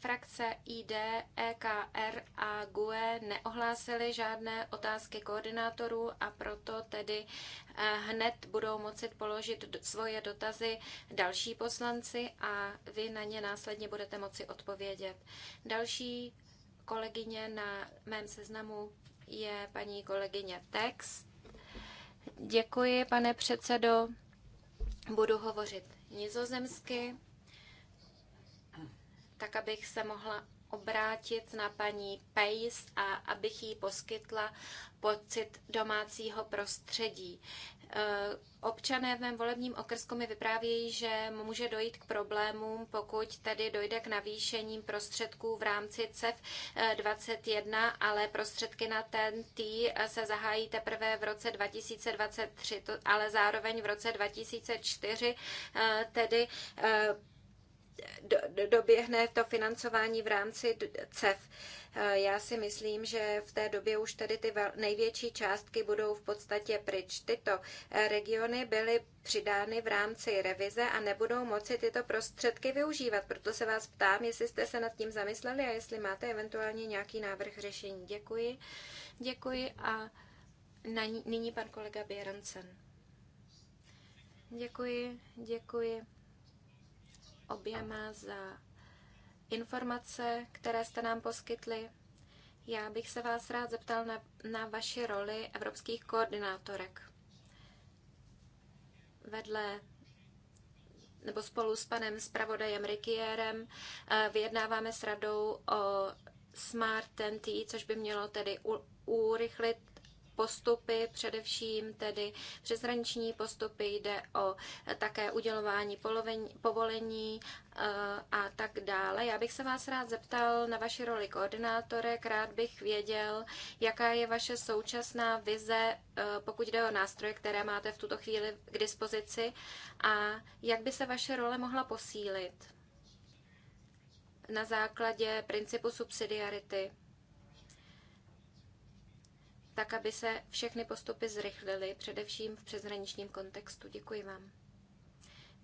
frakce ID, EKR a GUE neohlásily žádné otázky koordinátorů a proto tedy eh, hned budou moci položit svoje dotazy další poslanci a vy na ně následně budete moci odpovědět. Další kolegyně na mém seznamu je paní kolegyně Text. Děkuji, pane předsedo. Budu hovořit nizozemsky tak abych se mohla obrátit na paní Pace a abych jí poskytla pocit domácího prostředí. Eh, občané v mém volebním okrsku mi vyprávějí, že může dojít k problémům, pokud tedy dojde k navýšením prostředků v rámci e CEF 21, ale prostředky na TNT se zahájí teprve v roce 2023, ale zároveň v roce 2004 eh, tedy eh, do, do, doběhne to financování v rámci CEF. Eh, já si myslím, že v té době už tedy ty největší částky budou v podstatě pryč. Tyto eh, regiony byly přidány v rámci revize a nebudou moci tyto prostředky využívat. Proto se vás ptám, jestli jste se nad tím zamysleli a jestli máte eventuálně nějaký návrh řešení. Děkuji. Děkuji a na, nyní pan kolega Běrancen. Děkuji, děkuji oběma za informace, které jste nám poskytli. Já bych se vás rád zeptal na, na vaši roli evropských koordinátorek. Vedle nebo spolu s panem zpravodajem Rikierem eh, vyjednáváme s radou o Smart TNT, což by mělo tedy urychlit postupy, především tedy přeshraniční postupy, jde o eh, také udělování polovení, povolení eh, a tak dále. Já bych se vás rád zeptal na vaši roli koordinátore, rád bych věděl, jaká je vaše současná vize, eh, pokud jde o nástroje, které máte v tuto chvíli k dispozici a jak by se vaše role mohla posílit na základě principu subsidiarity tak aby se všechny postupy zrychlily, především v přeshraničním kontextu. Děkuji vám.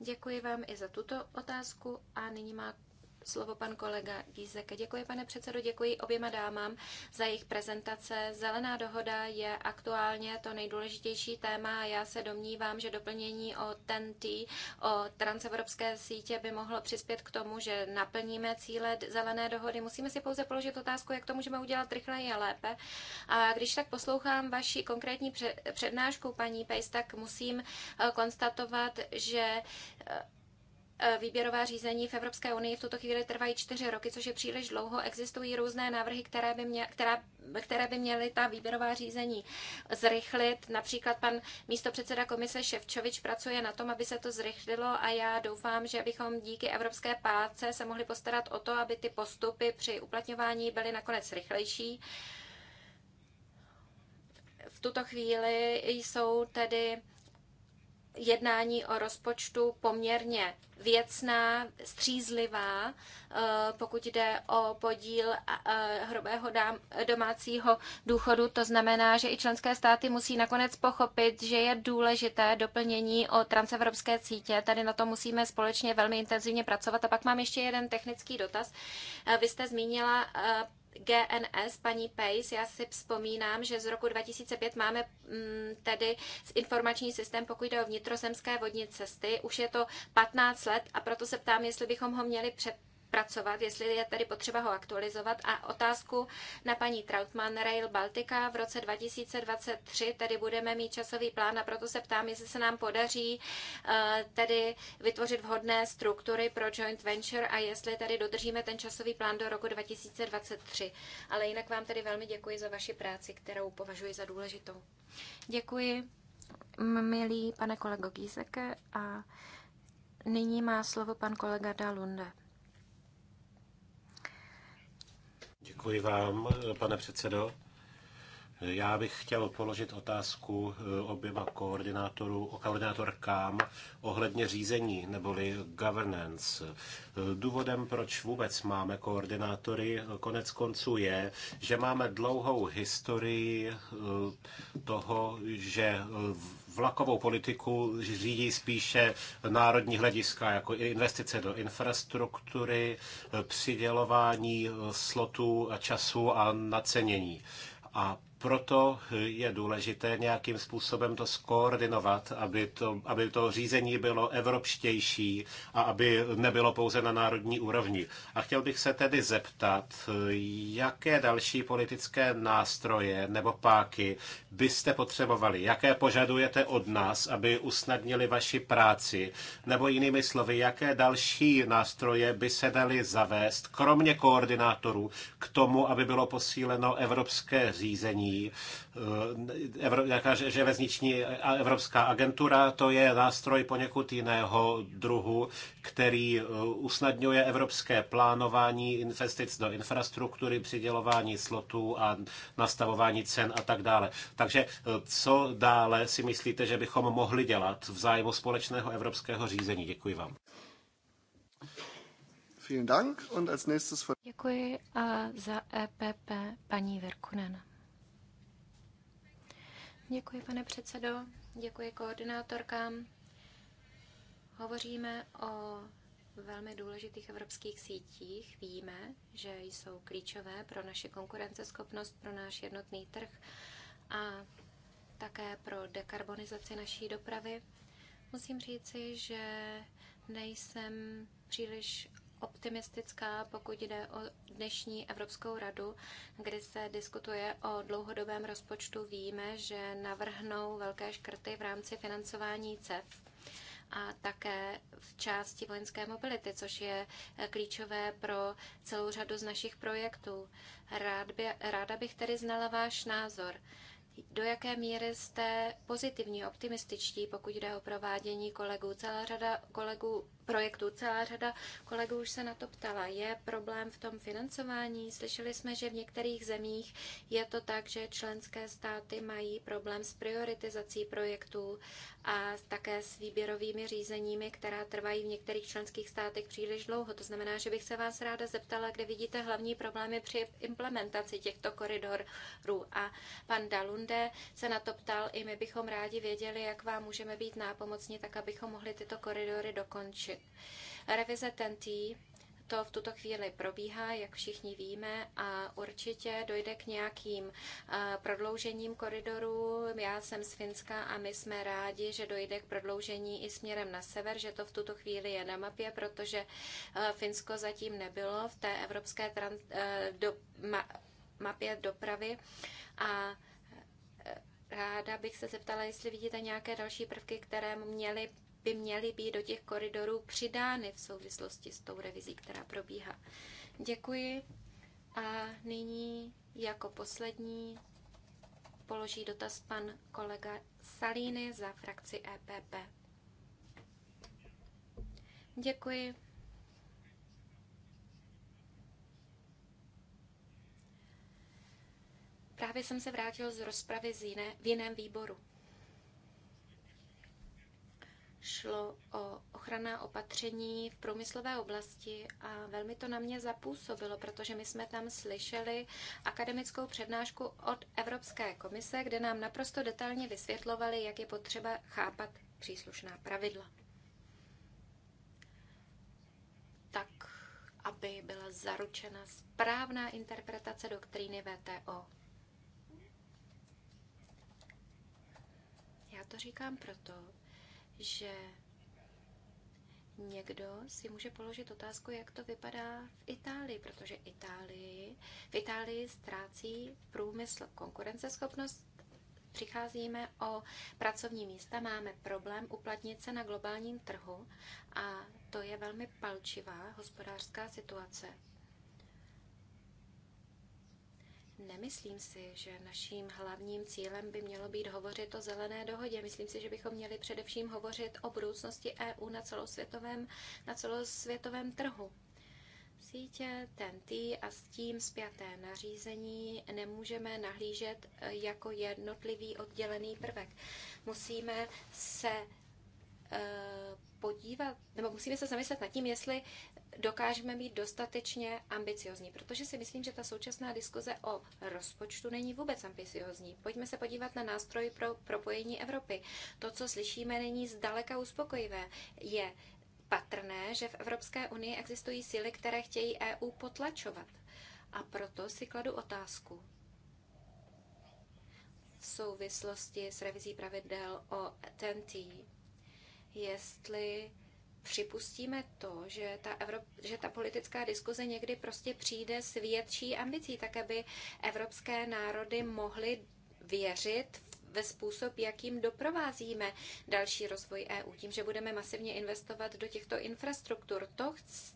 Děkuji vám i za tuto otázku a nyní má slovo pan kolega Gízek. Děkuji, pane předsedo, děkuji oběma dámám za jejich prezentace. Zelená dohoda je aktuálně to nejdůležitější téma a já se domnívám, že doplnění o TEN-T, o transevropské sítě by mohlo přispět k tomu, že naplníme cíle zelené dohody. Musíme si pouze položit otázku, jak to můžeme udělat rychleji a lépe. A když tak poslouchám vaši konkrétní přednášku, paní Pejs, tak musím eh, konstatovat, že eh, Eh, výběrová řízení v Evropské unii v tuto chvíli trvají čtyři roky, což je příliš dlouho. Existují různé návrhy, které by, mě, která, které by měly ta výběrová řízení zrychlit. Například pan místopředseda komise Ševčovič pracuje na tom, aby se to zrychlilo a já doufám, že bychom díky Evropské páce se mohli postarat o to, aby ty postupy při uplatňování byly nakonec rychlejší. V tuto chvíli jsou tedy jednání o rozpočtu poměrně věcná, střízlivá, eh, pokud jde o podíl eh, hrubého domácího důchodu. To znamená, že i členské státy musí nakonec pochopit, že je důležité doplnění o transevropské cítě. Tady na to musíme společně velmi intenzivně pracovat. A pak mám ještě jeden technický dotaz. Eh, vy jste zmínila GNS, paní Pace, já si vzpomínám, že z roku 2005 máme mm, tedy informační systém, pokud jde o vnitrozemské vodní cesty. Už je to 15 let a proto se ptám, jestli bychom ho měli před pracovat, jestli je tady potřeba ho aktualizovat. A otázku na paní Trautmann, Rail Baltica v roce 2023, tady budeme mít časový plán a proto se ptám, jestli se nám podaří eh, tedy vytvořit vhodné struktury pro joint venture a jestli tady dodržíme ten časový plán do roku 2023. Ale jinak vám tedy velmi děkuji za vaši práci, kterou považuji za důležitou. Děkuji, milý pane kolego Gízeke a nyní má slovo pan kolega Dalunde. Děkuji vám, pane předsedo. Já bych chtěl položit otázku eh, oběma koordinátorů, o koordinátorkám ohledně řízení neboli governance. Eh, důvodem, proč vůbec máme koordinátory, eh, konec konců je, že máme dlouhou historii toho, že vlakovou politiku řídí spíše národní hlediska, jako investice do infrastruktury, přidělování slotů a času a nacenění. A proto je důležité nějakým způsobem to skoordinovat, aby to, aby to řízení bylo evropštější a aby nebylo pouze na národní úrovni. A chtěl bych se tedy zeptat, jaké další politické nástroje nebo páky byste potřebovali, jaké požadujete od nás, aby usnadnili vaši práci, nebo jinými slovy, jaké další nástroje by se daly zavést, kromě koordinátorů, k tomu, aby bylo posíleno evropské řízení Eh, železniční, nějaká železniční evropská agentura, to je nástroj poněkud jiného druhu, který eh, usnadňuje evropské plánování investic do infrastruktury, přidělování slotů a nastavování cen a tak dále. Takže eh, co dále si myslíte, že bychom mohli dělat v zájmu společného evropského řízení? Děkuji vám. Děkuji a za EPP paní Verkunena. Děkuji, pane předsedo. Děkuji koordinátorkám. Hovoříme o velmi důležitých evropských sítích. Víme, že jsou klíčové pro naši konkurenceschopnost, pro náš jednotný trh a také pro dekarbonizaci naší dopravy. Musím říci, že nejsem příliš optimistická, pokud jde o dnešní Evropskou radu, kdy se diskutuje o dlouhodobém rozpočtu. Víme, že navrhnou velké škrty v rámci financování CEF a také v části vojenské mobility, což je eh, klíčové pro celou řadu z našich projektů. Rád by, ráda bych tedy znala váš názor. Do jaké míry jste pozitivní, optimističtí, pokud jde o provádění kolegů? Celá řada kolegů projektů. Celá řada kolegů už se na to ptala. Je problém v tom financování? Slyšeli jsme, že v některých zemích je to tak, že členské státy mají problém s prioritizací projektů a také s výběrovými řízeními, která trvají v některých členských státech příliš dlouho. To znamená, že bych se vás ráda zeptala, kde vidíte hlavní problémy při implementaci těchto koridorů. A pan Dalunde se na to ptal, i my bychom rádi věděli, jak vám můžeme být nápomocní, tak abychom mohli tyto koridory dokončit. Revize TNT to v tuto chvíli probíhá, jak všichni víme, a určitě dojde k nějakým eh, prodloužením koridorů. Já jsem z Finska a my jsme rádi, že dojde k prodloužení i směrem na sever, že to v tuto chvíli je na mapě, protože eh, Finsko zatím nebylo v té evropské trans- eh, do, ma, mapě dopravy. A ráda bych se zeptala, jestli vidíte nějaké další prvky, které měly by měly být do těch koridorů přidány v souvislosti s tou revizí, která probíhá. Děkuji a nyní jako poslední položí dotaz pan kolega Salíny za frakci EPP. Děkuji. Právě jsem se vrátil z rozpravy z jiné, v jiném výboru. Šlo o ochranná opatření v průmyslové oblasti a velmi to na mě zapůsobilo, protože my jsme tam slyšeli akademickou přednášku od Evropské komise, kde nám naprosto detailně vysvětlovali, jak je potřeba chápat příslušná pravidla. Tak, aby byla zaručena správná interpretace doktríny VTO. Já to říkám proto, že někdo si může položit otázku, jak to vypadá v Itálii, protože Itálii, v Itálii ztrácí průmysl konkurenceschopnost, přicházíme o pracovní místa, máme problém uplatnit se na globálním trhu a to je velmi palčivá hospodářská situace. Nemyslím si, že naším hlavním cílem by mělo být hovořit o zelené dohodě. Myslím si, že bychom měli především hovořit o budoucnosti EU na celosvětovém, na celosvětovém trhu. Sítě TNT a s tím zpěté nařízení nemůžeme nahlížet eh, jako jednotlivý oddělený prvek. Musíme se eh, podívat, nebo musíme se zamyslet nad tím, jestli dokážeme být dostatečně ambiciozní, protože si myslím, že ta současná diskuze o rozpočtu není vůbec ambiciozní. Pojďme se podívat na nástroj pro propojení Evropy. To, co slyšíme, není zdaleka uspokojivé. Je patrné, že v Evropské unii existují síly, které chtějí EU potlačovat. A proto si kladu otázku. V souvislosti s revizí pravidel o TNT jestli připustíme to, že ta, Evrop, že ta politická diskuze někdy prostě přijde s větší ambicí, tak aby evropské národy mohly věřit ve způsob, jakým doprovázíme další rozvoj EU, tím, že budeme masivně investovat do těchto infrastruktur. To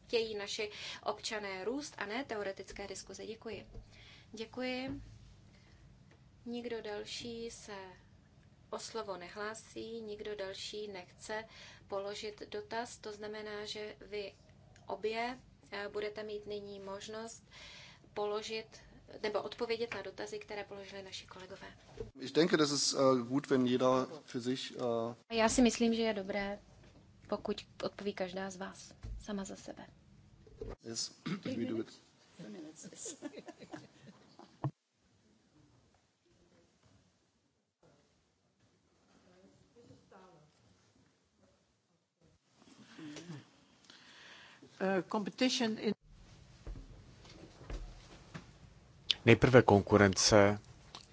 chtějí naši občané růst a ne teoretické diskuze. Děkuji. Děkuji. Nikdo další se o slovo nehlásí, nikdo další nechce položit dotaz. To znamená, že vy obě eh, budete mít nyní možnost položit nebo odpovědět na dotazy, které položili naši kolegové. Ich denke, das ist äh, gut, wenn jeder für sich, äh, Já si myslím, že je dobré, pokud odpoví každá z vás sama za sebe. Yes, Eh, nejprve konkurence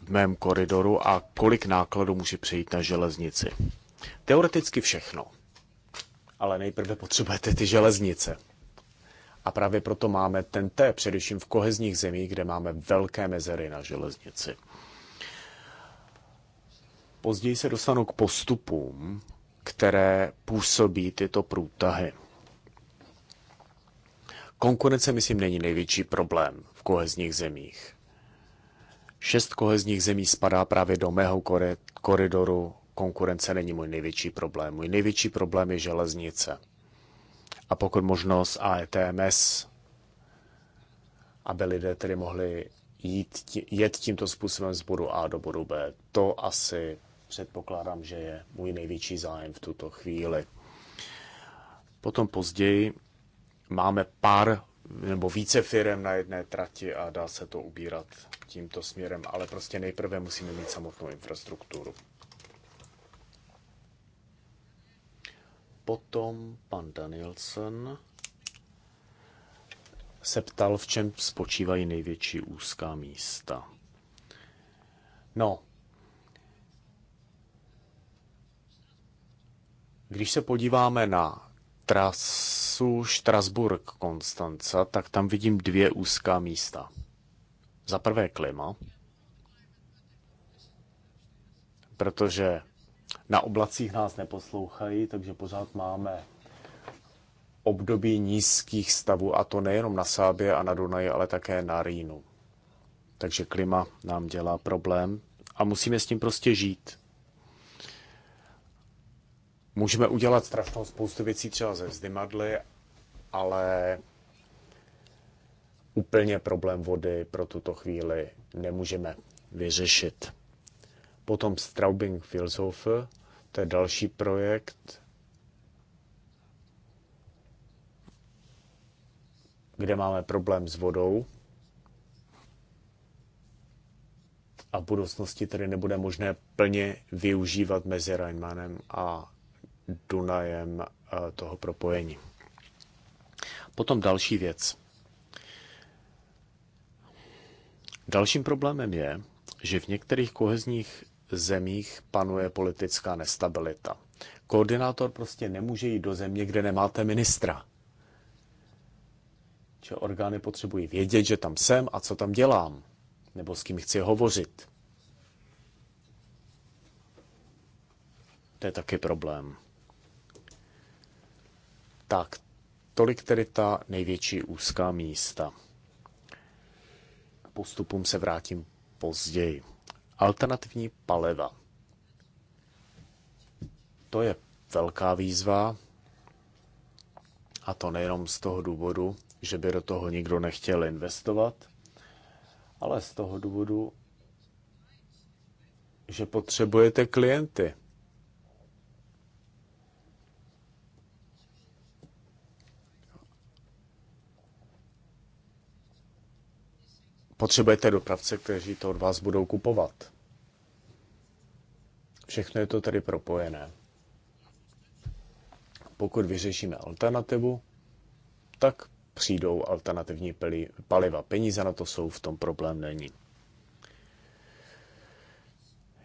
v mém koridoru a kolik nákladů může přejít na železnici. Teoreticky všechno, ale nejprve potřebujete ty železnice. A právě proto máme ten T, především v kohezních zemích, kde máme velké mezery na železnici. Později se dostanu k postupům, které působí tyto průtahy. Konkurence, myslím, není největší problém v kohezních zemích. Šest kohezních zemí spadá právě do mého koridoru. Konkurence není můj největší problém. Můj největší problém je železnice. A pokud možnost AETMS, aby lidé tedy mohli jít, jet tímto způsobem z bodu A do bodu B, to asi předpokládám, že je můj největší zájem v tuto chvíli. Potom později máme pár nebo více firm na jedné trati a dá se to ubírat tímto směrem, ale prostě nejprve musíme mít samotnou infrastrukturu. Potom pan Danielson se ptal, v čem spočívají největší úzká místa. No, když se podíváme na trasu Štrasburg-Konstanca, tak tam vidím dvě úzká místa. Za prvé klima, protože na oblacích nás neposlouchají, takže pořád máme období nízkých stavů, a to nejenom na Sábě a na Dunaji, ale také na Rýnu. Takže klima nám dělá problém a musíme s tím prostě žít můžeme udělat strašnou spoustu věcí třeba ze vzdymadly, ale úplně problém vody pro tuto chvíli nemůžeme vyřešit. Potom Straubing Philosophe, to je další projekt, kde máme problém s vodou a v budoucnosti tedy nebude možné plně využívat mezi Rheinmanem a Dunajem eh, toho propojení. Potom další věc. Dalším problémem je, že v některých kohezních zemích panuje politická nestabilita. Koordinátor prostě nemůže jít do země, kde nemáte ministra. Čiže orgány potřebují vědět, že tam jsem a co tam dělám, nebo s kým chci hovořit. To je taky problém. Tak, tolik tedy ta největší úzká místa. postupům se vrátím později. Alternativní paleva. To je velká výzva, a to nejenom z toho důvodu, že by do toho nikdo nechtěl investovat, ale z toho důvodu, že potřebujete klienty. potřebujete dopravce, kteří to od vás budou kupovat. Všechno je to tedy propojené. Pokud vyřešíme alternativu, tak přijdou alternativní paliva. Peníze na to jsou, v tom problém není.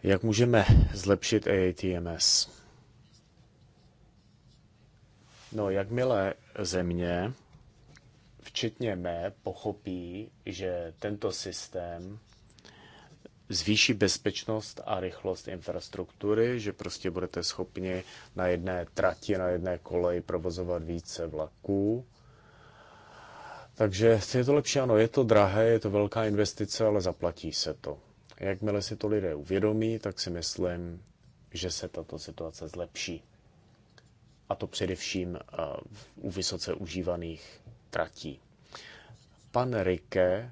Jak můžeme zlepšit AATMS? E no, jakmile země včetně mé, pochopí, že tento systém zvýší bezpečnost a rychlost infrastruktury, že prostě budete schopni na jedné trati, na jedné koleji provozovat více vlaků. Takže je to lepší, ano, je to drahé, je to velká investice, ale zaplatí se to. Jakmile si to lidé uvědomí, tak si myslím, že se tato situace zlepší. A to především eh, u vysoce užívaných tratí. Pan Rike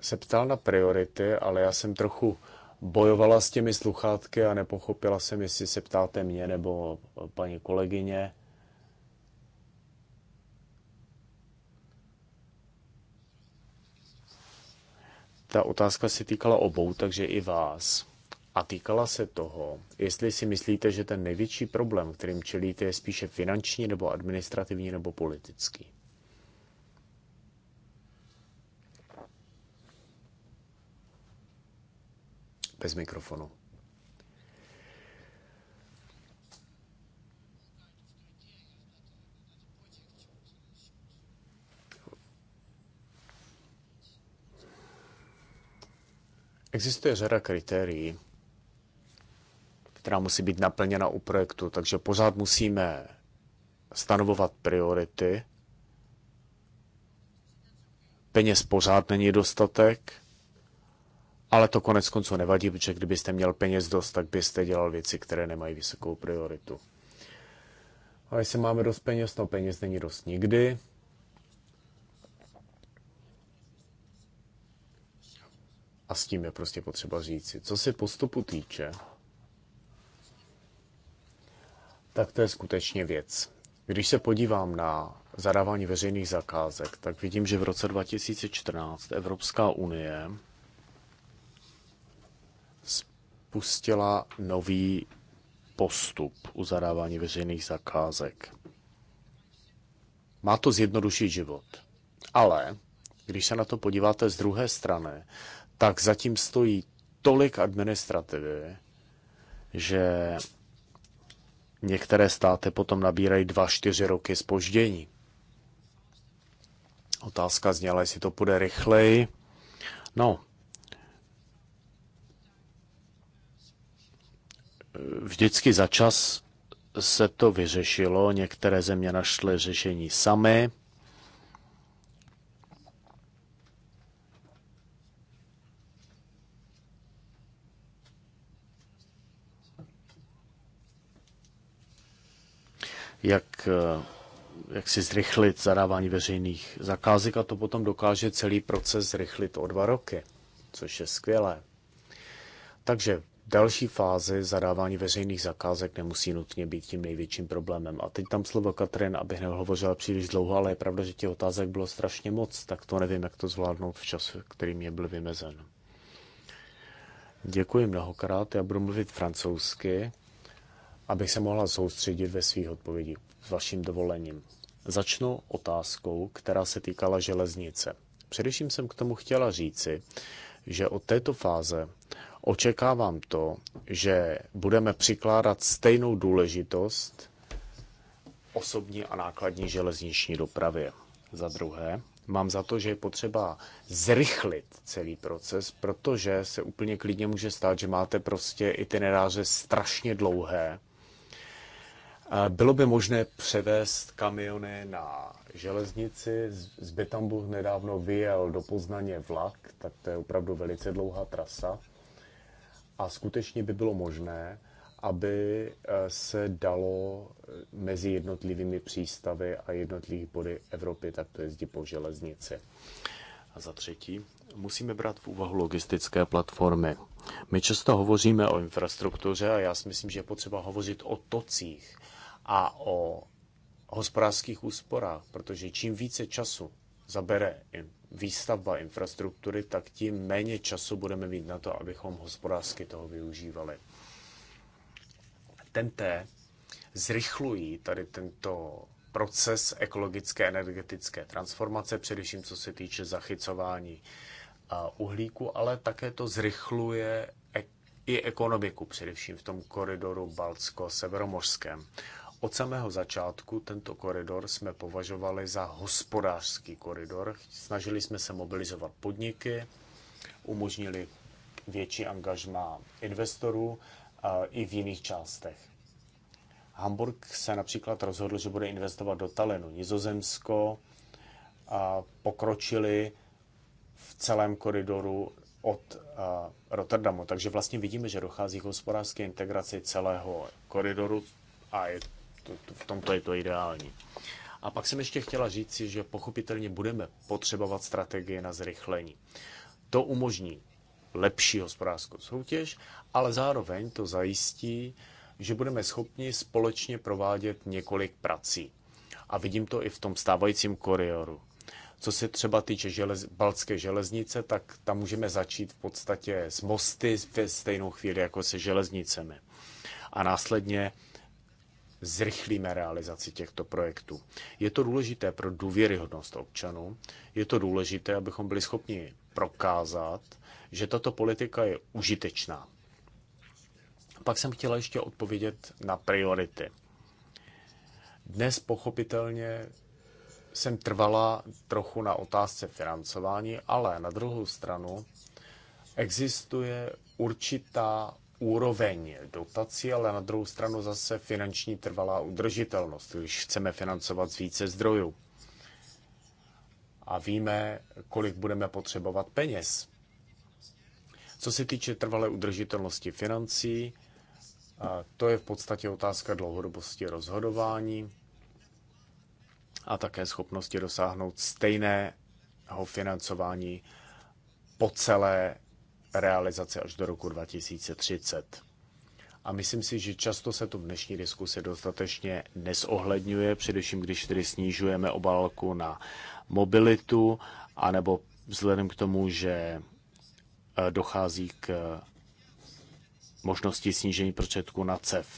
se ptal na priority, ale já jsem trochu bojovala s těmi sluchátky a nepochopila jsem, jestli se ptáte mě nebo paní kolegyně. Ta otázka se týkala obou, takže i vás a týkala se toho, jestli si myslíte, že ten největší problém, kterým čelíte, je spíše finanční nebo administrativní nebo politický. Bez mikrofonu. Existuje řada kritérií, která musí být naplněna u projektu. Takže pořád musíme stanovovat priority. Peněz pořád není dostatek, ale to konec konců nevadí, protože kdybyste měl peněz dost, tak byste dělal věci, které nemají vysokou prioritu. Ale jestli máme dost peněz, no peněz není dost nikdy. A s tím je prostě potřeba říci. Co se postupu týče, tak to je skutečně věc. Když se podívám na zadávání veřejných zakázek, tak vidím, že v roce 2014 Evropská unie spustila nový postup u zadávání veřejných zakázek. Má to zjednodušit život. Ale když se na to podíváte z druhé strany, tak zatím stojí tolik administrativy, že Některé státy potom nabírají dva, 4 roky spoždění. Otázka zněla, jestli to půjde rychleji. No, vždycky za čas se to vyřešilo, některé země našly řešení samy, jak, eh, jak si zrychlit zadávání veřejných zakázek a to potom dokáže celý proces zrychlit o dva roky, což je skvělé. Takže další fázi zadávání veřejných zakázek nemusí nutně být tím největším problémem. A teď tam slovo Katrin, abych nehovořila příliš dlouho, ale je pravda, že těch otázek bylo strašně moc, tak to nevím, jak to zvládnout v čase, který mě byl vymezen. Děkuji mnohokrát, já budu mluvit francouzsky abych se mohla soustředit ve svých odpovědi S vaším dovolením. Začnu otázkou, která se týkala železnice. Především jsem k tomu chtěla říci, že od této fáze očekávám to, že budeme přikládat stejnou důležitost osobní a nákladní železniční dopravě. Za druhé, mám za to, že je potřeba zrychlit celý proces, protože se úplně klidně může stát, že máte prostě itineráře strašně dlouhé bylo by možné převést kamiony na železnici. Z Betamburg nedávno vyjel do Poznaně vlak, tak to je opravdu velice dlouhá trasa. A skutečně by bylo možné, aby eh, se dalo eh, mezi jednotlivými přístavy a jednotlivých body Evropy takto jezdit po železnici. A za třetí, musíme brát v úvahu logistické platformy. My často hovoříme o infrastruktuře a já si myslím, že je potřeba hovořit o tocích a o hospodářských úsporách, protože čím více času zabere výstavba infrastruktury, tak tím méně času budeme mít na to, abychom hospodářsky toho využívali. TNT zrychlují tady tento proces ekologické energetické transformace, především co se týče zachycování uhlíku, ale také to zrychluje i ekonomiku, především v tom koridoru Baltsko-Severomořském. Od samého začátku tento koridor jsme považovali za hospodářský koridor. Snažili jsme se mobilizovat podniky, umožnili větší angažma investorů i v jiných částech. Hamburg se například rozhodl, že bude investovat do Talenu. Nizozemsko pokročili v celém koridoru od Rotterdamu. Takže vlastně vidíme, že dochází k hospodářské integraci celého koridoru a je to, to, v tomto je to ideální. A pak jsem ještě chtěla říct, že pochopitelně budeme potřebovat strategie na zrychlení. To umožní lepší hospodářskou soutěž, ale zároveň to zajistí, že budeme schopni společně provádět několik prací. A vidím to i v tom stávajícím koridoru. Co se třeba týče želez, balcké železnice, tak tam můžeme začít v podstatě s mosty ve stejnou chvíli jako se železnicemi. A následně zrychlíme realizaci těchto projektů. Je to důležité pro důvěryhodnost občanů, je to důležité, abychom byli schopni prokázat, že tato politika je užitečná. Pak jsem chtěla ještě odpovědět na priority. Dnes pochopitelně jsem trvala trochu na otázce financování, ale na druhou stranu existuje určitá úroveň dotací, ale na druhou stranu zase finanční trvalá udržitelnost, když chceme financovat z více zdrojů. A víme, kolik budeme potřebovat peněz. Co se týče trvalé udržitelnosti financí, to je v podstatě otázka dlouhodobosti rozhodování a také schopnosti dosáhnout stejného financování po celé realizace až do roku 2030. A myslím si, že často se to v dnešní diskusi dostatečně nesohledňuje, především když tedy snižujeme obálku na mobilitu, anebo vzhledem k tomu, že e, dochází k e, možnosti snížení prostředků na CEF.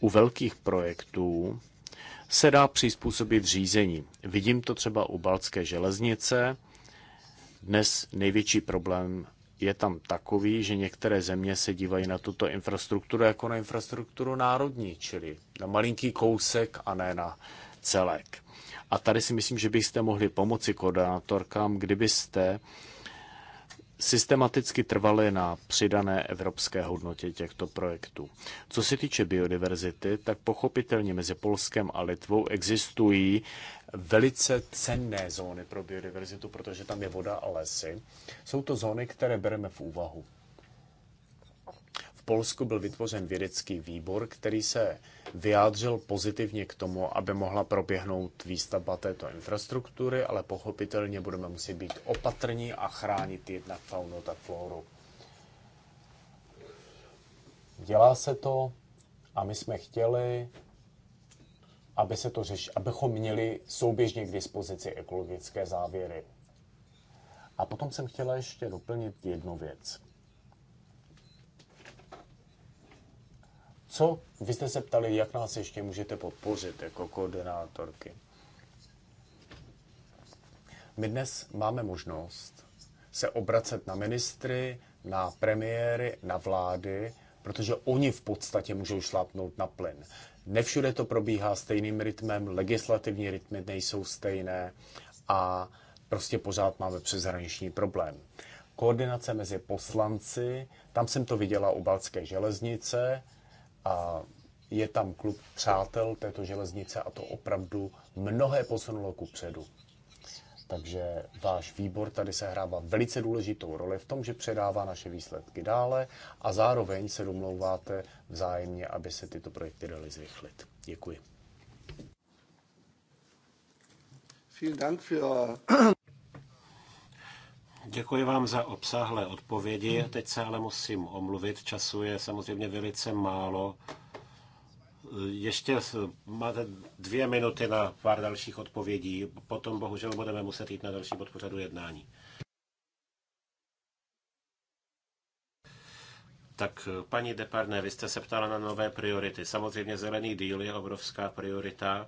U velkých projektů se dá přizpůsobit řízení. Vidím to třeba u Balcké železnice. Dnes největší problém je tam takový, že některé země se dívají na tuto infrastrukturu jako na infrastrukturu národní, čili na malinký kousek a ne na celek. A tady si myslím, že byste mohli pomoci koordinátorkám, kdybyste systematicky trvali na přidané evropské hodnotě těchto projektů. Co se týče biodiverzity, tak pochopitelně mezi Polskem a Litvou existují velice cenné zóny pro biodiverzitu, protože tam je voda a lesy. Jsou to zóny, které bereme v úvahu. Polsku byl vytvořen vědecký výbor, který se vyjádřil pozitivně k tomu, aby mohla proběhnout výstavba této infrastruktury, ale pochopitelně budeme muset být opatrní a chránit jednak faunu, tak flóru. Dělá se to a my jsme chtěli, aby se to řeši, abychom měli souběžně k dispozici ekologické závěry. A potom jsem chtěla ještě doplnit jednu věc. co? Vy jste se ptali, jak nás ještě můžete podpořit jako koordinátorky. My dnes máme možnost se obracet na ministry, na premiéry, na vlády, protože oni v podstatě můžou šlápnout na plyn. Nevšude to probíhá stejným rytmem, legislativní rytmy nejsou stejné a prostě pořád máme přeshraniční problém. Koordinace mezi poslanci, tam jsem to viděla u Balcké železnice, a je tam klub přátel této železnice a to opravdu mnohé posunulo ku předu. Takže váš výbor tady se hrává velice důležitou roli v tom, že předává naše výsledky dále a zároveň se domlouváte vzájemně, aby se tyto projekty daly zrychlit. Děkuji. Děkuji vám za obsáhlé odpovědi. Teď se ale musím omluvit. Času je samozřejmě velice málo. Ještě máte dvě minuty na pár dalších odpovědí. Potom bohužel budeme muset jít na další podpořadu jednání. Tak paní Deparné, vy jste se ptala na nové priority. Samozřejmě zelený díl je obrovská priorita.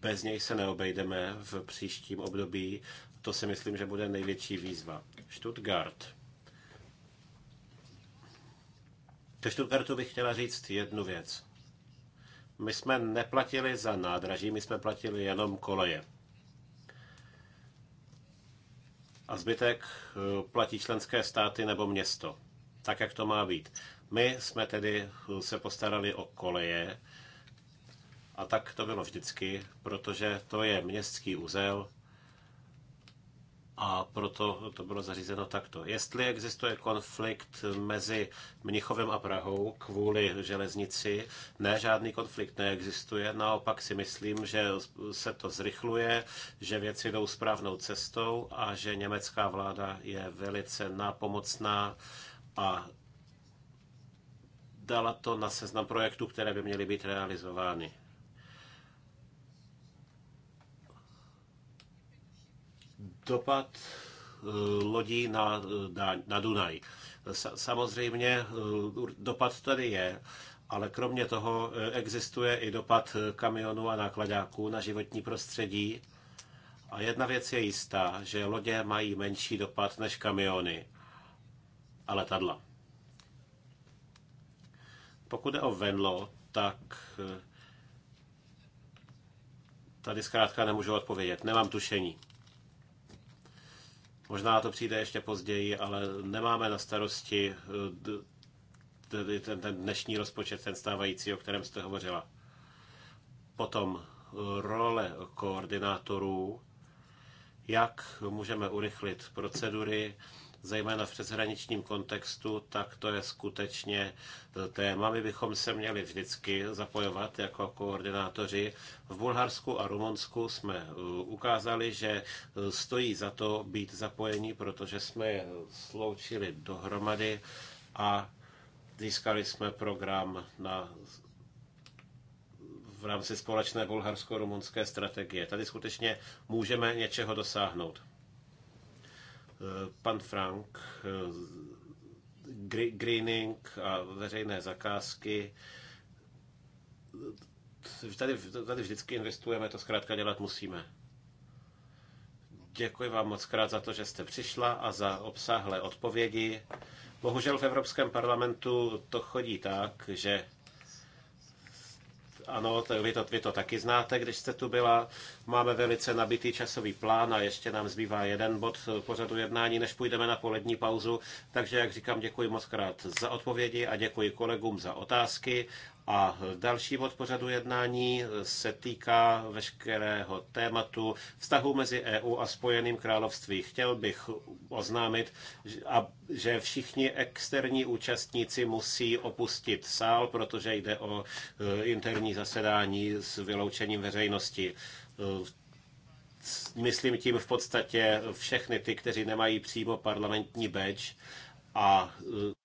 Bez něj se neobejdeme v příštím období to si myslím, že bude největší výzva. Stuttgart. Ke Stuttgartu bych chtěla říct jednu věc. My jsme neplatili za nádraží, my jsme platili jenom koleje. A zbytek eh, platí členské státy nebo město. Tak, jak to má být. My jsme tedy eh, se postarali o koleje a tak to bylo vždycky, protože to je městský úzel, a proto to bylo zařízeno takto. Jestli existuje konflikt mezi Mnichovem a Prahou kvůli železnici, ne, žádný konflikt neexistuje, naopak si myslím, že se to zrychluje, že věci jdou správnou cestou a že německá vláda je velice nápomocná a dala to na seznam projektů, které by měly být realizovány. Dopad eh, lodí na, na, na Dunaj. Samozřejmě eh, dopad tady je, ale kromě toho eh, existuje i dopad kamionů a nákladáků na životní prostředí. A jedna věc je jistá, že lodě mají menší dopad než kamiony a letadla. Pokud je o venlo, tak tady zkrátka nemůžu odpovědět. Nemám tušení. Možná to přijde ještě později, ale nemáme na starosti eh, ten, ten dnešní rozpočet, ten stávající, o kterém jste hovořila. Potom eh, role koordinátorů, jak můžeme urychlit procedury, zejména v přeshraničním kontextu, tak to je skutečně eh, téma. My bychom se měli vždycky zapojovat jako koordinátoři. V Bulharsku a Rumunsku jsme eh, ukázali, že eh, stojí za to být zapojení, protože jsme je sloučili dohromady a získali jsme program na v rámci společné bulharsko-rumunské strategie. Tady skutečně můžeme něčeho dosáhnout. Eh, pan Frank, eh, greening a veřejné zakázky. Eh, tady, tady vždycky investujeme, to zkrátka dělat musíme. Děkuji vám moc krát za to, že jste přišla a za obsáhlé odpovědi. Bohužel v Evropském parlamentu to chodí tak, že ano, to, vy, to, vy to taky znáte, když jste tu byla. Máme velice nabitý časový plán a ještě nám zbývá jeden bod pořadu jednání, než půjdeme na polední pauzu. Takže, jak říkám, děkuji moc krát za odpovědi a děkuji kolegům za otázky a další bod pořadu jednání se týká veškerého tématu vztahu mezi EU a Spojeným království. Chtěl bych oznámit, že všichni externí účastníci musí opustit sál, protože jde o e, interní zasedání s vyloučením veřejnosti e, myslím tím v podstatě všechny ty, kteří nemají přímo parlamentní badge a e,